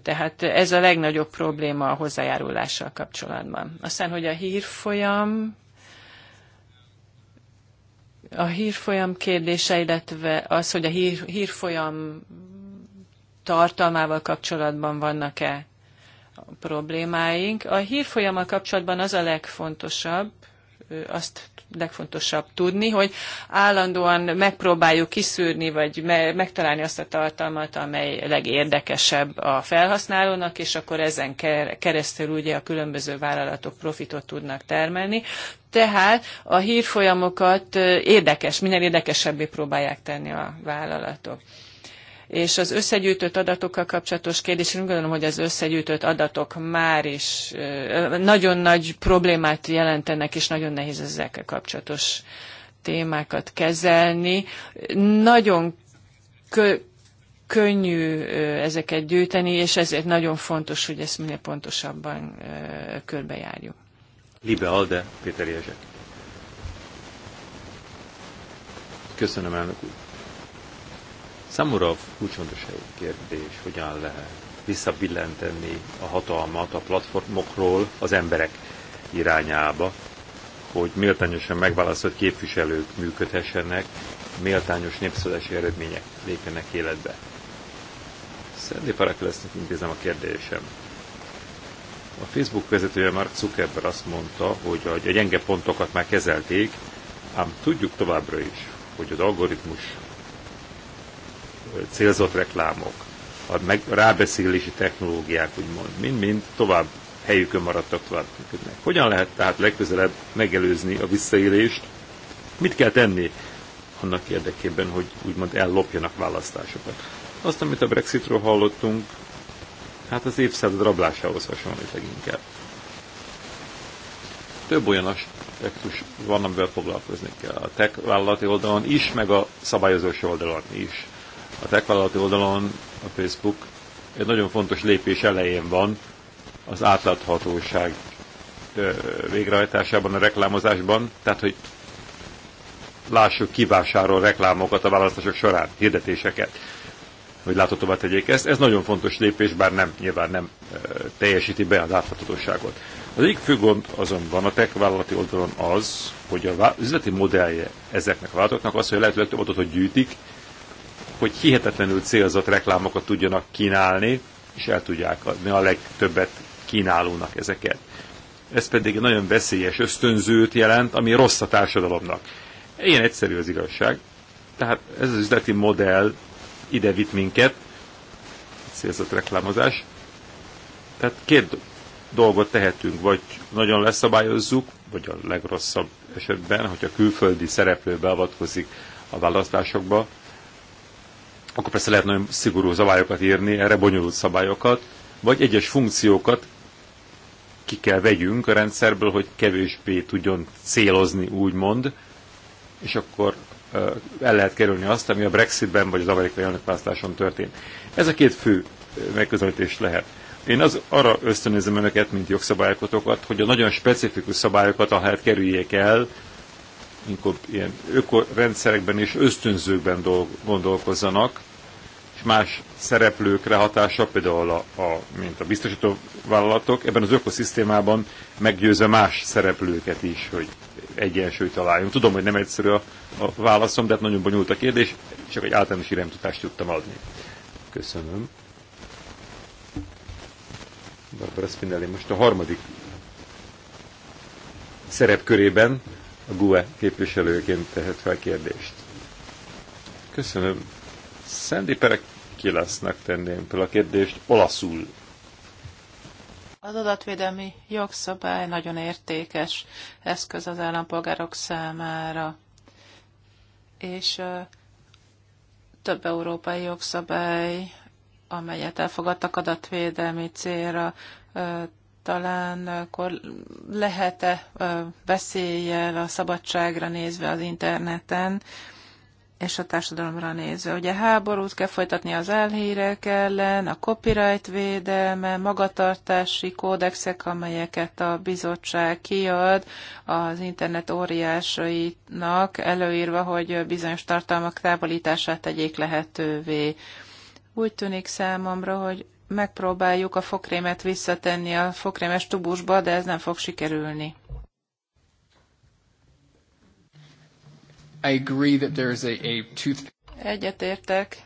Tehát ez a legnagyobb probléma a hozzájárulással kapcsolatban. Aztán, hogy a hírfolyam, a hírfolyam kérdése, illetve az, hogy a hír, hírfolyam tartalmával kapcsolatban vannak-e problémáink. A hírfolyammal kapcsolatban az a legfontosabb, azt legfontosabb tudni, hogy állandóan megpróbáljuk kiszűrni, vagy megtalálni azt a tartalmat, amely legérdekesebb a felhasználónak, és akkor ezen keresztül ugye a különböző vállalatok profitot tudnak termelni. Tehát a hírfolyamokat érdekes, minél érdekesebbé próbálják tenni a vállalatok és az összegyűjtött adatokkal kapcsolatos kérdés, én gondolom, hogy az összegyűjtött adatok már is nagyon nagy problémát jelentenek, és nagyon nehéz ezekkel kapcsolatos témákat kezelni. Nagyon kö- könnyű ezeket gyűjteni, és ezért nagyon fontos, hogy ezt minél pontosabban körbejárjuk. Libe Alde, Péter Jezsek. Köszönöm, elnök úr. Számomra kulcsfontosságú kérdés, hogyan lehet visszabillenteni a hatalmat a platformokról az emberek irányába, hogy méltányosan megválasztott képviselők működhessenek, méltányos népszólási eredmények lépjenek életbe. Szendi Parakelesznek intézem a kérdésem. A Facebook vezetője Mark Zuckerberg azt mondta, hogy a gyenge pontokat már kezelték, ám tudjuk továbbra is, hogy az algoritmus célzott reklámok, a meg, rábeszélési technológiák, úgymond, mind-mind tovább helyükön maradtak, tovább működnek. Hogyan lehet tehát legközelebb megelőzni a visszaélést? Mit kell tenni annak érdekében, hogy úgymond ellopjanak választásokat? Azt, amit a Brexitről hallottunk, hát az évszázad rablásához hasonlít leginkább. Több olyan aspektus van, amivel foglalkozni kell. A tech vállalati oldalon is, meg a szabályozós oldalon is a tekvállalati oldalon a Facebook egy nagyon fontos lépés elején van az átláthatóság végrehajtásában, a reklámozásban, tehát hogy lássuk kivásárol reklámokat a választások során, hirdetéseket, hogy láthatóvá tegyék ezt. Ez nagyon fontos lépés, bár nem, nyilván nem e, teljesíti be az átláthatóságot. Az egyik fő gond azonban a tech vállalati oldalon az, hogy a üzleti modellje ezeknek a vállalatoknak az, hogy lehetőleg több adatot gyűjtik, hogy hihetetlenül célzott reklámokat tudjanak kínálni, és el tudják adni a legtöbbet kínálónak ezeket. Ez pedig egy nagyon veszélyes ösztönzőt jelent, ami rossz a társadalomnak. Ilyen egyszerű az igazság. Tehát ez az üzleti modell ide vitt minket, célzott reklámozás. Tehát két dolgot tehetünk, vagy nagyon leszabályozzuk, vagy a legrosszabb esetben, hogyha külföldi szereplő beavatkozik a választásokba, akkor persze lehet nagyon szigorú szabályokat írni, erre bonyolult szabályokat, vagy egyes funkciókat ki kell vegyünk a rendszerből, hogy kevésbé tudjon célozni, úgymond, és akkor el lehet kerülni azt, ami a Brexitben vagy az amerikai elnökválasztáson történt. Ez a két fő megközelítés lehet. Én az arra ösztönözöm önöket, mint jogszabályokatokat, hogy a nagyon specifikus szabályokat ahelyett kerüljék el, inkább ilyen ökorendszerekben és ösztönzőkben gondolkozzanak, és más szereplőkre hatása, például a, a, mint a biztosító vállalatok, ebben az ökoszisztémában meggyőzve más szereplőket is, hogy egyensúlyt találjunk. Tudom, hogy nem egyszerű a, a válaszom, de hát nagyon bonyolult a kérdés, csak egy általános iránytutást tudtam adni. Köszönöm. Barbara Spinelli most a harmadik szerepkörében a GUE képviselőként tehet fel kérdést. Köszönöm. Szendi Perek ki lesznek tenném fel a kérdést olaszul. Az adatvédelmi jogszabály nagyon értékes eszköz az állampolgárok számára, és több európai jogszabály, amelyet elfogadtak adatvédelmi célra, talán akkor eh, lehet-e eh, veszéllyel a szabadságra nézve az interneten, és a társadalomra nézve. Ugye háborút kell folytatni az elhírek ellen, a copyright védelme, magatartási kódexek, amelyeket a bizottság kiad az internet óriásainak, előírva, hogy bizonyos tartalmak távolítását tegyék lehetővé. Úgy tűnik számomra, hogy megpróbáljuk a fokrémet visszatenni a fokrémes tubusba, de ez nem fog sikerülni. I agree that there is a, a tooth... Egyetértek,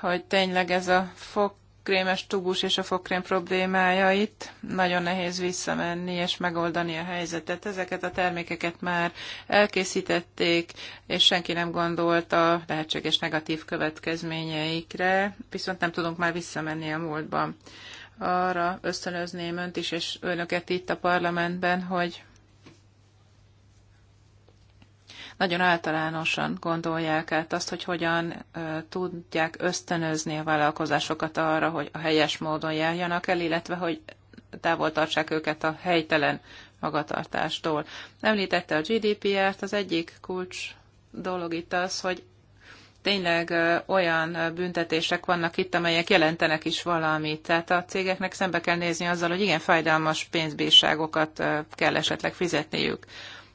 hogy tényleg ez a fok krémes tubus és a fogkrém problémájait. Nagyon nehéz visszamenni és megoldani a helyzetet. Ezeket a termékeket már elkészítették, és senki nem gondolt a lehetséges negatív következményeikre, viszont nem tudunk már visszamenni a múltban. Arra ösztönözném önt is, és önöket itt a parlamentben, hogy nagyon általánosan gondolják át azt, hogy hogyan tudják ösztönözni a vállalkozásokat arra, hogy a helyes módon járjanak el, illetve hogy távol tartsák őket a helytelen magatartástól. Említette a GDPR-t, az egyik kulcs dolog itt az, hogy tényleg olyan büntetések vannak itt, amelyek jelentenek is valamit. Tehát a cégeknek szembe kell nézni azzal, hogy igen, fájdalmas pénzbírságokat kell esetleg fizetniük.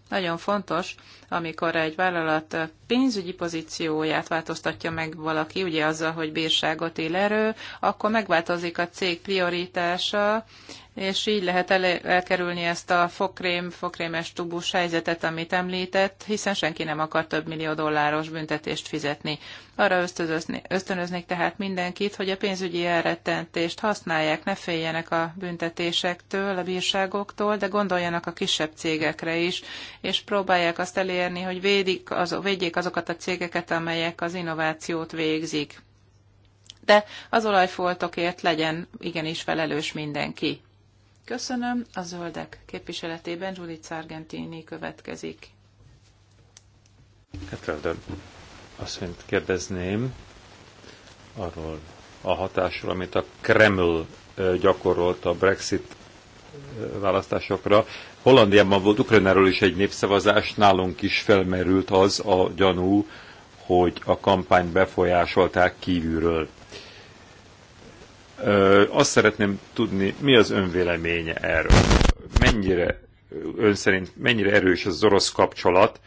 Nagyon fontos, amikor egy vállalat pénzügyi pozícióját változtatja meg valaki, ugye azzal, hogy bírságot él erő, akkor megváltozik a cég prioritása, és így lehet el- elkerülni ezt a fokrém, fokrémes tubus helyzetet, amit említett, hiszen senki nem akar több millió dolláros büntetést fizetni. Arra ösztönözni, ösztönöznék tehát mindenkit, hogy a pénzügyi elrettentést használják, ne féljenek a büntetésektől, a bírságoktól, de gondoljanak a kisebb cégekre is, és próbálják azt elérni, hogy védik az, védjék azokat a cégeket, amelyek az innovációt végzik. De az olajfoltokért legyen igenis felelős mindenki. Köszönöm. A zöldek képviseletében Giulic Argentini következik. Ketrelder, hát, azt mondjuk kérdezném arról a hatásról, amit a Kreml gyakorolt a Brexit választásokra. Hollandiában volt Ukrajnáról is egy népszavazás, nálunk is felmerült az a gyanú, hogy a kampány befolyásolták kívülről. Azt szeretném tudni, mi az önvéleménye erről. Mennyire ön szerint mennyire erős az orosz kapcsolat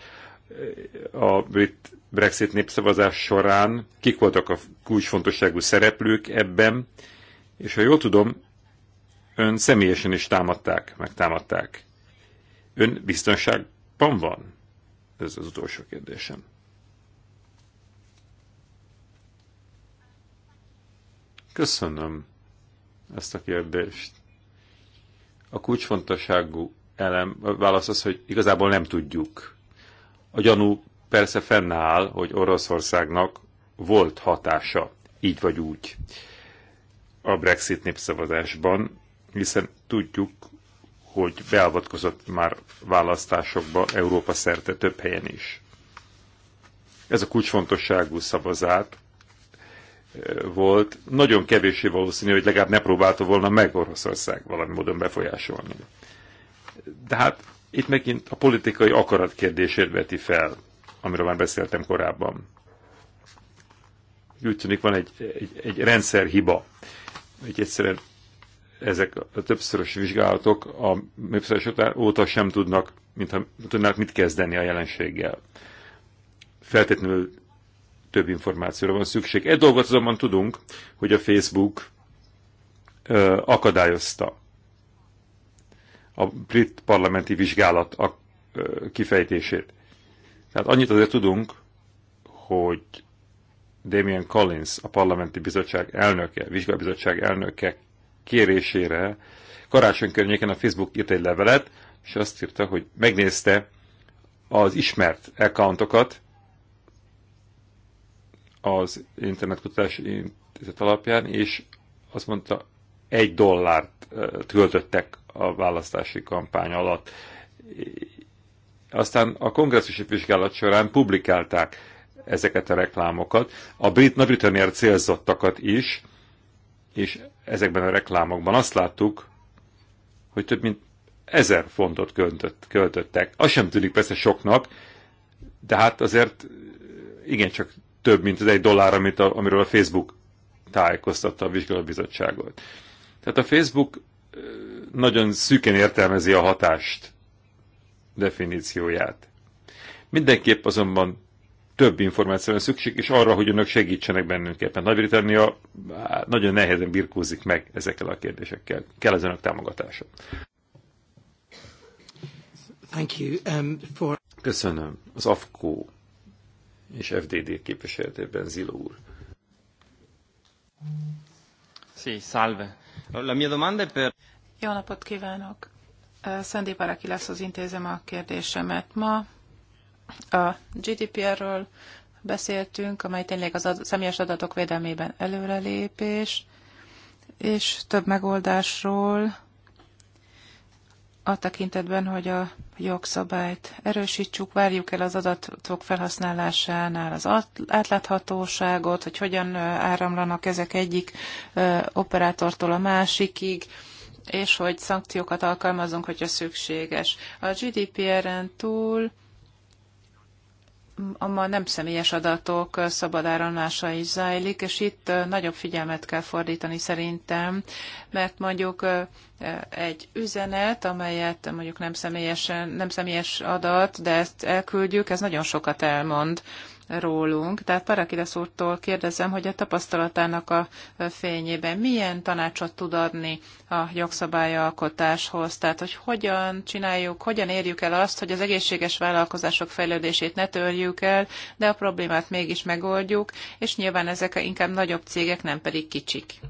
a brit Brexit népszavazás során, kik voltak a kulcsfontosságú szereplők ebben, és ha jól tudom, ön személyesen is támadták, megtámadták. Ön biztonságban van? Ez az utolsó kérdésem. Köszönöm ezt a kérdést. A kulcsfontosságú elem, a válasz az, hogy igazából nem tudjuk. A gyanú persze fennáll, hogy Oroszországnak volt hatása, így vagy úgy, a Brexit népszavazásban, hiszen tudjuk, hogy beavatkozott már választásokba Európa szerte több helyen is. Ez a kulcsfontosságú szavazát volt, nagyon kevéssé valószínű, hogy legalább ne próbálta volna meg Oroszország valami módon befolyásolni. De hát itt megint a politikai akarat kérdését veti fel, amiről már beszéltem korábban. Úgy tűnik van egy, egy, egy rendszerhiba, hogy egyszerűen ezek a többszörös vizsgálatok a mépszeres óta sem tudnak, mintha tudnák mit kezdeni a jelenséggel. Feltétlenül több információra van szükség. Egy dolgot azonban tudunk, hogy a Facebook ö, akadályozta a brit parlamenti vizsgálat a, ö, kifejtését. Tehát annyit azért tudunk, hogy Damien Collins, a parlamenti bizottság elnöke, vizsgálbizottság elnöke kérésére karácsony környéken a Facebook írt egy levelet, és azt írta, hogy megnézte az ismert accountokat, az internetkutatási intézet alapján, és azt mondta, egy dollárt költöttek a választási kampány alatt. Aztán a kongresszusi vizsgálat során publikálták ezeket a reklámokat, a brit nagy célzottakat is, és ezekben a reklámokban azt láttuk, hogy több mint ezer fontot költött, költöttek. Az sem tűnik persze soknak, de hát azért igencsak több, mint az egy dollár, amit a, amiről a Facebook tájékoztatta a vizsgálóbizottságot. Tehát a Facebook nagyon szűken értelmezi a hatást definícióját. Mindenképp azonban több információra szükség, és arra, hogy önök segítsenek bennünket. Mert Nagy-Britannia nagyon nehezen birkózik meg ezekkel a kérdésekkel. Kell az önök támogatása. Thank you, um, for... Köszönöm. Az AFKO és FDD képviseletében Zilo úr. Sí, salve. La mia domanda per... Jó napot kívánok! Szendi Baraki lesz az intézem a kérdésemet. Ma a GDPR-ről beszéltünk, amely tényleg az ad- személyes adatok védelmében előrelépés, és több megoldásról, a tekintetben, hogy a jogszabályt erősítsük, várjuk el az adatok felhasználásánál az átláthatóságot, hogy hogyan áramlanak ezek egyik operátortól a másikig, és hogy szankciókat alkalmazunk, hogyha szükséges. A GDPR-en túl ma nem személyes adatok szabad áramlása is zajlik, és itt nagyobb figyelmet kell fordítani szerintem, mert mondjuk egy üzenet, amelyet mondjuk nem, személyesen, nem személyes adat, de ezt elküldjük, ez nagyon sokat elmond rólunk. Tehát Parakides úrtól kérdezem, hogy a tapasztalatának a fényében milyen tanácsot tud adni a jogszabályalkotáshoz, tehát hogy hogyan csináljuk, hogyan érjük el azt, hogy az egészséges vállalkozások fejlődését ne törjük el, de a problémát mégis megoldjuk, és nyilván ezek inkább nagyobb cégek, nem pedig kicsik.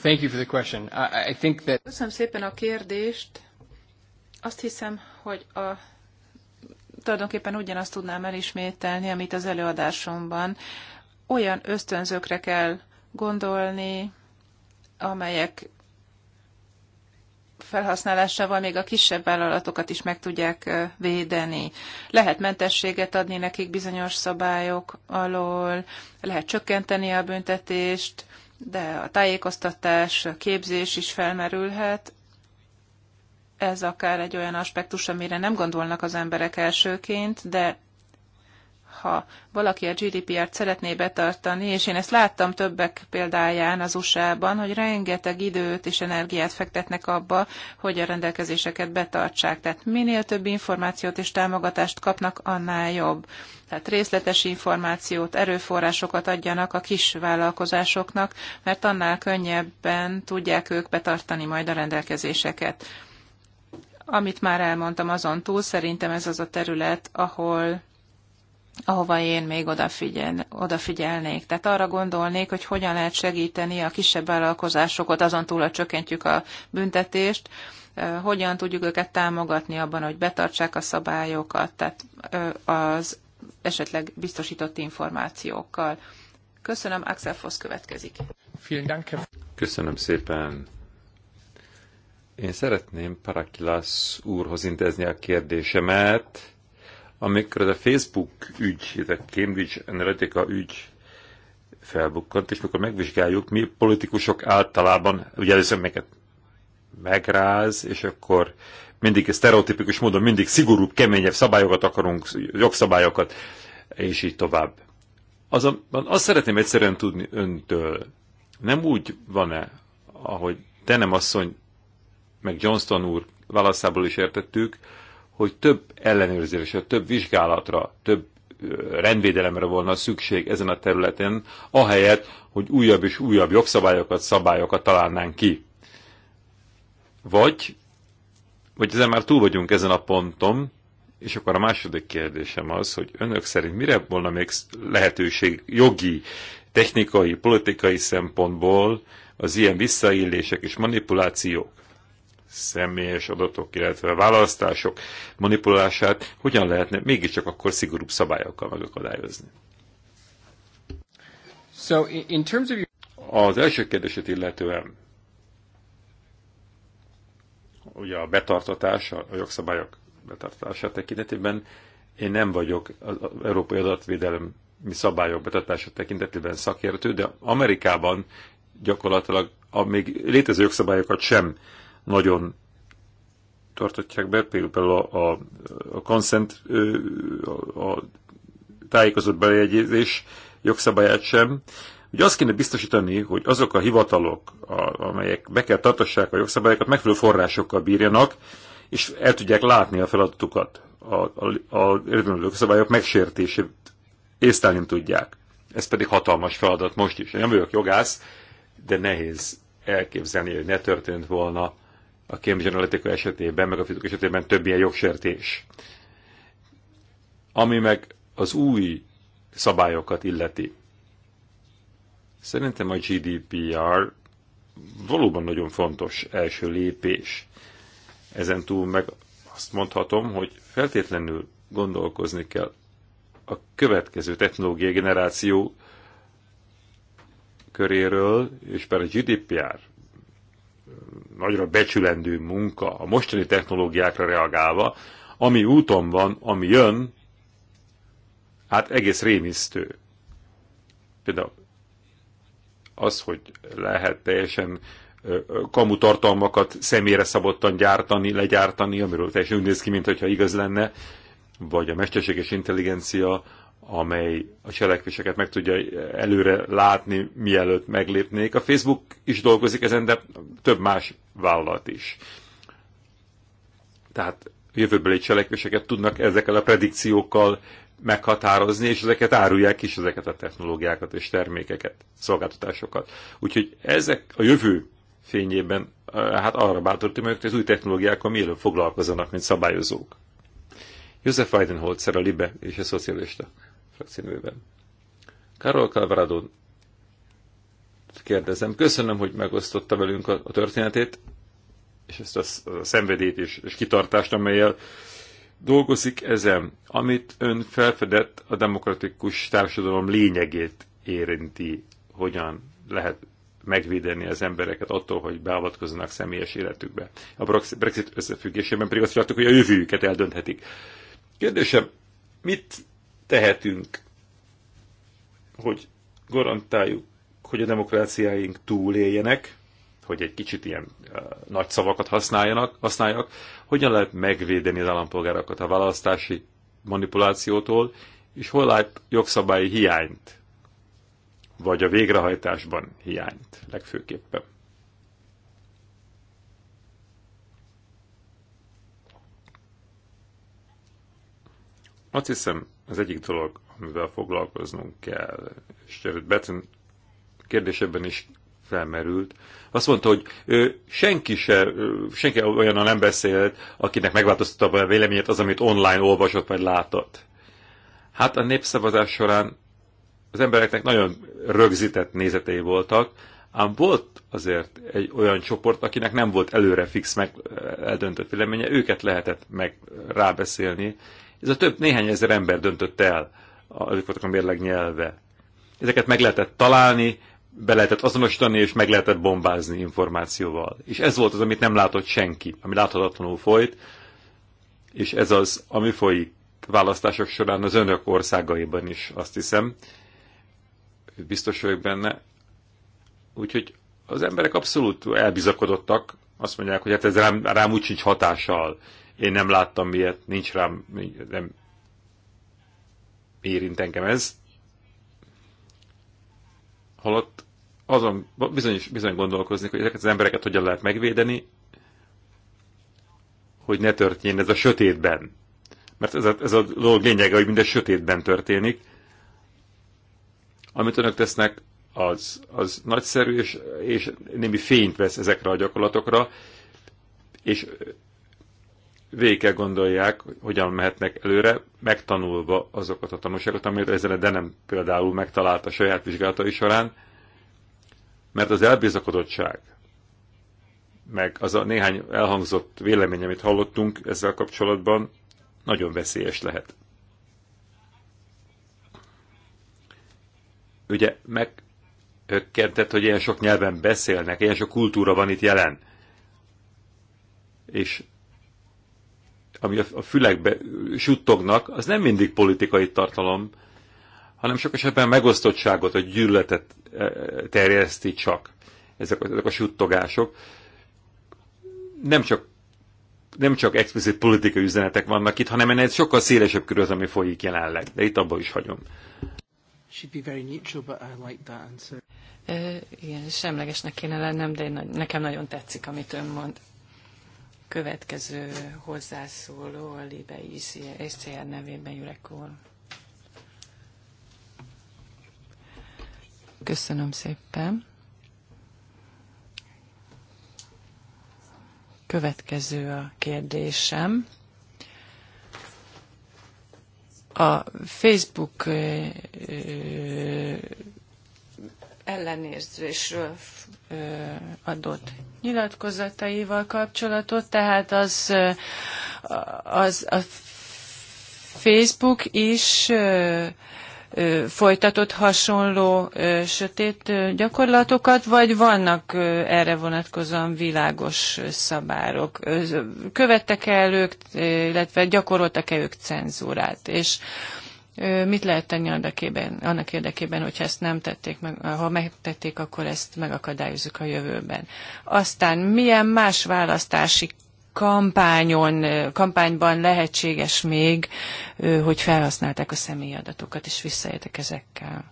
Thank you for the question. I, I think that... Köszönöm szépen a kérdést. Azt hiszem, hogy a tulajdonképpen ugyanazt tudnám elismételni, amit az előadásomban. Olyan ösztönzőkre kell gondolni, amelyek felhasználásával még a kisebb vállalatokat is meg tudják védeni. Lehet mentességet adni nekik bizonyos szabályok alól, lehet csökkenteni a büntetést, de a tájékoztatás, a képzés is felmerülhet, ez akár egy olyan aspektus, amire nem gondolnak az emberek elsőként, de ha valaki a GDPR-t szeretné betartani, és én ezt láttam többek példáján az USA-ban, hogy rengeteg időt és energiát fektetnek abba, hogy a rendelkezéseket betartsák. Tehát minél több információt és támogatást kapnak, annál jobb. Tehát részletes információt, erőforrásokat adjanak a kis vállalkozásoknak, mert annál könnyebben tudják ők betartani majd a rendelkezéseket amit már elmondtam azon túl, szerintem ez az a terület, ahol ahova én még odafigyel, odafigyelnék. Tehát arra gondolnék, hogy hogyan lehet segíteni a kisebb vállalkozásokat, azon túl, hogy csökkentjük a büntetést, hogyan tudjuk őket támogatni abban, hogy betartsák a szabályokat, tehát az esetleg biztosított információkkal. Köszönöm, Axel Fosz következik. Köszönöm szépen. Én szeretném Parakilász úrhoz intézni a kérdésemet, amikor ez a Facebook ügy, ez a Cambridge Analytica ügy felbukkant, és mikor megvizsgáljuk, mi politikusok általában, ugye először minket megráz, és akkor mindig sztereotipikus módon mindig szigorúbb, keményebb szabályokat akarunk, jogszabályokat, és így tovább. Azonban azt szeretném egyszerűen tudni öntől, nem úgy van-e, ahogy te nem asszony meg Johnston úr válaszából is értettük, hogy több ellenőrzésre, több vizsgálatra, több rendvédelemre volna szükség ezen a területen, ahelyett, hogy újabb és újabb jogszabályokat, szabályokat találnánk ki. Vagy, vagy ezen már túl vagyunk ezen a ponton, és akkor a második kérdésem az, hogy önök szerint mire volna még lehetőség jogi, technikai, politikai szempontból az ilyen visszaélések és manipulációk személyes adatok, illetve választások manipulálását hogyan lehetne mégiscsak akkor szigorúbb szabályokkal megakadályozni? So in terms of your... Az első kérdését illetően ugye a betartatás a jogszabályok betartatása tekintetében én nem vagyok az európai adatvédelmi szabályok betartása tekintetében szakértő, de Amerikában gyakorlatilag a még létező jogszabályokat sem nagyon tartatják be, például a, a, a consent, a, a tájékozott belejegyzés jogszabályát sem. Ugye azt kéne biztosítani, hogy azok a hivatalok, a, amelyek be kell tartassák a jogszabályokat, megfelelő forrásokkal bírjanak, és el tudják látni a feladatukat, a, a, a jogszabályok megsértését észtelni tudják. Ez pedig hatalmas feladat most is. Én nem vagyok jogász, de nehéz elképzelni, hogy ne történt volna a Cambridge Analytica esetében, meg a Facebook esetében több ilyen jogsértés. Ami meg az új szabályokat illeti. Szerintem a GDPR valóban nagyon fontos első lépés. Ezen túl meg azt mondhatom, hogy feltétlenül gondolkozni kell a következő technológiai generáció köréről, és per a GDPR nagyra becsülendő munka a mostani technológiákra reagálva, ami úton van, ami jön, hát egész rémisztő. Például az, hogy lehet teljesen kamutartalmakat személyre szabottan gyártani, legyártani, amiről teljesen úgy néz ki, mintha igaz lenne, vagy a mesterséges intelligencia amely a cselekvéseket meg tudja előre látni, mielőtt meglépnék. A Facebook is dolgozik ezen, de több más vállalat is. Tehát jövőbeli cselekvéseket tudnak ezekkel a predikciókkal meghatározni, és ezeket árulják is, ezeket a technológiákat és termékeket, szolgáltatásokat. Úgyhogy ezek a jövő fényében, eh, hát arra bátorítom őket, hogy az új technológiákkal mielőbb foglalkozzanak, mint szabályozók. József Weidenholzer a Libe és a szocialista frakciónőben. Karol Calvarado kérdezem. Köszönöm, hogy megosztotta velünk a, a történetét, és ezt a, a szenvedét és, és kitartást, amelyel dolgozik ezen, amit ön felfedett a demokratikus társadalom lényegét érinti, hogyan lehet megvédeni az embereket attól, hogy beavatkozzanak személyes életükbe. A Brexit összefüggésében pedig azt láttuk, hogy a jövőjüket eldönthetik. Kérdésem, mit tehetünk, hogy garantáljuk, hogy a demokráciáink túléljenek, hogy egy kicsit ilyen uh, nagy szavakat használjanak, használjak, hogyan lehet megvédeni az állampolgárokat a választási manipulációtól, és hol lát jogszabályi hiányt, vagy a végrehajtásban hiányt legfőképpen. Azt hiszem, az egyik dolog, amivel foglalkoznunk kell, és Jared Batten kérdésében is felmerült, azt mondta, hogy ő senki se, senki olyan nem beszélt, akinek megváltoztatta a véleményét az, amit online olvasott vagy látott. Hát a népszavazás során az embereknek nagyon rögzített nézetei voltak, ám volt azért egy olyan csoport, akinek nem volt előre fix meg eldöntött véleménye, őket lehetett meg rábeszélni, ez a több néhány ezer ember döntött el, azok voltak a mérleg nyelve. Ezeket meg lehetett találni, be lehetett azonosítani, és meg lehetett bombázni információval. És ez volt az, amit nem látott senki, ami láthatatlanul folyt, és ez az, ami folyik választások során az önök országaiban is, azt hiszem. Biztos vagyok benne. Úgyhogy az emberek abszolút elbizakodottak, azt mondják, hogy hát ez rám, rám úgy sincs hatással. Én nem láttam miért, nincs rám, nem érint engem ez. Holott azon bizony, bizony gondolkozni, hogy ezeket az embereket hogyan lehet megvédeni, hogy ne történjen ez a sötétben. Mert ez a, ez a dolog lényege, hogy minden sötétben történik. Amit önök tesznek, az, az nagyszerű, és, és némi fényt vesz ezekre a gyakorlatokra, és végig kell gondolják, hogyan mehetnek előre, megtanulva azokat a tanulságokat, amit ezzel de nem például megtalálta saját vizsgálatai során, mert az elbizakodottság, meg az a néhány elhangzott vélemény, amit hallottunk ezzel kapcsolatban, nagyon veszélyes lehet. Ugye meghökkentett, hogy ilyen sok nyelven beszélnek, ilyen sok kultúra van itt jelen. És ami a fülekbe suttognak, az nem mindig politikai tartalom, hanem sok esetben megosztottságot, a gyűlöletet e, terjeszti csak ezek, ezek a suttogások. Nem csak, nem csak explicit politikai üzenetek vannak itt, hanem ennél sokkal szélesebb körül az, ami folyik jelenleg. De itt abba is hagyom. Neutral, like Igen, semlegesnek kéne lennem, de nekem nagyon tetszik, amit ön mond. Következő hozzászóló a Libe ICR nevében Jurek úr. Köszönöm szépen. Következő a kérdésem. A Facebook ellenérzésről adott nyilatkozataival kapcsolatot, tehát az, az a Facebook is folytatott hasonló sötét gyakorlatokat, vagy vannak erre vonatkozóan világos szabárok? Követtek-e el ők, illetve gyakoroltak-e ők cenzúrát? És Mit lehet tenni érdekében, annak érdekében, hogyha ezt nem tették meg, ha megtették, akkor ezt megakadályozzuk a jövőben. Aztán milyen más választási kampányon, kampányban lehetséges még, hogy felhasználták a személyi adatokat, és visszajöttek ezekkel?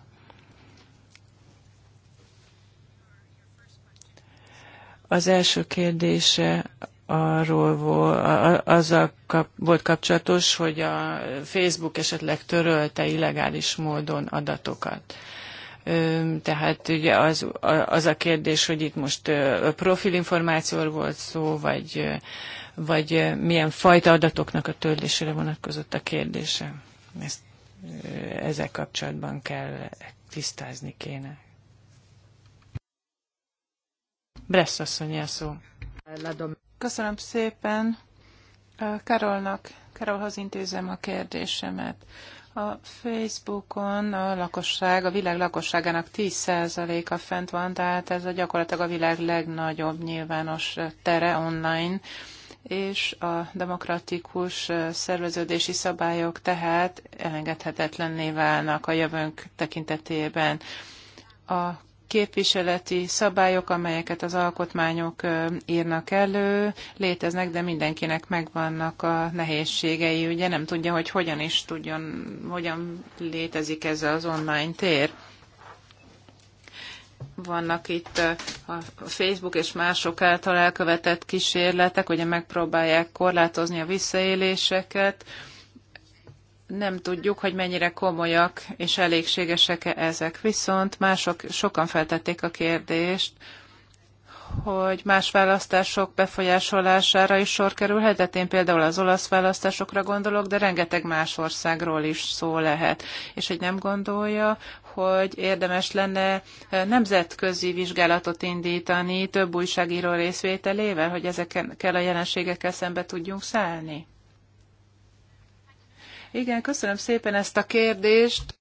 Az első kérdése arról volt, azzal kap, volt kapcsolatos, hogy a Facebook esetleg törölte illegális módon adatokat. Tehát ugye az, az a kérdés, hogy itt most profilinformációról volt szó, vagy, vagy milyen fajta adatoknak a törlésére vonatkozott a kérdése. Ezt ezzel kapcsolatban kell tisztázni kéne. Bressz asszony, szó. Köszönöm szépen. Karolnak, Karolhoz intézem a kérdésemet. A Facebookon a lakosság, a világ lakosságának 10%-a fent van, tehát ez a gyakorlatilag a világ legnagyobb nyilvános tere online, és a demokratikus szerveződési szabályok tehát elengedhetetlenné válnak a jövőnk tekintetében. A képviseleti szabályok, amelyeket az alkotmányok írnak elő, léteznek, de mindenkinek megvannak a nehézségei, ugye nem tudja, hogy hogyan is tudjon, hogyan létezik ez az online tér. Vannak itt a Facebook és mások által elkövetett kísérletek, ugye megpróbálják korlátozni a visszaéléseket, nem tudjuk, hogy mennyire komolyak és elégségesek-e ezek. Viszont mások sokan feltették a kérdést, hogy más választások befolyásolására is sor kerülhetett. Én például az olasz választásokra gondolok, de rengeteg más országról is szó lehet. És hogy nem gondolja, hogy érdemes lenne eh, nemzetközi vizsgálatot indítani több újságíró részvételével, hogy ezekkel a jelenségekkel szembe tudjunk szállni? Igen, köszönöm szépen ezt a kérdést.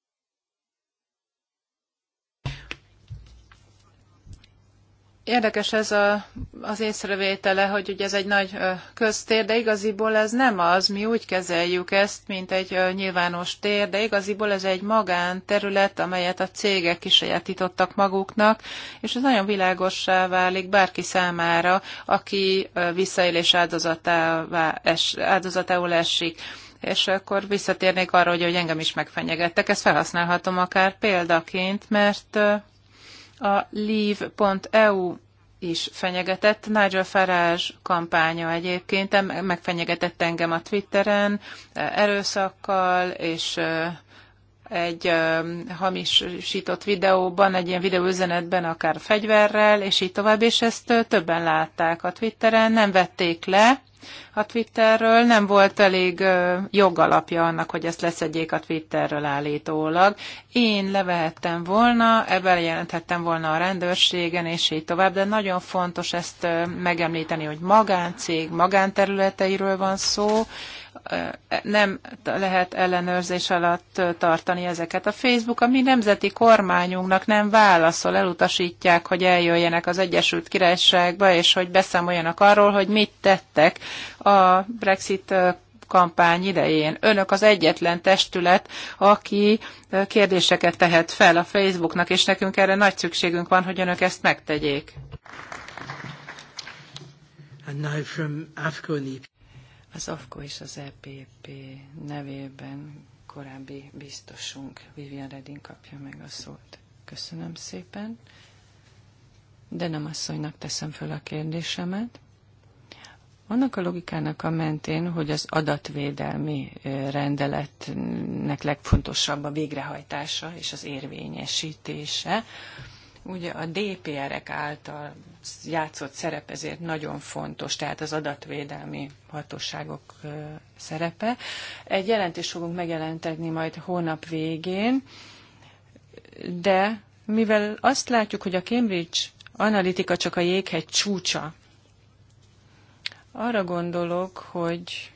Érdekes ez a, az észrevétele, hogy ugye ez egy nagy köztér, de igaziból ez nem az, mi úgy kezeljük ezt, mint egy nyilvános tér, de igaziból ez egy magánterület, amelyet a cégek is sajátítottak maguknak, és ez nagyon világossá válik bárki számára, aki visszaélés áldozatá, áldozatául esik és akkor visszatérnék arra, hogy, hogy engem is megfenyegettek. Ezt felhasználhatom akár példaként, mert a leave.eu is fenyegetett. Nigel Farage kampánya egyébként megfenyegetett engem a Twitteren erőszakkal, és egy hamisított videóban, egy ilyen videóüzenetben, akár fegyverrel, és így tovább, és ezt többen látták a Twitteren, nem vették le, a Twitterről nem volt elég jogalapja annak, hogy ezt leszedjék a Twitterről állítólag. Én levehettem volna, ebben jelenthettem volna a rendőrségen, és így tovább, de nagyon fontos ezt megemlíteni, hogy magáncég, magánterületeiről van szó, nem lehet ellenőrzés alatt tartani ezeket. A Facebook a mi nemzeti kormányunknak nem válaszol, elutasítják, hogy eljöjjenek az Egyesült Királyságba, és hogy beszámoljanak arról, hogy mit tettek a Brexit kampány idején. Önök az egyetlen testület, aki kérdéseket tehet fel a Facebooknak, és nekünk erre nagy szükségünk van, hogy önök ezt megtegyék. And now from Afghan e az AFKO és az EPP nevében korábbi biztosunk Vivian Redding kapja meg a szót. Köszönöm szépen. De nem asszonynak teszem föl a kérdésemet. Annak a logikának a mentén, hogy az adatvédelmi rendeletnek legfontosabb a végrehajtása és az érvényesítése, ugye a DPR-ek által játszott szerep ezért nagyon fontos, tehát az adatvédelmi hatóságok szerepe. Egy jelentést fogunk megjelentetni majd hónap végén, de mivel azt látjuk, hogy a Cambridge Analitika csak a jéghegy csúcsa, arra gondolok, hogy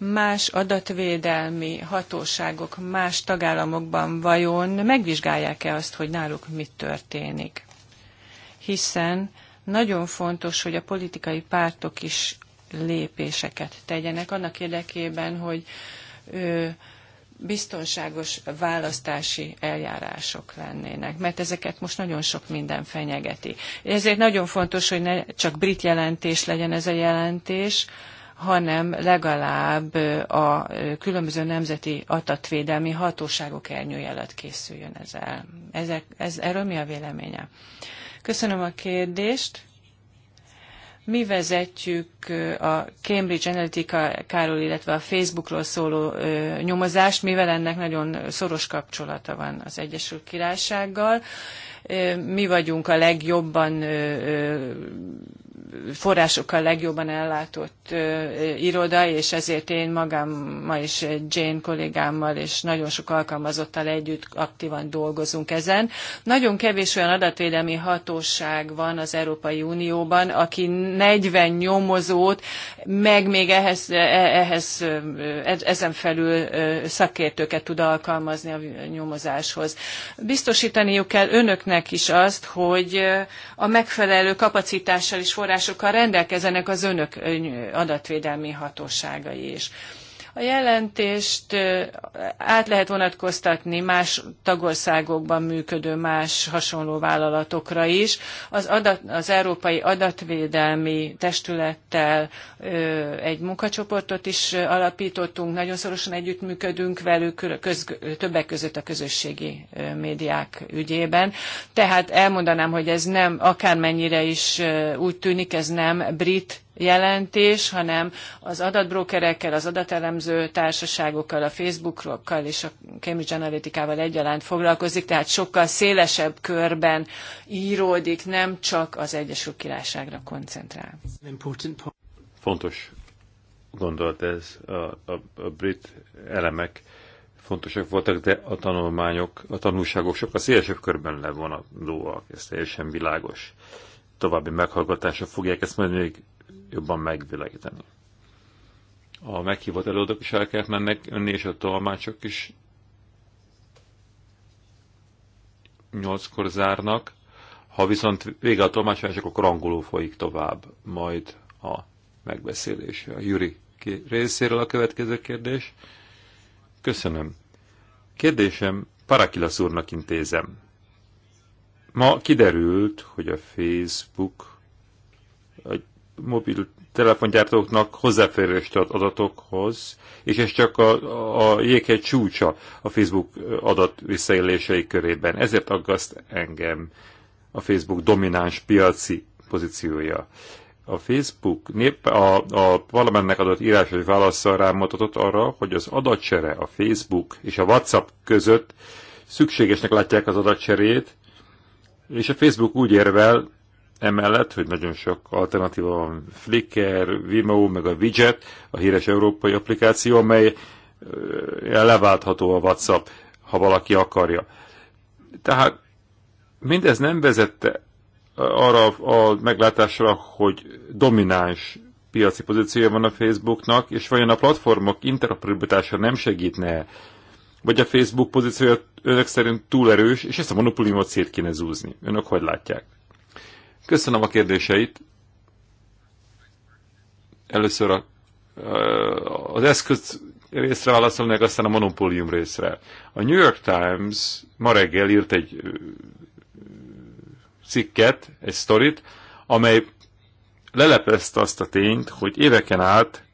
más adatvédelmi hatóságok más tagállamokban vajon megvizsgálják-e azt, hogy náluk mit történik. Hiszen nagyon fontos, hogy a politikai pártok is lépéseket tegyenek annak érdekében, hogy ö, biztonságos választási eljárások lennének, mert ezeket most nagyon sok minden fenyegeti. Ezért nagyon fontos, hogy ne csak brit jelentés legyen ez a jelentés, hanem legalább a különböző nemzeti adatvédelmi hatóságok ernyője alatt készüljön ez el. Ezek, ez, erről mi a véleménye? Köszönöm a kérdést. Mi vezetjük a Cambridge Analytica-káról, illetve a Facebookról szóló nyomozást, mivel ennek nagyon szoros kapcsolata van az Egyesült Királysággal mi vagyunk a legjobban forrásokkal legjobban ellátott iroda, és ezért én magam ma is Jane kollégámmal és nagyon sok alkalmazottal együtt aktívan dolgozunk ezen. Nagyon kevés olyan adatvédelmi hatóság van az Európai Unióban, aki 40 nyomozót, meg még ehhez, e, ehhez e, ezen felül szakértőket tud alkalmazni a nyomozáshoz. Biztosítaniuk kell önöknek is azt, hogy a megfelelő kapacitással és forrás forrásokkal rendelkezenek az önök adatvédelmi hatóságai is. A jelentést át lehet vonatkoztatni más tagországokban működő más hasonló vállalatokra is. Az, adat, az Európai Adatvédelmi Testülettel egy munkacsoportot is alapítottunk, nagyon szorosan együttműködünk velük, köz, többek között a közösségi médiák ügyében. Tehát elmondanám, hogy ez nem, akármennyire is úgy tűnik, ez nem brit jelentés, hanem az adatbrokerekkel, az adatelemző társaságokkal, a Facebookokkal és a Cambridge Analytica-val egyaránt foglalkozik, tehát sokkal szélesebb körben íródik, nem csak az Egyesült Királyságra koncentrál. Fontos gondolat ez, a, a, a brit elemek fontosak voltak, de a tanulmányok, a tanulságok sokkal szélesebb körben levonadóak, ez teljesen világos. További meghallgatásra fogják ezt majd még jobban megvilágítani. A meghívott előadók is el kellett mennek, önni és a tolmácsok is nyolckor zárnak. Ha viszont vége a tolmácsolás, akkor angolul folyik tovább majd a megbeszélés. A Juri részéről a következő kérdés. Köszönöm. Kérdésem Parakilasz úrnak intézem. Ma kiderült, hogy a Facebook mobil telefongyártóknak hozzáférést ad adatokhoz, és ez csak a, a jéghegy csúcsa a Facebook adat visszaélései körében. Ezért aggaszt engem a Facebook domináns piaci pozíciója. A Facebook nép, a, a valamennek adott írásos válaszsal rámutatott arra, hogy az adatcsere a Facebook és a WhatsApp között szükségesnek látják az adatcserét, és a Facebook úgy érvel, emellett, hogy nagyon sok alternatíva van Flickr, Vimeo, meg a Widget, a híres európai applikáció, amely leváltható a WhatsApp, ha valaki akarja. Tehát mindez nem vezette arra a meglátásra, hogy domináns piaci pozíciója van a Facebooknak, és vajon a platformok interoperabilitása nem segítne Vagy a Facebook pozíciója önök szerint túl erős, és ezt a monopóliumot szét kéne zúzni. Önök hogy látják? Köszönöm a kérdéseit. Először a, az eszköz részre válaszolni, aztán a monopólium részre. A New York Times ma reggel írt egy cikket, egy sztorit, amely leleplezte azt a tényt, hogy éveken át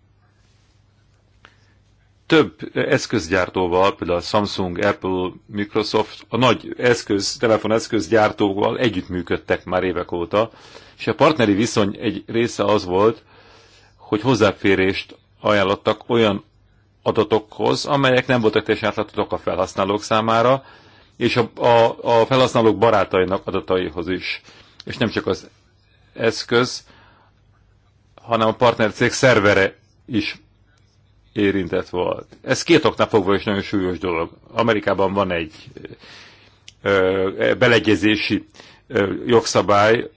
több eszközgyártóval, például a Samsung, Apple, Microsoft, a nagy eszköz, telefoneszközgyártóval együttműködtek már évek óta, és a partneri viszony egy része az volt, hogy hozzáférést ajánlottak olyan adatokhoz, amelyek nem voltak teljesen átláthatók a felhasználók számára, és a, a, a felhasználók barátainak adataihoz is. És nem csak az eszköz, hanem a partnercég szervere is érintett volt. Ez két oknál fogva is nagyon súlyos dolog. Amerikában van egy ö, beleegyezési ö, jogszabály,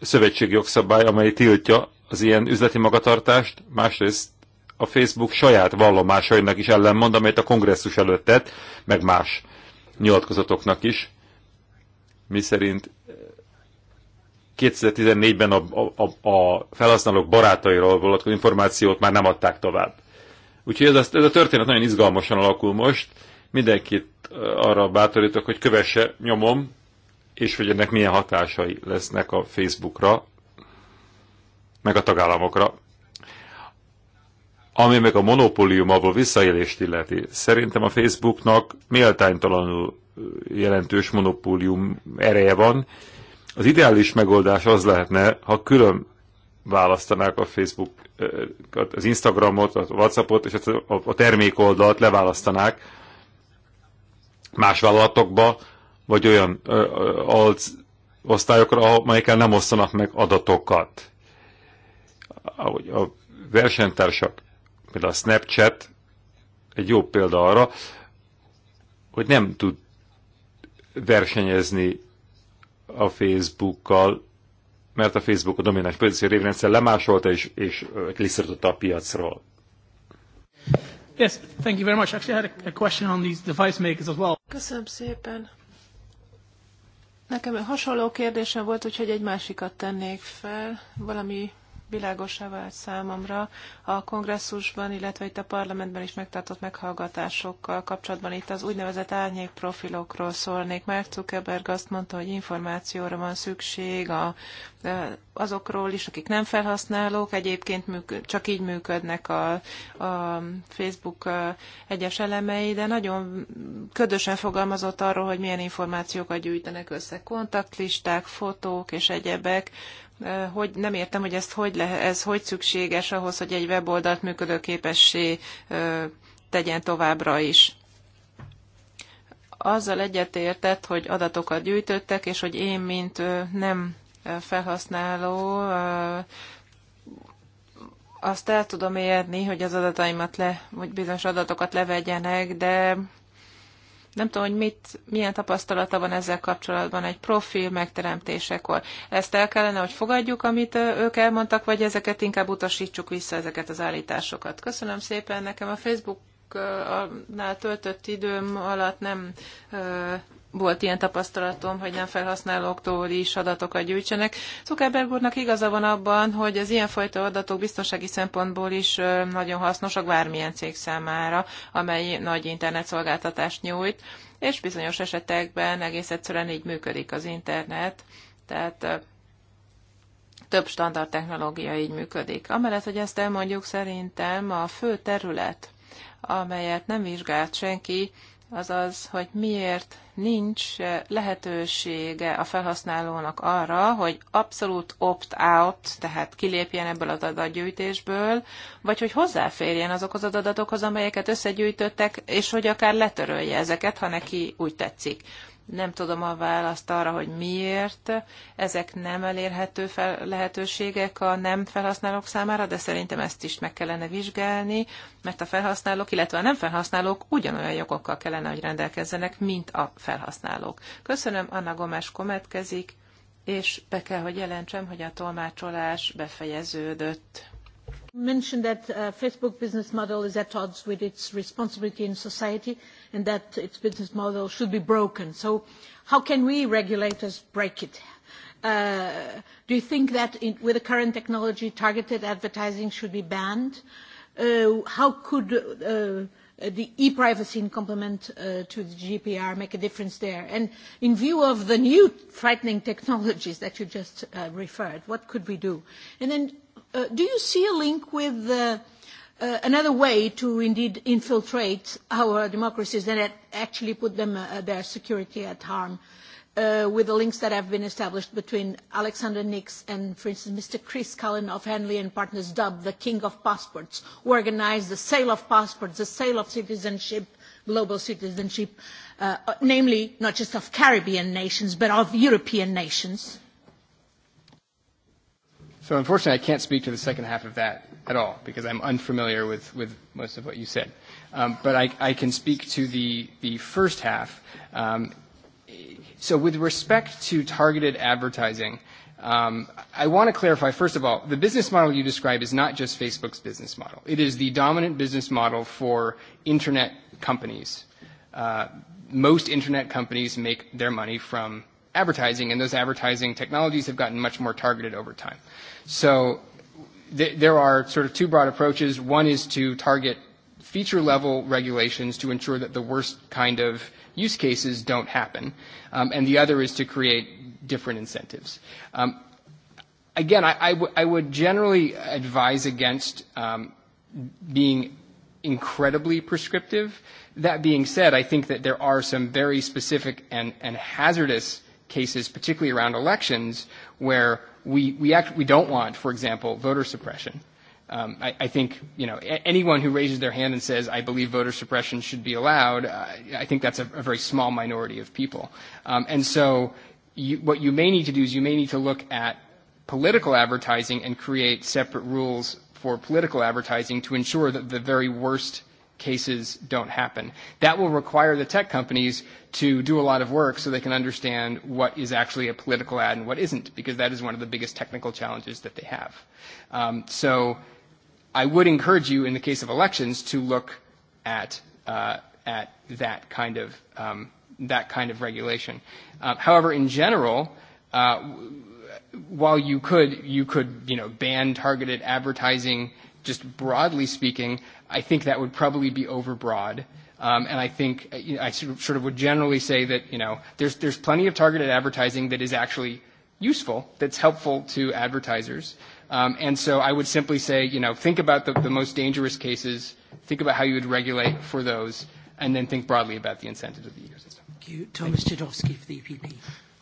szövetség jogszabály, amely tiltja az ilyen üzleti magatartást, másrészt a Facebook saját vallomásainak is ellenmond, amelyet a kongresszus előtt tett, meg más nyilatkozatoknak is, miszerint 2014-ben a, a, a felhasználók barátairól volatkozó információt már nem adták tovább. Úgyhogy ez a, ez a történet nagyon izgalmasan alakul most. Mindenkit eh, arra bátorítok, hogy kövesse nyomom, és hogy ennek milyen hatásai lesznek a Facebookra, meg a tagállamokra. Ami meg a monopóliumával visszaélést illeti, szerintem a Facebooknak méltánytalanul eh, jelentős monopólium ereje van. Az ideális megoldás az lehetne, ha külön választanák a Facebook az Instagramot, a Whatsappot és a oldalt leválasztanák más vállalatokba, vagy olyan alc osztályokra, amelyekkel nem osztanak meg adatokat. Ahogy a versenytársak, például a Snapchat egy jó példa arra, hogy nem tud versenyezni a Facebookkal, mert a Facebook a domináns pozíció révén egyszer lemásolta és, és liszorította a piacról. Yes, thank you very much. Actually, I had a question on these device makers as well. Köszönöm szépen. Nekem hasonló kérdésem volt, úgyhogy egy másikat tennék fel, valami világosá vált számomra a kongresszusban, illetve itt a parlamentben is megtartott meghallgatásokkal kapcsolatban. Itt az úgynevezett árnyék profilokról szólnék. Mark Zuckerberg azt mondta, hogy információra van szükség a, e, azokról is, akik nem felhasználók, egyébként működ, csak így működnek a, a Facebook e, egyes elemei, de nagyon ködösen fogalmazott arról, hogy milyen információkat gyűjtenek össze, kontaktlisták, fotók és egyebek, hogy nem értem, hogy ezt hogy le, ez hogy szükséges ahhoz, hogy egy weboldalt működőképessé tegyen továbbra is azzal egyetértett, hogy adatokat gyűjtöttek, és hogy én, mint nem felhasználó, azt el tudom érni, hogy az adataimat le, hogy bizonyos adatokat levegyenek, de nem tudom, hogy mit, milyen tapasztalata van ezzel kapcsolatban egy profil megteremtésekor. Ezt el kellene, hogy fogadjuk, amit ők elmondtak, vagy ezeket inkább utasítsuk vissza, ezeket az állításokat. Köszönöm szépen, nekem a Facebook nál töltött időm alatt nem volt ilyen tapasztalatom, hogy nem felhasználóktól is adatokat gyűjtsenek. Zuckerberg úrnak igaza van abban, hogy az ilyenfajta adatok biztonsági szempontból is nagyon hasznosak bármilyen cég számára, amely nagy internetszolgáltatást nyújt, és bizonyos esetekben egész egyszerűen így működik az internet, tehát több standard technológia így működik. Amellett, hogy ezt elmondjuk, szerintem a fő terület, amelyet nem vizsgált senki, az az, hogy miért nincs eh, lehetősége a felhasználónak arra, hogy abszolút opt-out, tehát kilépjen ebből az adatgyűjtésből, vagy hogy hozzáférjen azokhoz az adatokhoz, amelyeket összegyűjtöttek, és hogy akár letörölje ezeket, ha neki úgy tetszik nem tudom a választ arra, hogy miért. Ezek nem elérhető fel, lehetőségek a nem felhasználók számára, de szerintem ezt is meg kellene vizsgálni, mert a felhasználók, illetve a nem felhasználók ugyanolyan jogokkal kellene, hogy rendelkezzenek, mint a felhasználók. Köszönöm, Anna Gomes kometkezik, és be kell, hogy jelentsem, hogy a tolmácsolás befejeződött mentioned that uh, facebook business model is at odds with its responsibility in society and that its business model should be broken. So how can we regulators break it? Uh, do you think that in, with the current technology, targeted advertising should be banned? Uh, how could uh, the e-privacy in complement uh, to the GDPR make a difference there? And in view of the new frightening technologies that you just uh, referred, what could we do? And then uh, do you see a link with the Uh, another way to indeed infiltrate our democracies and actually put them, uh, their security at harm uh, with the links that have been established between Alexander Nix and, for instance, Mr. Chris Cullen of Henley and Partners, dubbed the King of Passports, who organized the sale of passports, the sale of citizenship, global citizenship, uh, namely not just of Caribbean nations, but of European nations. So unfortunately, I can't speak to the second half of that at all because I'm unfamiliar with, with most of what you said. Um, but I, I can speak to the, the first half. Um, so with respect to targeted advertising, um, I want to clarify, first of all, the business model you describe is not just Facebook's business model. It is the dominant business model for Internet companies. Uh, most Internet companies make their money from advertising, and those advertising technologies have gotten much more targeted over time. So th- there are sort of two broad approaches. One is to target feature level regulations to ensure that the worst kind of use cases don't happen. Um, and the other is to create different incentives. Um, again, I, I, w- I would generally advise against um, being incredibly prescriptive. That being said, I think that there are some very specific and, and hazardous cases, particularly around elections, where we, we, act, we don't want, for example, voter suppression. Um, I, I think you know a- anyone who raises their hand and says I believe voter suppression should be allowed. Uh, I think that's a, a very small minority of people, um, and so you, what you may need to do is you may need to look at political advertising and create separate rules for political advertising to ensure that the very worst cases don't happen. That will require the tech companies to do a lot of work so they can understand what is actually a political ad and what isn't, because that is one of the biggest technical challenges that they have. Um, so I would encourage you, in the case of elections, to look at uh, at that kind of um, that kind of regulation. Uh, however, in general, uh, while you could you could you know ban targeted advertising, just broadly speaking, I think that would probably be overbroad. Um, and I think uh, you know, I sort of, would generally say that you know there's there's plenty of targeted advertising that is actually useful, that's helpful to advertisers. Um, and so I would simply say, you know, think about the, the most dangerous cases, think about how you would regulate for those, and then think broadly about the incentives of the ecosystem. Thank you. Thomas Chudovsky for the EPP.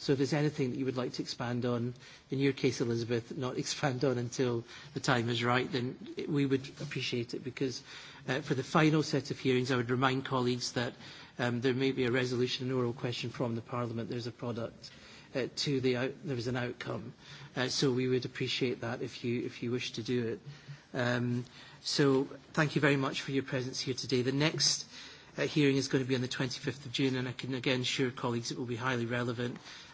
So if there's anything that you would like to expand on, in your case, Elizabeth, not expand on until the time is right, then we would appreciate it because uh, for the final set of hearings, I would remind colleagues that um, there may be a resolution, an oral question from the Parliament. There's a product uh, to the out, there is an outcome. Uh, so we would appreciate that if you, if you wish to do it. Um, so thank you very much for your presence here today. The next uh, hearing is going to be on the 25th of June, and I can again assure colleagues it will be highly relevant